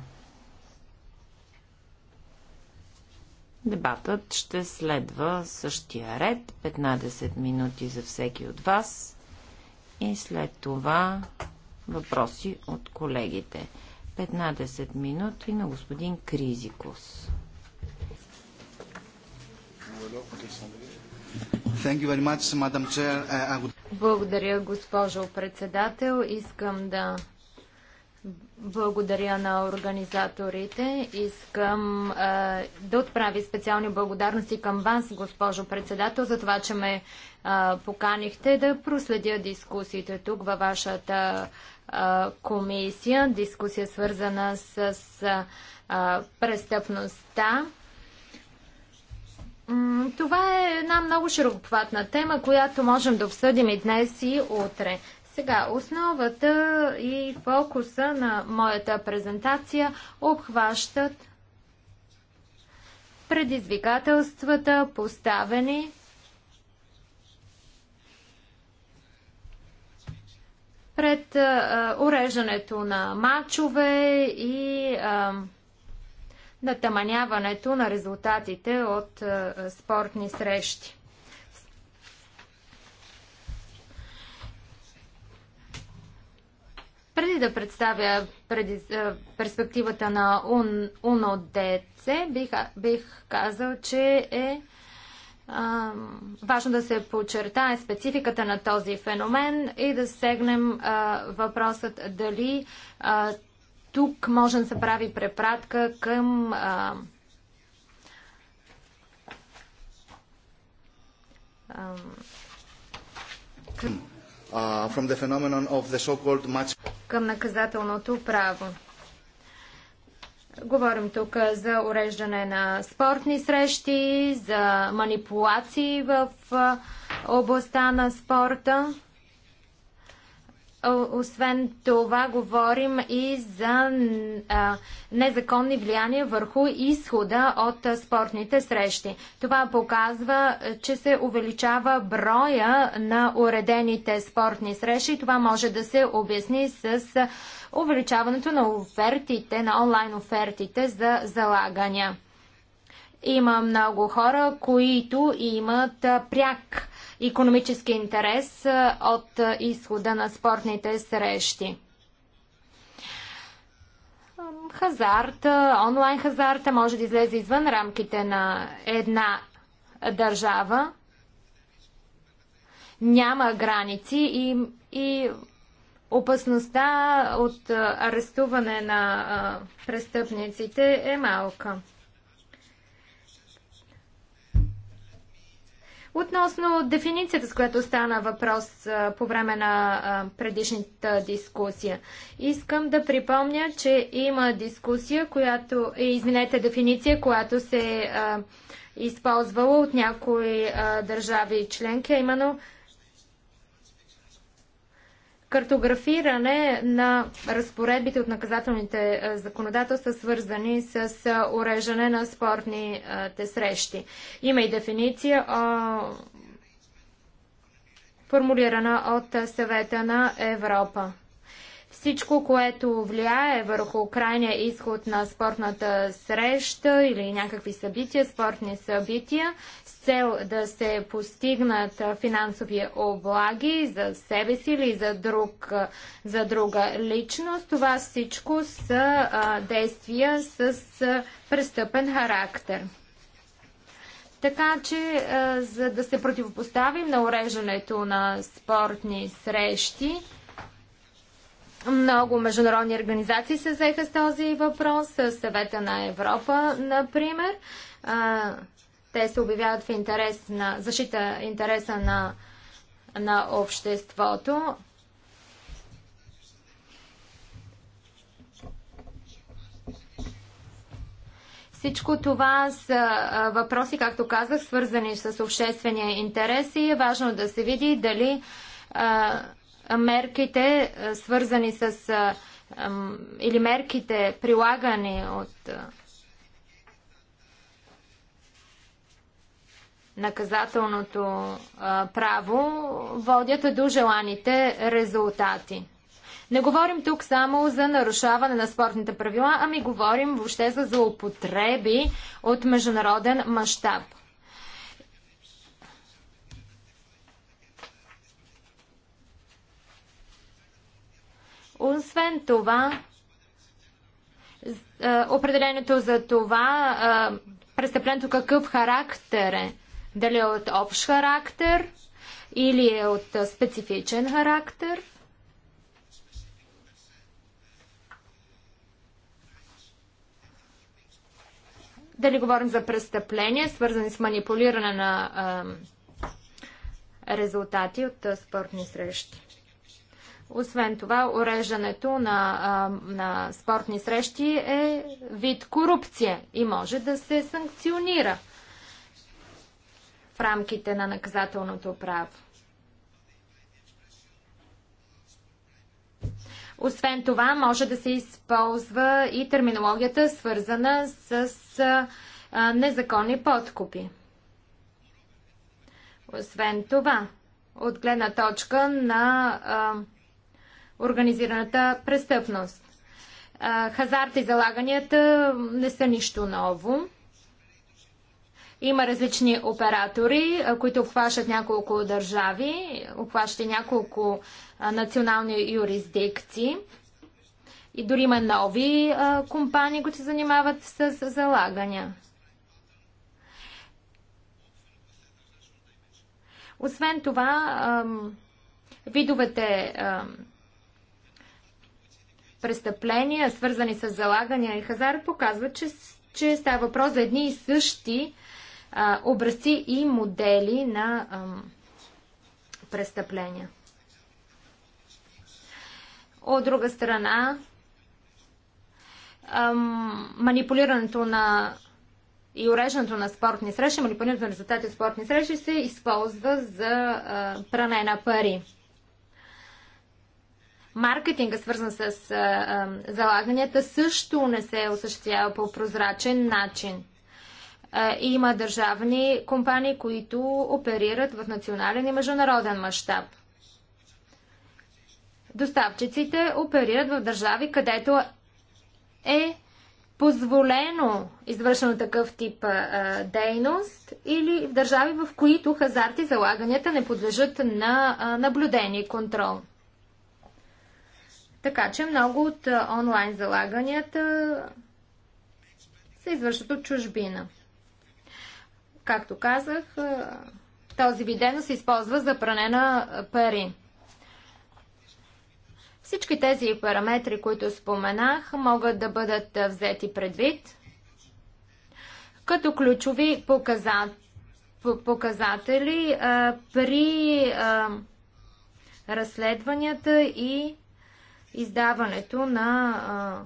Дебатът ще следва същия ред, 15 минути за всеки от вас и след това въпроси от колегите. 15 минути на господин Кризикус. Uh, Благодаря, госпожо председател. Искам да благодаря на организаторите. Искам а, да отправя специални благодарности към вас, госпожо председател, за това, че ме а, поканихте да проследя дискусиите тук във вашата а, комисия. Дискусия свързана с а, престъпността. Това е една много широкоплатна тема, която можем да обсъдим и днес и утре. Сега, основата и фокуса на моята презентация обхващат предизвикателствата, поставени пред а, уреждането на мачове и а, натаманяването на резултатите от а, спортни срещи. Преди да представя преди, перспективата на DC, бих, бих казал, че е а, важно да се подчертае спецификата на този феномен и да сегнем а, въпросът дали а, тук може да се прави препратка към а, а, към from the phenomenon of the so-called match. Към наказателното право. Говорим тук за уреждане на спортни срещи, за манипулации в областта на спорта. Освен това, говорим и за незаконни влияния върху изхода от спортните срещи. Това показва, че се увеличава броя на уредените спортни срещи. Това може да се обясни с увеличаването на офертите, на онлайн офертите за залагания. Има много хора, които имат пряк економически интерес от изхода на спортните срещи. Хазарта, онлайн хазарта може да излезе извън рамките на една държава. Няма граници и, и опасността от арестуване на престъпниците е малка. Относно дефиницията, с която стана въпрос по време на предишната дискусия, искам да припомня, че има дискусия, която, е, извинете, дефиниция, която се е използвала от някои държави членки, а именно картографиране на разпоредбите от наказателните е, законодателства, свързани с е, уреждане на спортните е, срещи. Има и дефиниция, формулирана от съвета на Европа. Всичко, което влияе върху крайния изход на спортната среща или някакви събития, спортни събития, с цел да се постигнат финансови облаги за себе си или за, друг, за друга личност, това всичко са а, действия с а, престъпен характер. Така че, за да се противопоставим на уреждането на спортни срещи, много международни организации се взеха с този въпрос, съвета на Европа, например. Те се обявяват в интерес на защита интереса на, на обществото. Всичко това са въпроси, както казах, свързани с обществения интерес и е важно да се види дали а, мерките, свързани с или мерките, прилагани от наказателното право, водят до желаните резултати. Не говорим тук само за нарушаване на спортните правила, ами говорим въобще за злоупотреби от международен мащаб. Освен това, определението за това престъплението какъв характер е, дали е от общ характер или е от специфичен характер. Дали говорим за престъпления, свързани с манипулиране на резултати от спортни срещи. Освен това, уреждането на, на спортни срещи е вид корупция и може да се санкционира в рамките на наказателното право. Освен това, може да се използва и терминологията, свързана с а, незаконни подкупи. Освен това, от гледна точка на а, организираната престъпност. Хазарта и залаганията не са нищо ново. Има различни оператори, които обхващат няколко държави, обхващат няколко национални юрисдикции. И дори има нови компании, които се занимават с залагания. Освен това, видовете престъпления, свързани с залагания и хазар, показват, че, че става въпрос за едни и същи а, образци и модели на ам, престъпления. От друга страна, ам, манипулирането на и уреждането на спортни срещи, манипулирането на резултати от спортни срещи се използва за а, пране на пари. Маркетинга, свързан с залаганията, също не се осъществява по прозрачен начин. Има държавни компании, които оперират в национален и международен мащаб. Доставчиците оперират в държави, където е позволено извършено такъв тип а, дейност или в държави, в които хазарти залаганията не подлежат на а, наблюдение и контрол. Така че много от онлайн залаганията се извършват от чужбина. Както казах, този вид дейност се използва за пране на пари. Всички тези параметри, които споменах, могат да бъдат взети предвид като ключови показатели при разследванията и издаването на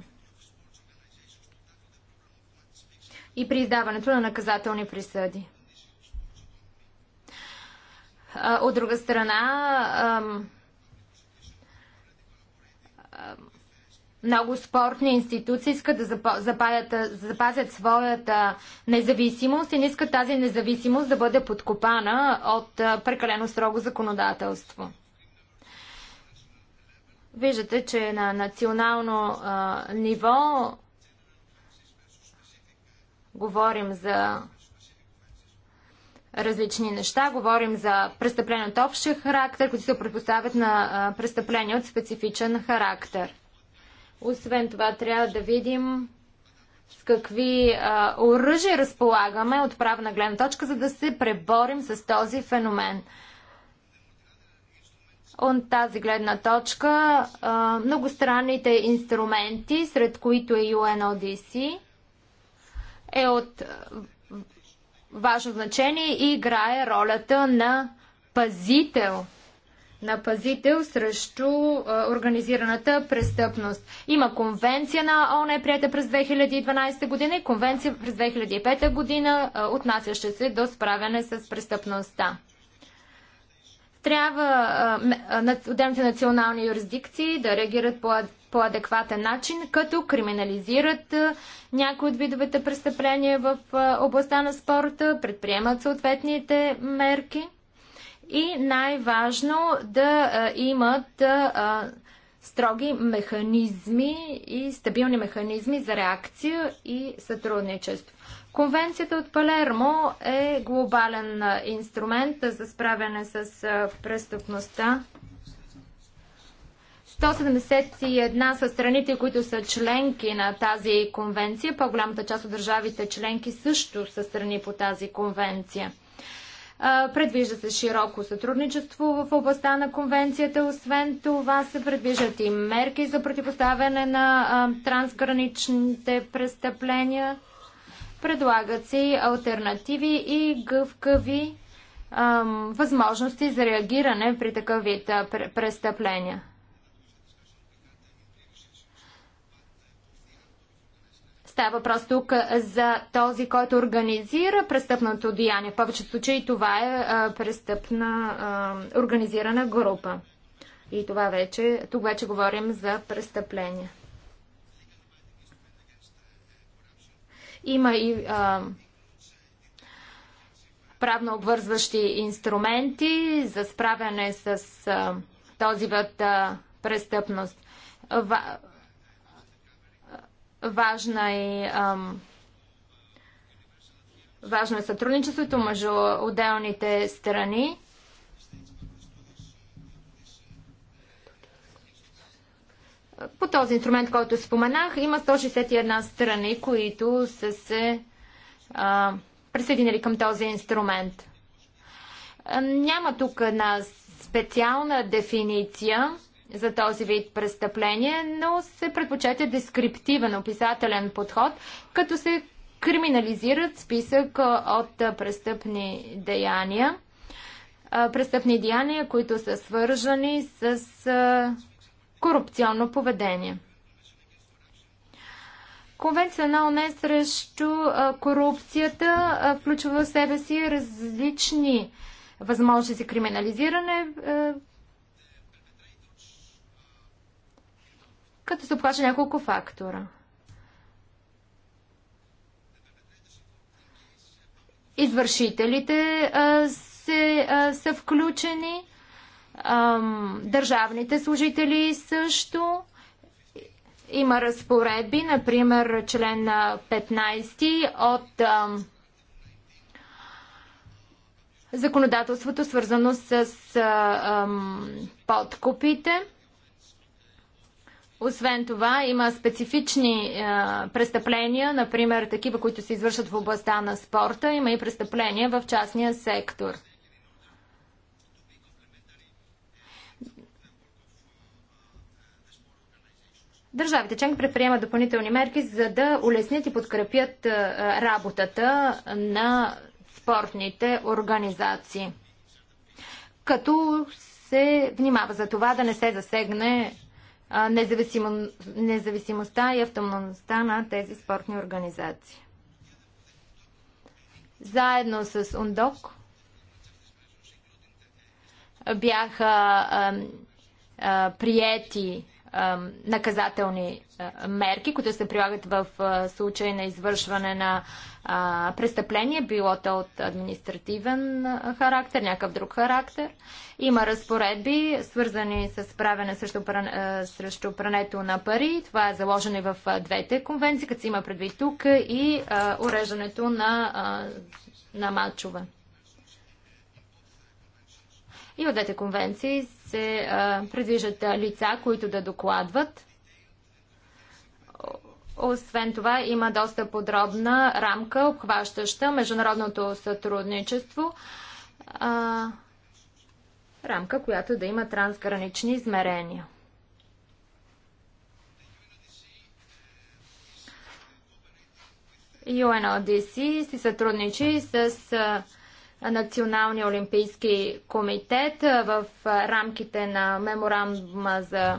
и при издаването на наказателни присъди. от друга страна, много спортни институции искат да запазят, запазят своята независимост и не искат тази независимост да бъде подкопана от прекалено строго законодателство. Виждате, че на национално а, ниво говорим за различни неща. Говорим за престъпления от общия характер, които се предпоставят на а, престъпления от специфичен характер. Освен това, трябва да видим с какви а, оръжия разполагаме от правна гледна точка, за да се преборим с този феномен. От тази гледна точка многостранните инструменти, сред които е UNODC, е от важно значение и играе ролята на пазител на пазител срещу организираната престъпност. Има конвенция на ООН, е прията през 2012 година и конвенция през 2005 година, отнасяща се до справяне с престъпността. Трябва а, отделните национални юрисдикции да реагират по, по адекватен начин, като криминализират някои от видовете престъпления в областта на спорта, предприемат съответните мерки и най-важно да а, имат строги механизми и стабилни механизми за реакция и сътрудничество. Конвенцията от Палермо е глобален инструмент за справяне с престъпността. 171 са страните, които са членки на тази конвенция. По-голямата част от държавите членки също са страни по тази конвенция. Предвижда се широко сътрудничество в областта на конвенцията. Освен това се предвиждат и мерки за противоставяне на трансграничните престъпления Предлагат се альтернативи и гъвкави ам, възможности за реагиране при такъв вид престъпления. Става въпрос тук за този, който организира престъпното деяние. В повечето случаи това е а, престъпна а, организирана група. И това вече, тук вече говорим за престъпления. Има и а, правно обвързващи инструменти за справяне с а, този вид а, престъпност. Ва, важна и е, а, важно е сътрудничеството между отделните страни. По този инструмент, който споменах, има 161 страни, които са се а, присъединили към този инструмент. А, няма тук една специална дефиниция за този вид престъпление, но се предпочете дескриптивен, описателен подход, като се криминализират списък от престъпни деяния. Престъпни деяния, които са свържени с корупционно поведение. Конвенция на ОНЕ срещу корупцията включва в себе си различни възможности за криминализиране, като се обхваща няколко фактора. Извършителите се, са включени Ам, държавните служители също. Има разпоредби, например член 15 от ам, законодателството, свързано с ам, подкупите. Освен това, има специфични е, престъпления, например такива, които се извършат в областта на спорта. Има и престъпления в частния сектор. Държавите членки предприемат допълнителни мерки, за да улеснят и подкрепят работата на спортните организации. Като се внимава за това да не се засегне независимо, независимостта и автономността на тези спортни организации. Заедно с Ундок бяха а, а, приети наказателни мерки, които се прилагат в случай на извършване на престъпление, било то от административен характер, някакъв друг характер. Има разпоредби, свързани с правене срещу, срещу прането на пари. Това е заложено и в двете конвенции, като се има предвид тук и уреждането на, на матчове. И от двете конвенции се предвижат лица, които да докладват. Освен това има доста подробна рамка, обхващаща международното сътрудничество. А, рамка, която да има трансгранични измерения. UNODC си сътрудничи с Националния олимпийски комитет в рамките на меморандума за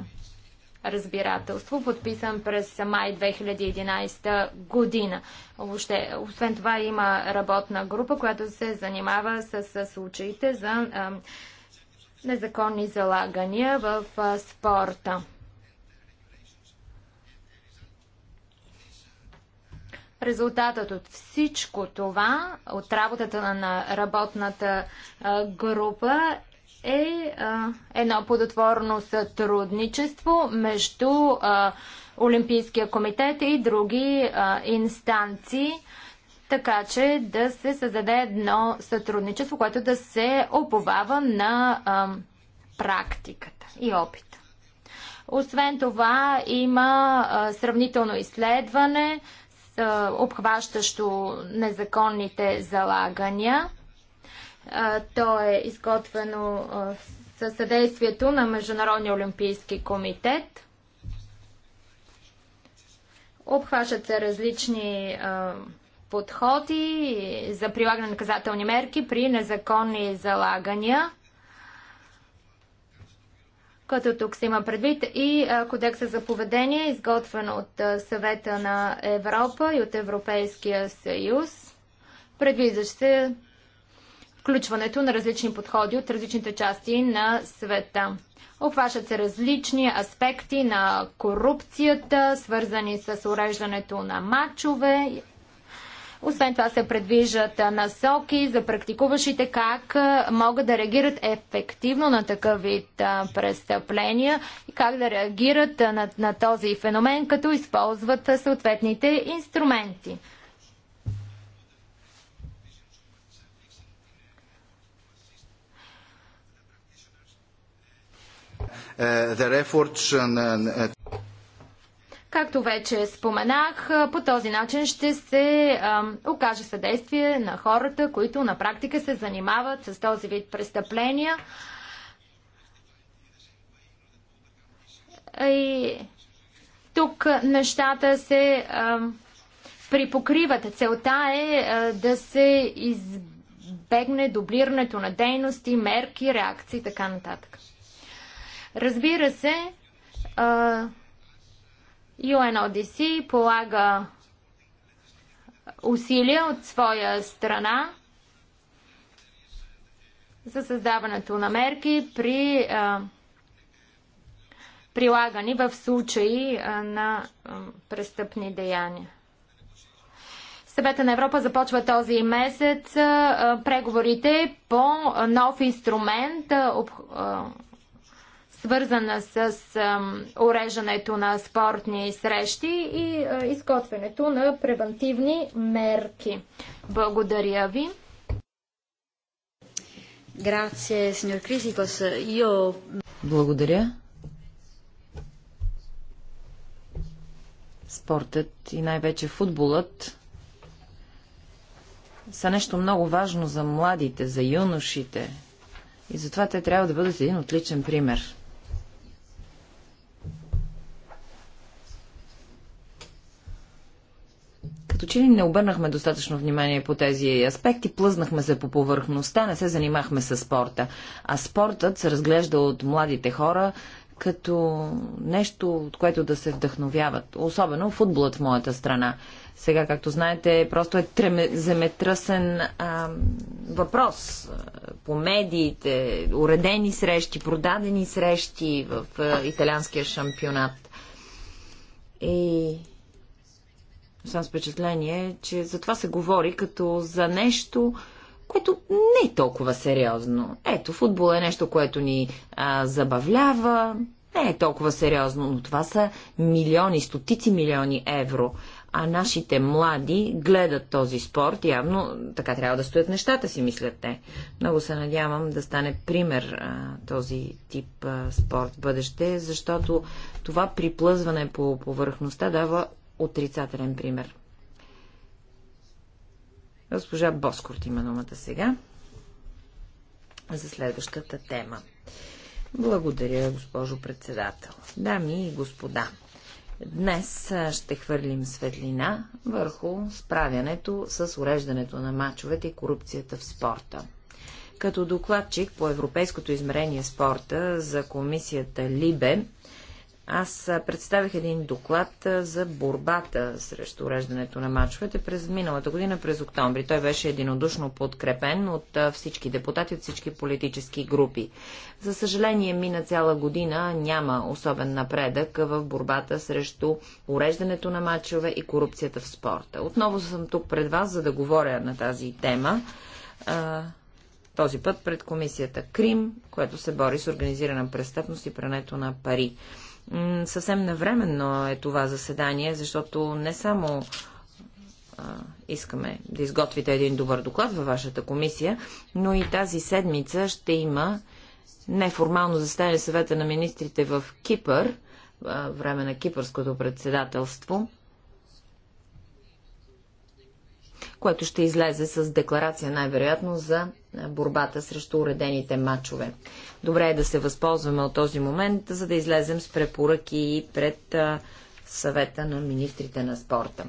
разбирателство, подписан през май 2011 година. Въобще, освен това има работна група, която се занимава с, случаите за незаконни залагания в спорта. Резултатът от всичко това, от работата на работната група е едно плодотворно сътрудничество между Олимпийския комитет и други инстанции така че да се създаде едно сътрудничество, което да се оповава на практиката и опита. Освен това има сравнително изследване е, обхващащо незаконните залагания. Е, то е изготвено е, със съдействието на Международния олимпийски комитет. Обхващат се различни подходи за прилагане на наказателни мерки при незаконни залагания. Като тук се има предвид и кодекса за поведение, изготвен от съвета на Европа и от Европейския съюз. Предвижда се включването на различни подходи от различните части на света. Обхващат се различни аспекти на корупцията, свързани с уреждането на мачове. Освен това се предвижат насоки за практикуващите как могат да реагират ефективно на такъв вид престъпления и как да реагират на, на този феномен, като използват съответните инструменти. Е, their efforts and Както вече споменах, по този начин ще се а, окаже съдействие на хората, които на практика се занимават с този вид престъпления. И тук нещата се а, припокриват. Целта е а, да се избегне дублирането на дейности, мерки, реакции и така нататък. Разбира се, а, UNODC полага усилия от своя страна за създаването на мерки при а, прилагани в случаи а, на а, престъпни деяния. Съвета на Европа започва този месец а, преговорите по нов инструмент, об, свързана с уреждането на спортни срещи и изготвянето на превентивни мерки. Благодаря ви. Благодаря. Спортът и най-вече футболът са нещо много важно за младите, за юношите. И затова те трябва да бъдат един отличен пример. Като че ли не обърнахме достатъчно внимание по тези аспекти, плъзнахме се по повърхността, не се занимахме с спорта. А спортът се разглежда от младите хора като нещо, от което да се вдъхновяват. Особено футболът в моята страна. Сега, както знаете, просто е земетръсен а, въпрос. По медиите, уредени срещи, продадени срещи в а, италианския шампионат. И съм с впечатление, че за това се говори като за нещо, което не е толкова сериозно. Ето, футбол е нещо, което ни а, забавлява, не е толкова сериозно, но това са милиони, стотици милиони евро. А нашите млади гледат този спорт, явно така трябва да стоят нещата си, мислят те. Много се надявам да стане пример а, този тип а, спорт в бъдеще, защото това приплъзване по повърхността дава отрицателен пример. Госпожа Боскорт има думата сега за следващата тема. Благодаря, госпожо председател. Дами и господа, днес ще хвърлим светлина върху справянето с уреждането на мачовете и корупцията в спорта. Като докладчик по Европейското измерение спорта за комисията Либе, аз представих един доклад за борбата срещу уреждането на мачовете през миналата година, през октомври. Той беше единодушно подкрепен от всички депутати, от всички политически групи. За съжаление, мина цяла година няма особен напредък в борбата срещу уреждането на мачове и корупцията в спорта. Отново съм тук пред вас, за да говоря на тази тема този път пред комисията Крим, която се бори с организирана престъпност и прането на пари. Съвсем навременно е това заседание, защото не само искаме да изготвите един добър доклад във вашата комисия, но и тази седмица ще има неформално заседание съвета на министрите в Кипър, време на кипърското председателство, което ще излезе с декларация най-вероятно за борбата срещу уредените мачове. Добре е да се възползваме от този момент, за да излезем с препоръки и пред съвета на министрите на спорта.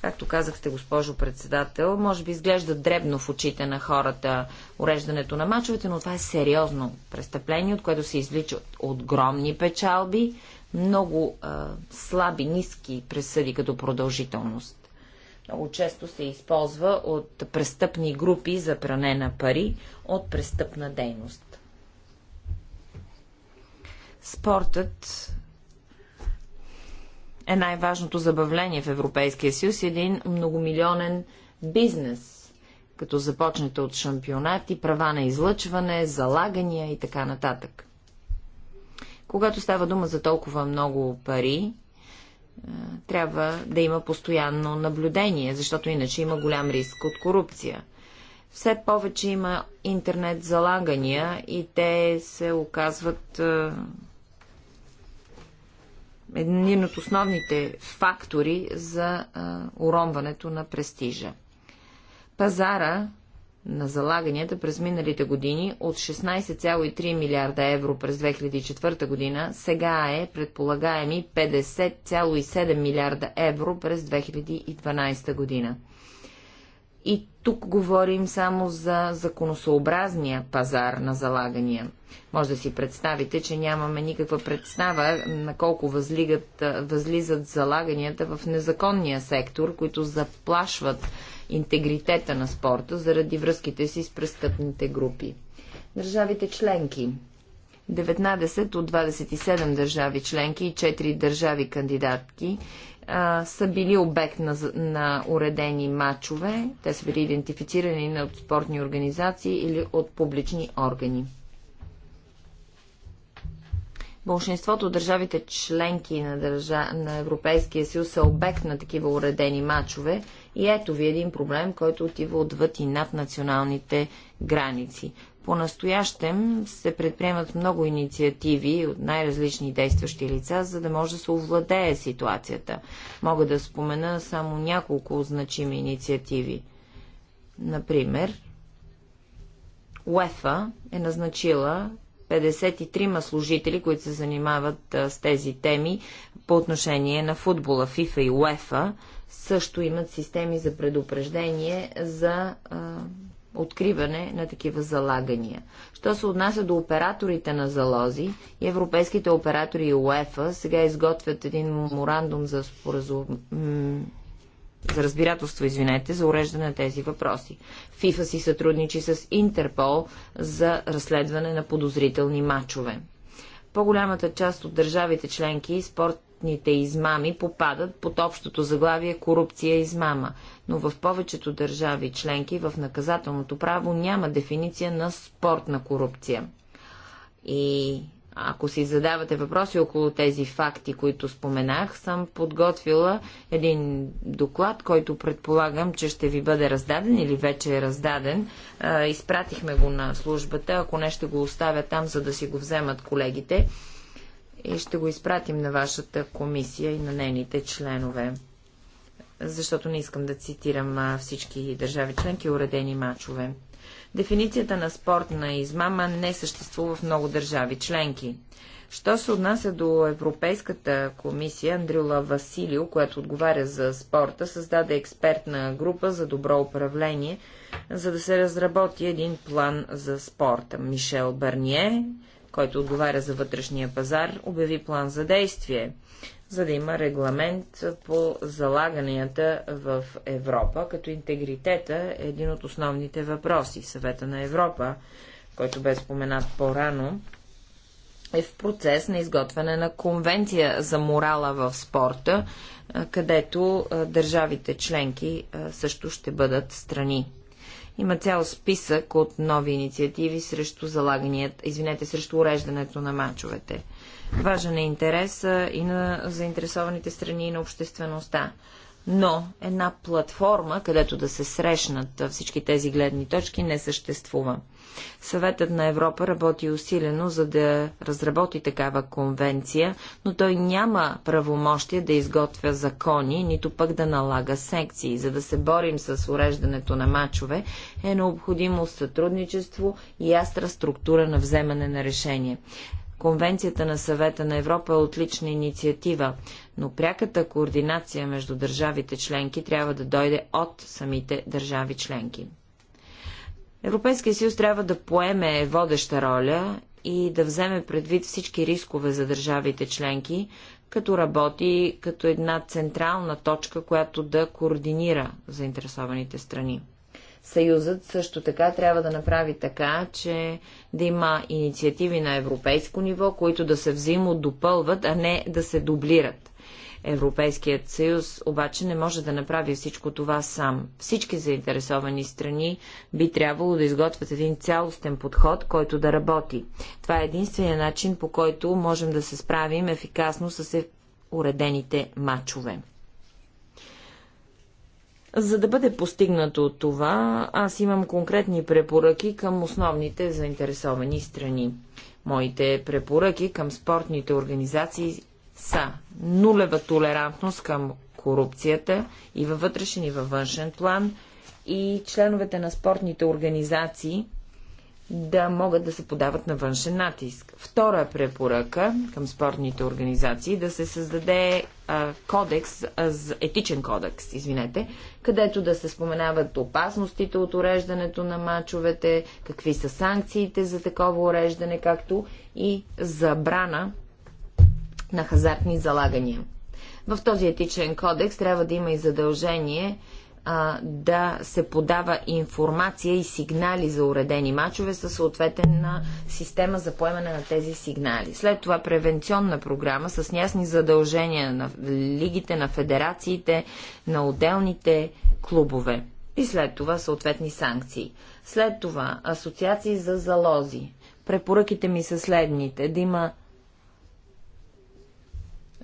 Както казахте, госпожо председател, може би изглежда дребно в очите на хората уреждането на мачовете, но това е сериозно престъпление, от което се извличат огромни печалби, много а, слаби, ниски присъди като продължителност много често се използва от престъпни групи за пране на пари от престъпна дейност. Спортът е най-важното забавление в Европейския съюз, един многомилионен бизнес, като започнете от шампионати, права на излъчване, залагания и така нататък. Когато става дума за толкова много пари, трябва да има постоянно наблюдение, защото иначе има голям риск от корупция. Все повече има интернет залагания и те се оказват един от основните фактори за уронването на престижа. Пазара на залаганията през миналите години от 16,3 милиарда евро през 2004 година, сега е предполагаеми 50,7 милиарда евро през 2012 година. И тук говорим само за законосообразния пазар на залагания. Може да си представите, че нямаме никаква представа на колко възлизат залаганията в незаконния сектор, които заплашват интегритета на спорта заради връзките си с престъпните групи. Държавите членки 19 от 27 държави членки и 4 държави кандидатки а, са били обект на, на уредени матчове. Те са били идентифицирани от спортни организации или от публични органи. Большинството от държавите членки на, държа... на Европейския съюз са обект на такива уредени мачове и ето ви един проблем, който отива отвъд и над националните граници. По-настоящем се предприемат много инициативи от най-различни действащи лица, за да може да се овладее ситуацията. Мога да спомена само няколко значими инициативи. Например, УЕФА е назначила 53 служители, които се занимават а, с тези теми по отношение на футбола. FIFA и UEFA също имат системи за предупреждение за а, откриване на такива залагания. Що се отнася до операторите на залози, европейските оператори и УЕФА сега изготвят един меморандум за споразумение за разбирателство, извинете, за уреждане на тези въпроси. ФИФА си сътрудничи с Интерпол за разследване на подозрителни мачове. По-голямата част от държавите членки спортните измами попадат под общото заглавие корупция и измама, но в повечето държави членки в наказателното право няма дефиниция на спортна корупция. И ако си задавате въпроси около тези факти, които споменах, съм подготвила един доклад, който предполагам, че ще ви бъде раздаден или вече е раздаден. Изпратихме го на службата, ако не ще го оставя там, за да си го вземат колегите и ще го изпратим на вашата комисия и на нейните членове. Защото не искам да цитирам всички държави членки, уредени мачове. Дефиницията на спортна измама не съществува в много държави членки. Що се отнася до Европейската комисия, Андрюла Василио, която отговаря за спорта, създаде експертна група за добро управление, за да се разработи един план за спорта. Мишел Барние, който отговаря за вътрешния пазар, обяви план за действие за да има регламент по залаганията в Европа, като интегритета е един от основните въпроси. Съвета на Европа, който бе споменат по-рано, е в процес на изготвяне на конвенция за морала в спорта, където държавите членки също ще бъдат страни. Има цял списък от нови инициативи срещу залаганият, извинете, срещу уреждането на мачовете. Важен е интерес и на заинтересованите страни и на обществеността. Но една платформа, където да се срещнат всички тези гледни точки, не съществува. Съветът на Европа работи усилено, за да разработи такава конвенция, но той няма правомощие да изготвя закони, нито пък да налага секции. За да се борим с уреждането на мачове, е необходимо сътрудничество и ястра структура на вземане на решение. Конвенцията на съвета на Европа е отлична инициатива, но пряката координация между държавите членки трябва да дойде от самите държави членки. Европейския съюз трябва да поеме водеща роля и да вземе предвид всички рискове за държавите членки, като работи като една централна точка, която да координира заинтересованите страни. Съюзът също така трябва да направи така, че да има инициативи на европейско ниво, които да се допълват, а не да се дублират. Европейският съюз обаче не може да направи всичко това сам. Всички заинтересовани страни би трябвало да изготвят един цялостен подход, който да работи. Това е единствения начин, по който можем да се справим ефикасно с е- уредените мачове. За да бъде постигнато от това, аз имам конкретни препоръки към основните заинтересовани страни. Моите препоръки към спортните организации са нулева толерантност към корупцията и във вътрешен и във външен план и членовете на спортните организации – да могат да се подават на външен натиск. Втора препоръка към спортните организации е да се създаде а, кодекс, а, етичен кодекс, извинете, където да се споменават опасностите от уреждането на мачовете, какви са санкциите за такова уреждане, както и забрана на хазартни залагания. В този етичен кодекс трябва да има и задължение а, да се подава информация и сигнали за уредени мачове със съответна система за поемане на тези сигнали. След това превенционна програма с ясни задължения на лигите, на федерациите, на отделните клубове. И след това съответни санкции. След това асоциации за залози. Препоръките ми са следните. Да има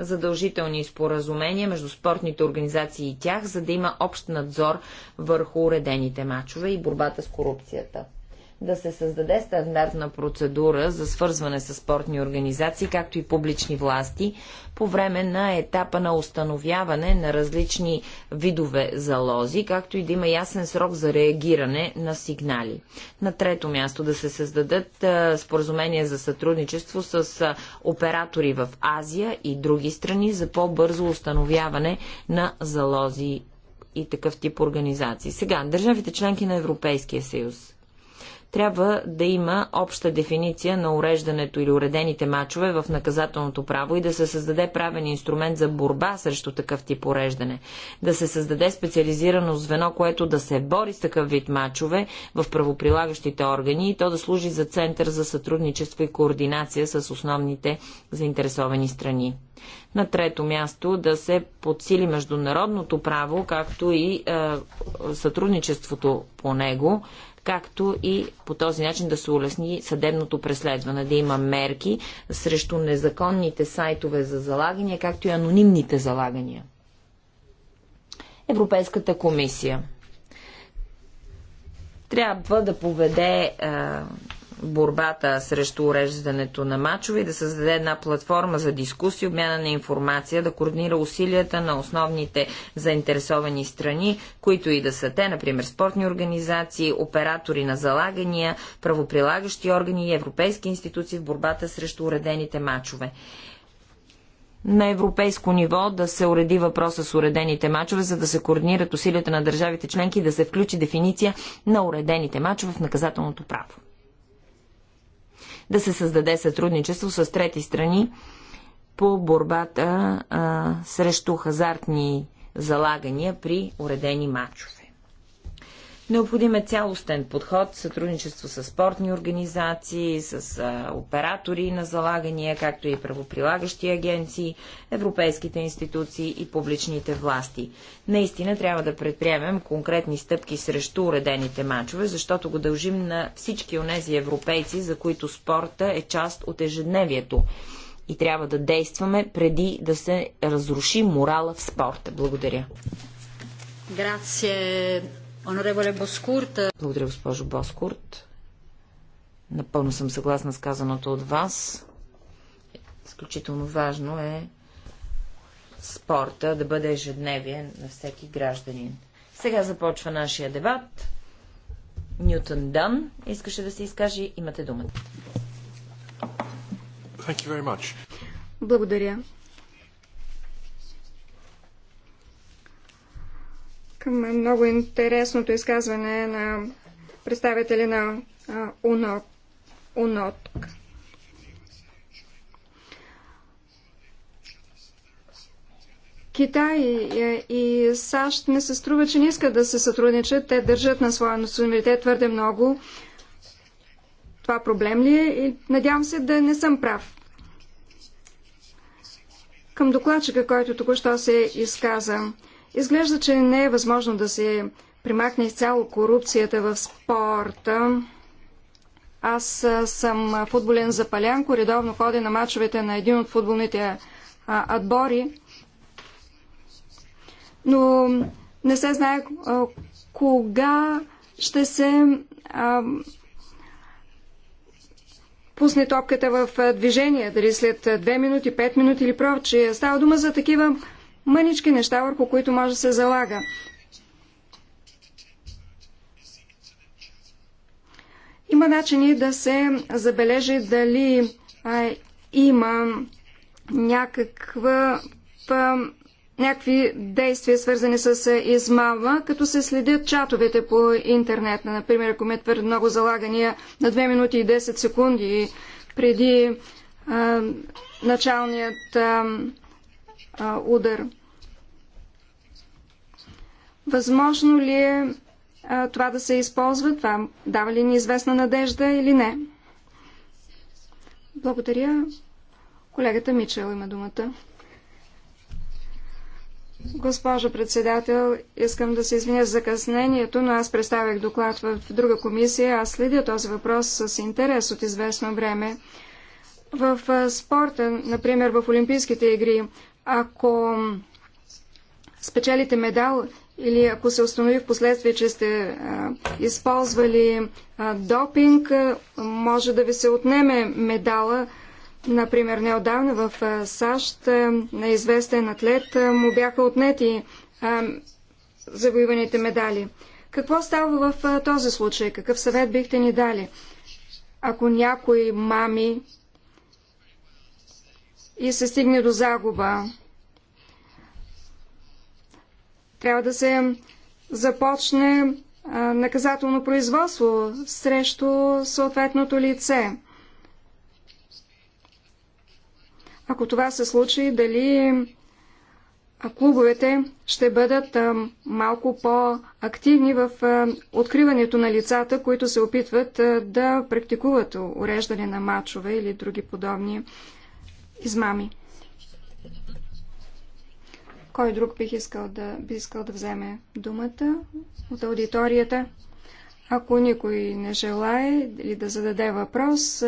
задължителни споразумения между спортните организации и тях, за да има общ надзор върху уредените мачове и борбата с корупцията да се създаде стандартна процедура за свързване с спортни организации, както и публични власти, по време на етапа на установяване на различни видове залози, както и да има ясен срок за реагиране на сигнали. На трето място да се създадат споразумения за сътрудничество с оператори в Азия и други страни за по-бързо установяване на залози и такъв тип организации. Сега, държавите членки на Европейския съюз трябва да има обща дефиниция на уреждането или уредените мачове в наказателното право и да се създаде правен инструмент за борба срещу такъв тип уреждане. Да се създаде специализирано звено, което да се бори с такъв вид мачове в правоприлагащите органи и то да служи за център за сътрудничество и координация с основните заинтересовани страни. На трето място да се подсили международното право, както и е, сътрудничеството по него, както и по този начин да се улесни съдебното преследване, да има мерки срещу незаконните сайтове за залагания, както и анонимните залагания. Европейската комисия трябва да поведе борбата срещу уреждането на мачове и да създаде една платформа за дискусия, обмяна на информация, да координира усилията на основните заинтересовани страни, които и да са те, например спортни организации, оператори на залагания, правоприлагащи органи и европейски институции в борбата срещу уредените мачове на европейско ниво да се уреди въпроса с уредените мачове, за да се координират усилията на държавите членки и да се включи дефиниция на уредените мачове в наказателното право да се създаде сътрудничество с трети страни по борбата а, срещу хазартни залагания при уредени матчове. Необходим е цялостен подход, сътрудничество с спортни организации, с а, оператори на залагания, както и правоприлагащи агенции, европейските институции и публичните власти. Наистина трябва да предприемем конкретни стъпки срещу уредените мачове, защото го дължим на всички онези европейци, за които спорта е част от ежедневието. И трябва да действаме преди да се разруши морала в спорта. Благодаря. Grazie благодаря, госпожо Боскурт. Напълно съм съгласна с казаното от вас. Изключително важно е спорта да бъде ежедневие на всеки гражданин. Сега започва нашия дебат. Ньютон Дън искаше да се изкаже. Имате думата. Благодаря. към много интересното изказване на представители на УНОК. Китай и САЩ не се струва, че не искат да се сътрудничат. Те държат на своя суверенитет твърде много. Това проблем ли е? И надявам се да не съм прав. Към докладчика, който току-що се изказа. Изглежда, че не е възможно да се примахне изцяло корупцията в спорта. Аз съм футболен запалянко, редовно ходя на мачовете на един от футболните а, отбори, но не се знае а, кога ще се а, пусне топката в движение, дали след 2 минути, 5 минути или прочие. Става дума за такива мънички неща, върху които може да се залага. Има начини да се забележи дали а, има някаква, па, някакви действия, свързани с измама, като се следят чатовете по интернет. Например, ако ме твърде много залагания на 2 минути и 10 секунди преди а, началният а, а, удар. Възможно ли е а, това да се използва? Това дава ли ни известна надежда или не? Благодаря. Колегата Мичел има думата. Госпожо председател, искам да се извиня за закъснението, но аз представях доклад в друга комисия. Аз следя този въпрос с интерес от известно време. В спорта, например в Олимпийските игри, ако спечелите медал или ако се установи в последствие, че сте а, използвали а, допинг, а, може да ви се отнеме медала. Например, неодавна в а, САЩ а, на известен атлет а, му бяха отнети а, медали. Какво става в а, този случай? Какъв съвет бихте ни дали? Ако някои мами и се стигне до загуба трябва да се започне наказателно производство срещу съответното лице. Ако това се случи, дали клубовете ще бъдат малко по-активни в откриването на лицата, които се опитват да практикуват уреждане на мачове или други подобни измами. Кой друг бих искал да, би искал да вземе думата от аудиторията? Ако никой не желае или да зададе въпрос,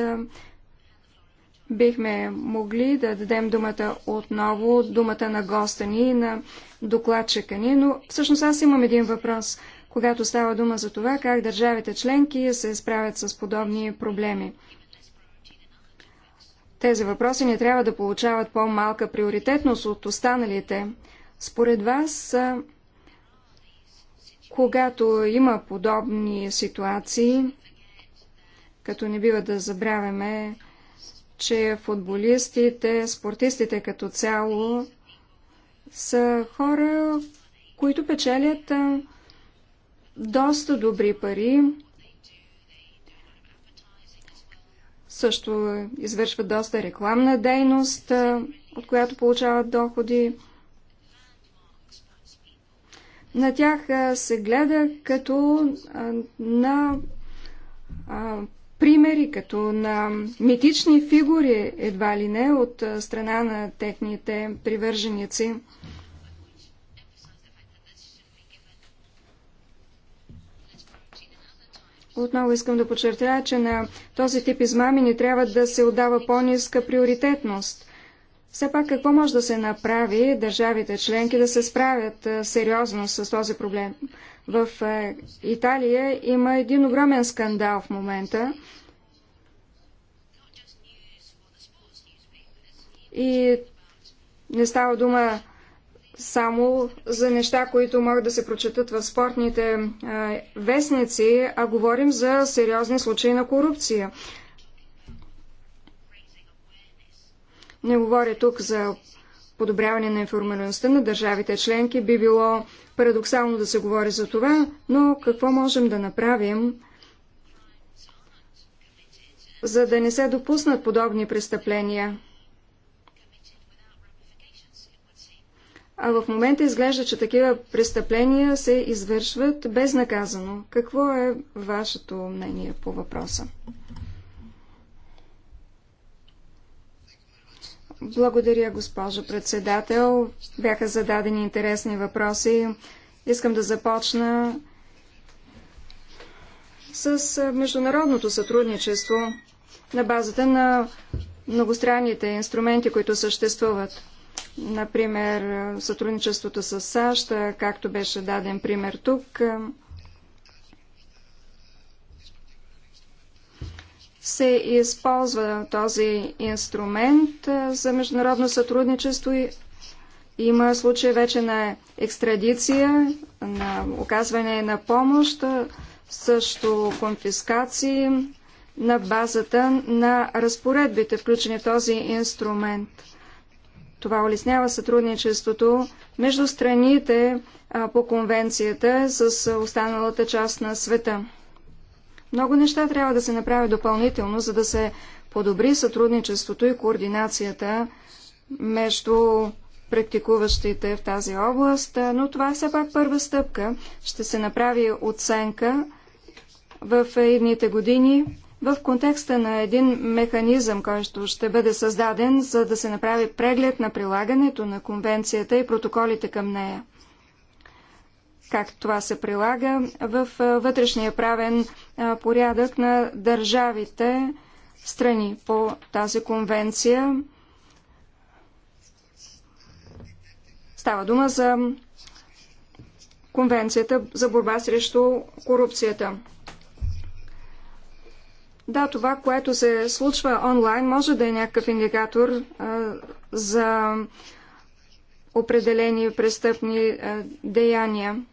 бихме могли да дадем думата отново, думата на госта ни на докладчика ни, но всъщност аз имам един въпрос, когато става дума за това как държавите членки се справят с подобни проблеми. Тези въпроси не трябва да получават по-малка приоритетност от останалите. Според вас, когато има подобни ситуации, като не бива да забравяме, че футболистите, спортистите като цяло са хора, които печелят доста добри пари, също извършват доста рекламна дейност, от която получават доходи на тях се гледа като на примери, като на митични фигури, едва ли не, от страна на техните привърженици. Отново искам да подчертая, че на този тип измами не трябва да се отдава по-ниска приоритетност. Все пак какво може да се направи държавите членки да се справят сериозно с този проблем? В Италия има един огромен скандал в момента. И не става дума само за неща, които могат да се прочетат в спортните вестници, а говорим за сериозни случаи на корупция. Не говоря тук за подобряване на информираността на държавите членки. Би било парадоксално да се говори за това, но какво можем да направим, за да не се допуснат подобни престъпления? А в момента изглежда, че такива престъпления се извършват безнаказано. Какво е вашето мнение по въпроса? Благодаря, госпожо председател. Бяха зададени интересни въпроси. Искам да започна с международното сътрудничество на базата на многостранните инструменти, които съществуват. Например, сътрудничеството с САЩ, както беше даден пример тук, се използва този инструмент за международно сътрудничество. Има случаи вече на екстрадиция, на оказване на помощ, също конфискации на базата на разпоредбите, включени в този инструмент. Това улеснява сътрудничеството между страните по конвенцията с останалата част на света. Много неща трябва да се направят допълнително, за да се подобри сътрудничеството и координацията между практикуващите в тази област, но това е все пак първа стъпка. Ще се направи оценка в едните години в контекста на един механизъм, който ще бъде създаден, за да се направи преглед на прилагането на конвенцията и протоколите към нея как това се прилага в вътрешния правен порядък на държавите страни по тази конвенция. Става дума за Конвенцията за борба срещу корупцията. Да, това, което се случва онлайн, може да е някакъв индикатор а, за определени престъпни а, деяния.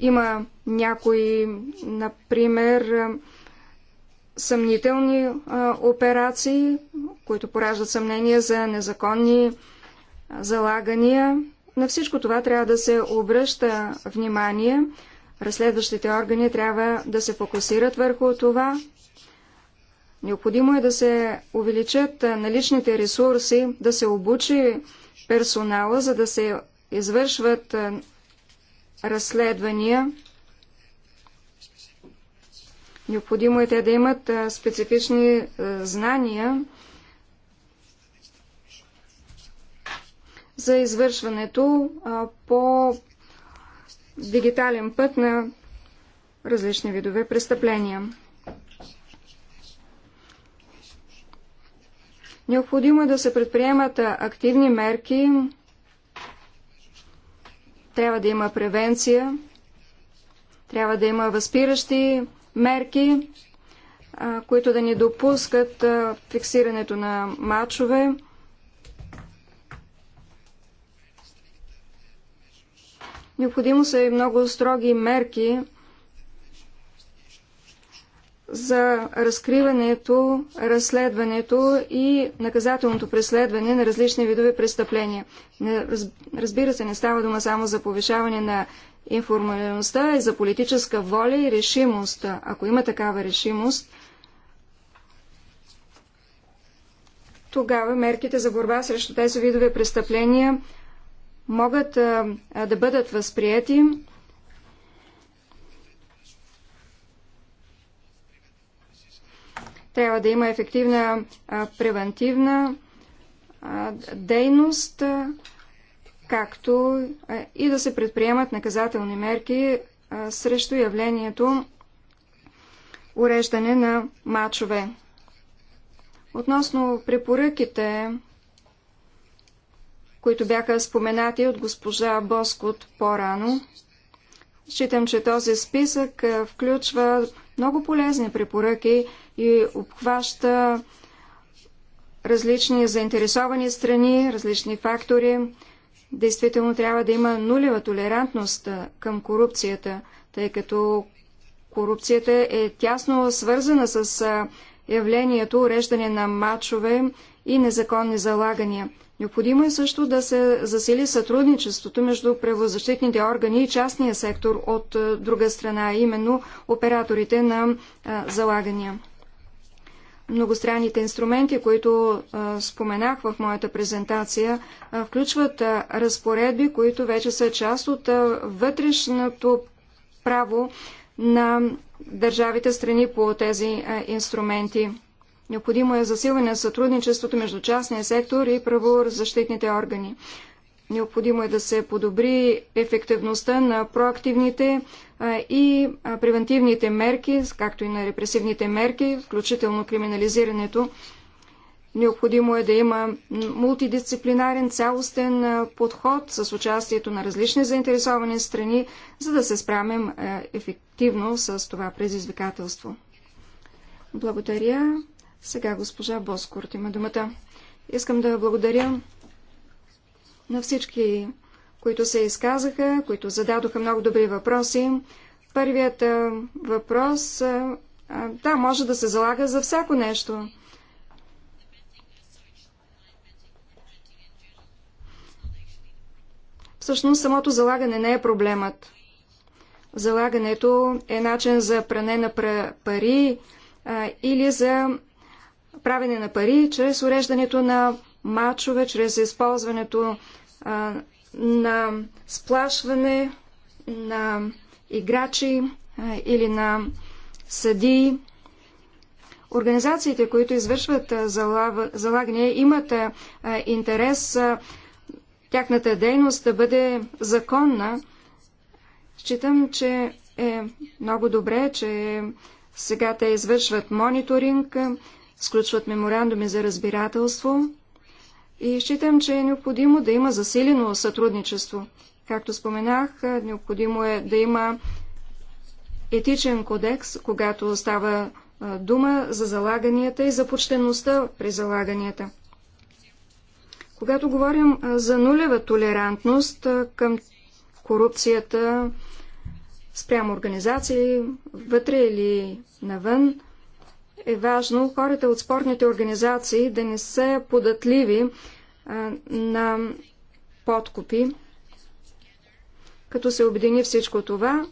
Има някои, например, съмнителни операции, които пораждат съмнение за незаконни залагания. На всичко това трябва да се обръща внимание. Разследващите органи трябва да се фокусират върху това. Необходимо е да се увеличат наличните ресурси, да се обучи персонала, за да се извършват разследвания. Необходимо е те да имат специфични знания за извършването по дигитален път на различни видове престъпления. Необходимо е да се предприемат активни мерки трябва да има превенция, трябва да има възпиращи мерки, които да ни допускат фиксирането на мачове. Необходимо са и много строги мерки, за разкриването, разследването и наказателното преследване на различни видове престъпления. Разбира се, не става дума само за повишаване на информалността и за политическа воля и решимост. Ако има такава решимост, тогава мерките за борба срещу тези видове престъпления могат а, а, да бъдат възприяти Трябва да има ефективна превентивна дейност, както и да се предприемат наказателни мерки срещу явлението уреждане на мачове. Относно препоръките, които бяха споменати от госпожа Боскот по-рано, считам, че този списък включва много полезни препоръки и обхваща различни заинтересовани страни, различни фактори. Действително трябва да има нулева толерантност към корупцията, тъй като корупцията е тясно свързана с явлението уреждане на матчове и незаконни залагания. Необходимо е също да се засили сътрудничеството между правозащитните органи и частния сектор от е, друга страна, именно операторите на е, залагания. Многостранните инструменти, които е, споменах в моята презентация, включват разпоредби, които вече са част от вътрешното право на държавите страни по тези инструменти. Необходимо е засилване на сътрудничеството между частния сектор и правозащитните органи. Необходимо е да се подобри ефективността на проактивните и превентивните мерки, както и на репресивните мерки, включително криминализирането. Необходимо е да има мултидисциплинарен цялостен подход с участието на различни заинтересовани страни, за да се справим ефективно с това предизвикателство. Благодаря. Сега госпожа Боскорт има думата. Искам да благодаря на всички, които се изказаха, които зададоха много добри въпроси. Първият въпрос, да, може да се залага за всяко нещо. Всъщност самото залагане не е проблемът. Залагането е начин за пране на пари а, или за правене на пари чрез уреждането на мачове, чрез използването а, на сплашване на играчи а, или на съдии. Организациите, които извършват залав... залагания, имат а, интерес а, тяхната дейност да бъде законна. Считам, че е много добре, че сега те извършват мониторинг, сключват меморандуми за разбирателство и считам, че е необходимо да има засилено сътрудничество. Както споменах, е, необходимо е да има етичен кодекс, когато става е, дума за залаганията и за почтеността при залаганията. Когато говорим е, за нулева толерантност към корупцията спрямо организации, вътре или навън, е важно хората от спортните организации да не са податливи а, на подкупи. Като се обедини всичко това,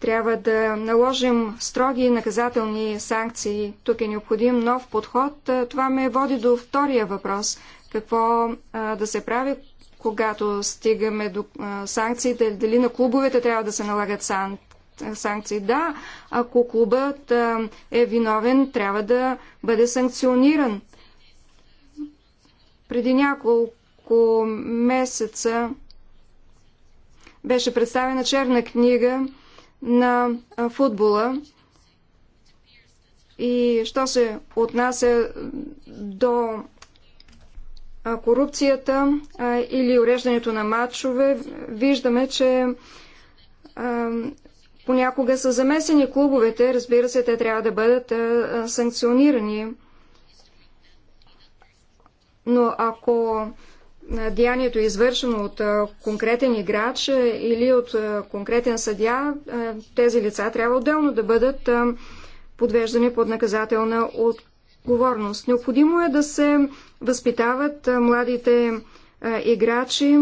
трябва да наложим строги наказателни санкции. Тук е необходим нов подход. Това ме води до втория въпрос. Какво а, да се прави, когато стигаме до а, санкциите? Дали на клубовете трябва да се налагат сан, санкции. Да, ако клубът е виновен, трябва да бъде санкциониран. Преди няколко месеца беше представена черна книга на футбола. И що се отнася до корупцията или уреждането на матчове, виждаме, че понякога са замесени клубовете, разбира се, те трябва да бъдат а, санкционирани. Но ако деянието е извършено от конкретен играч или от конкретен съдя, тези лица трябва отделно да бъдат подвеждани под наказателна отговорност. Необходимо е да се възпитават младите играчи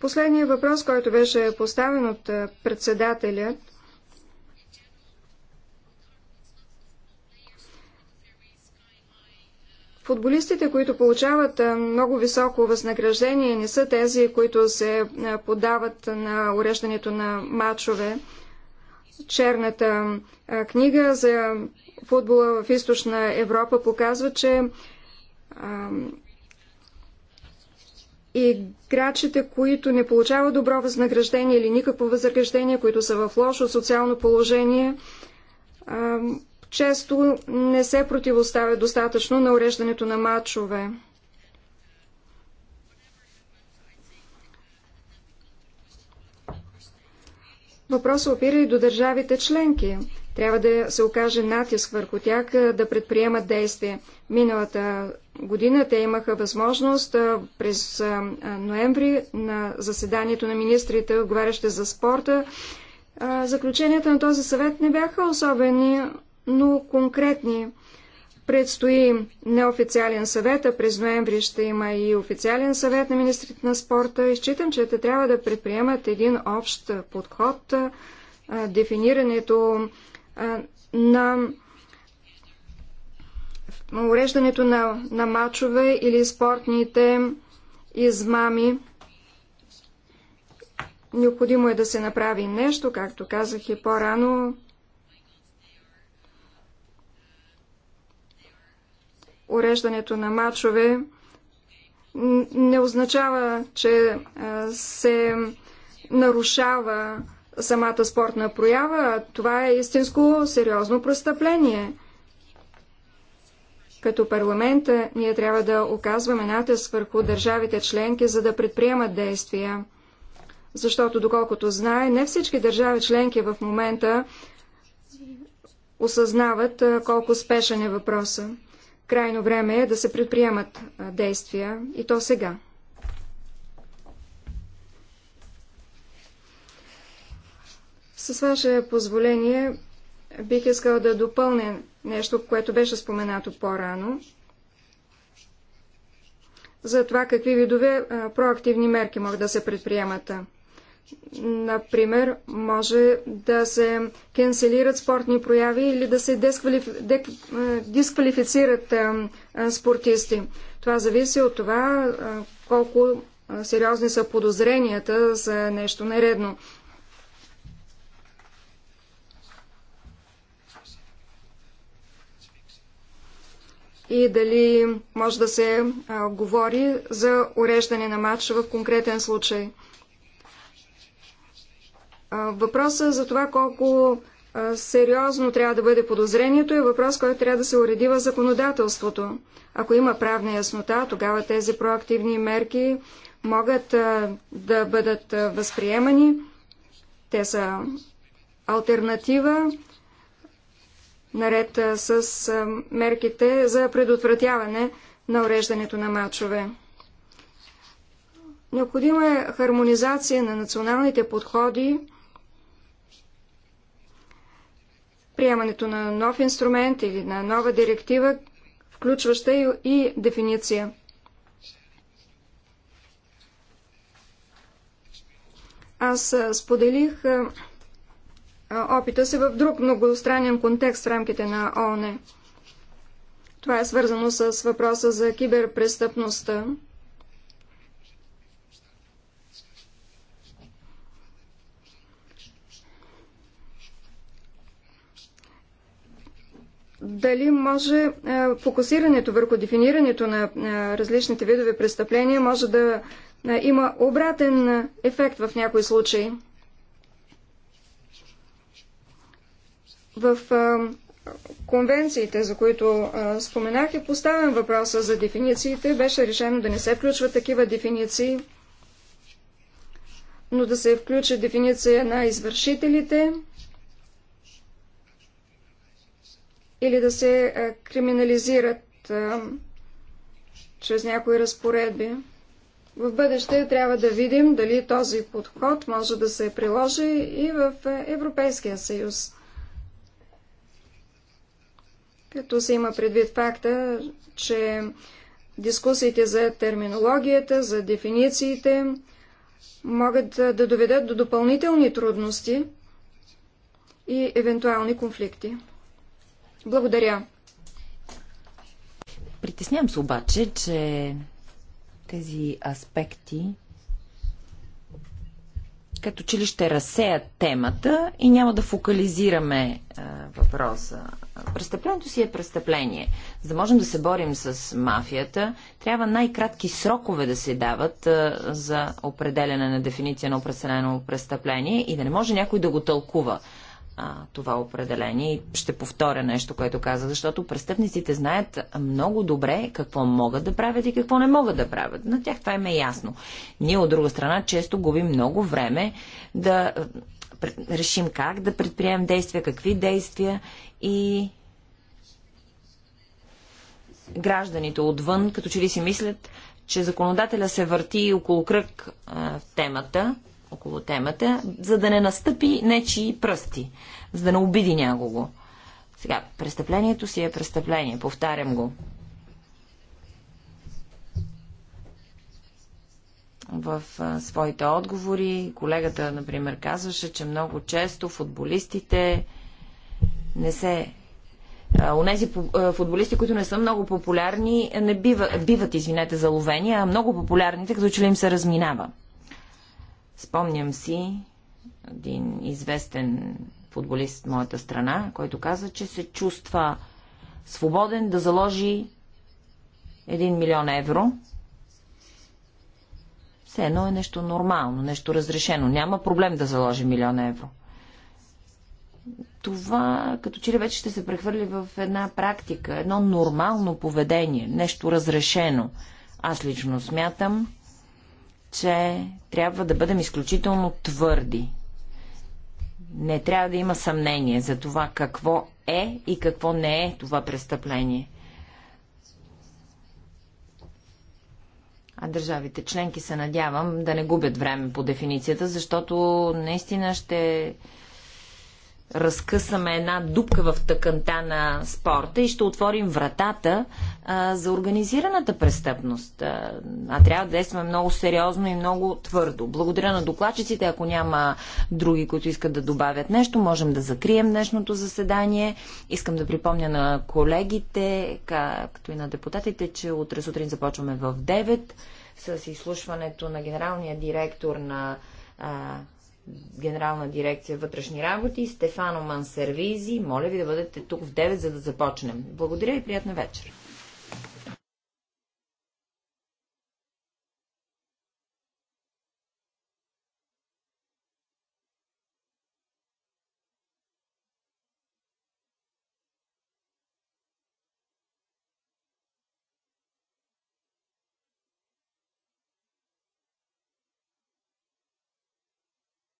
Последният въпрос, който беше поставен от председателя, Футболистите, които получават много високо възнаграждение, не са тези, които се подават на уреждането на матчове. Черната книга за футбола в източна Европа показва, че и играчите, които не получават добро възнаграждение или никакво възнаграждение, които са в лошо социално положение, често не се противоставят достатъчно на уреждането на матчове. Въпросът опира и до държавите членки. Трябва да се окаже натиск върху тях да предприемат действия. Миналата година те имаха възможност през ноември на заседанието на министрите, отговарящи за спорта. Заключенията на този съвет не бяха особени, но конкретни. Предстои неофициален съвет, а през ноември ще има и официален съвет на министрите на спорта. Изчитам, че те трябва да предприемат един общ подход, дефинирането на уреждането на, на мачове или спортните измами. Необходимо е да се направи нещо, както казах и по-рано. Уреждането на мачове не означава, че се нарушава самата спортна проява. Това е истинско сериозно престъпление – като парламент ние трябва да оказваме натиск върху държавите членки, за да предприемат действия. Защото, доколкото знае, не всички държави членки в момента осъзнават колко спешен е въпроса. Крайно време е да се предприемат действия и то сега. С ваше позволение бих искал да допълня нещо, което беше споменато по-рано, за това какви видове а, проактивни мерки могат да се предприемат. Например, може да се кенселират спортни прояви или да се дисквалиф... дек... дисквалифицират а, а, спортисти. Това зависи от това колко сериозни са подозренията за нещо нередно. и дали може да се а, говори за уреждане на матч в конкретен случай. А, въпросът за това колко а, сериозно трябва да бъде подозрението е въпрос, който трябва да се уреди в законодателството. Ако има правна яснота, тогава тези проактивни мерки могат а, да бъдат а, възприемани. Те са альтернатива наред с мерките за предотвратяване на уреждането на мачове. Необходима е хармонизация на националните подходи, приемането на нов инструмент или на нова директива, включваща и дефиниция. Аз споделих опита си в друг многостранен контекст в рамките на ООН. Това е свързано с въпроса за киберпрестъпността. дали може фокусирането върху дефинирането на различните видове престъпления може да има обратен ефект в някои случаи. В конвенциите, за които споменах, е поставен въпроса за дефинициите. Беше решено да не се включват такива дефиниции, но да се включи дефиниция на извършителите или да се криминализират чрез някои разпоредби. В бъдеще трябва да видим дали този подход може да се приложи и в Европейския съюз като се има предвид факта, че дискусиите за терминологията, за дефинициите могат да доведат до допълнителни трудности и евентуални конфликти. Благодаря. Притеснявам се обаче, че тези аспекти като че ли ще разсеят темата и няма да фокализираме а, е, въпроса. Престъплението си е престъпление. За да можем да се борим с мафията, трябва най-кратки срокове да се дават а, е, за определене на дефиниция на определено престъпление и да не може някой да го тълкува а, това определение. И ще повторя нещо, което каза, защото престъпниците знаят много добре какво могат да правят и какво не могат да правят. На тях това им е ясно. Ние, от друга страна, често губим много време да решим как да предприемем действия, какви действия и гражданите отвън, като че ли си мислят, че законодателя се върти около кръг а, в темата около темата, за да не настъпи нечии пръсти, за да не обиди някого. Сега, престъплението си е престъпление, повтарям го. в а, своите отговори. Колегата, например, казваше, че много често футболистите не се. унези футболисти, които не са много популярни, не бива, биват, извинете, заловени, а много популярните, като че ли им се разминава. Спомням си един известен футболист в моята страна, който каза, че се чувства свободен да заложи 1 милион евро. Все едно е нещо нормално, нещо разрешено. Няма проблем да заложи милион евро. Това като че ли вече ще се прехвърли в една практика, едно нормално поведение, нещо разрешено. Аз лично смятам, че трябва да бъдем изключително твърди. Не трябва да има съмнение за това какво е и какво не е това престъпление. А държавите членки се надявам да не губят време по дефиницията, защото наистина ще разкъсаме една дупка в тъканта на спорта и ще отворим вратата а, за организираната престъпност. А, а трябва да действаме много сериозно и много твърдо. Благодаря на докладчиците. Ако няма други, които искат да добавят нещо, можем да закрием днешното заседание. Искам да припомня на колегите, както и на депутатите, че утре сутрин започваме в 9 с изслушването на генералния директор на а, Генерална дирекция вътрешни работи, Стефано Мансервизи. Моля ви да бъдете тук в 9, за да започнем. Благодаря и приятна вечер.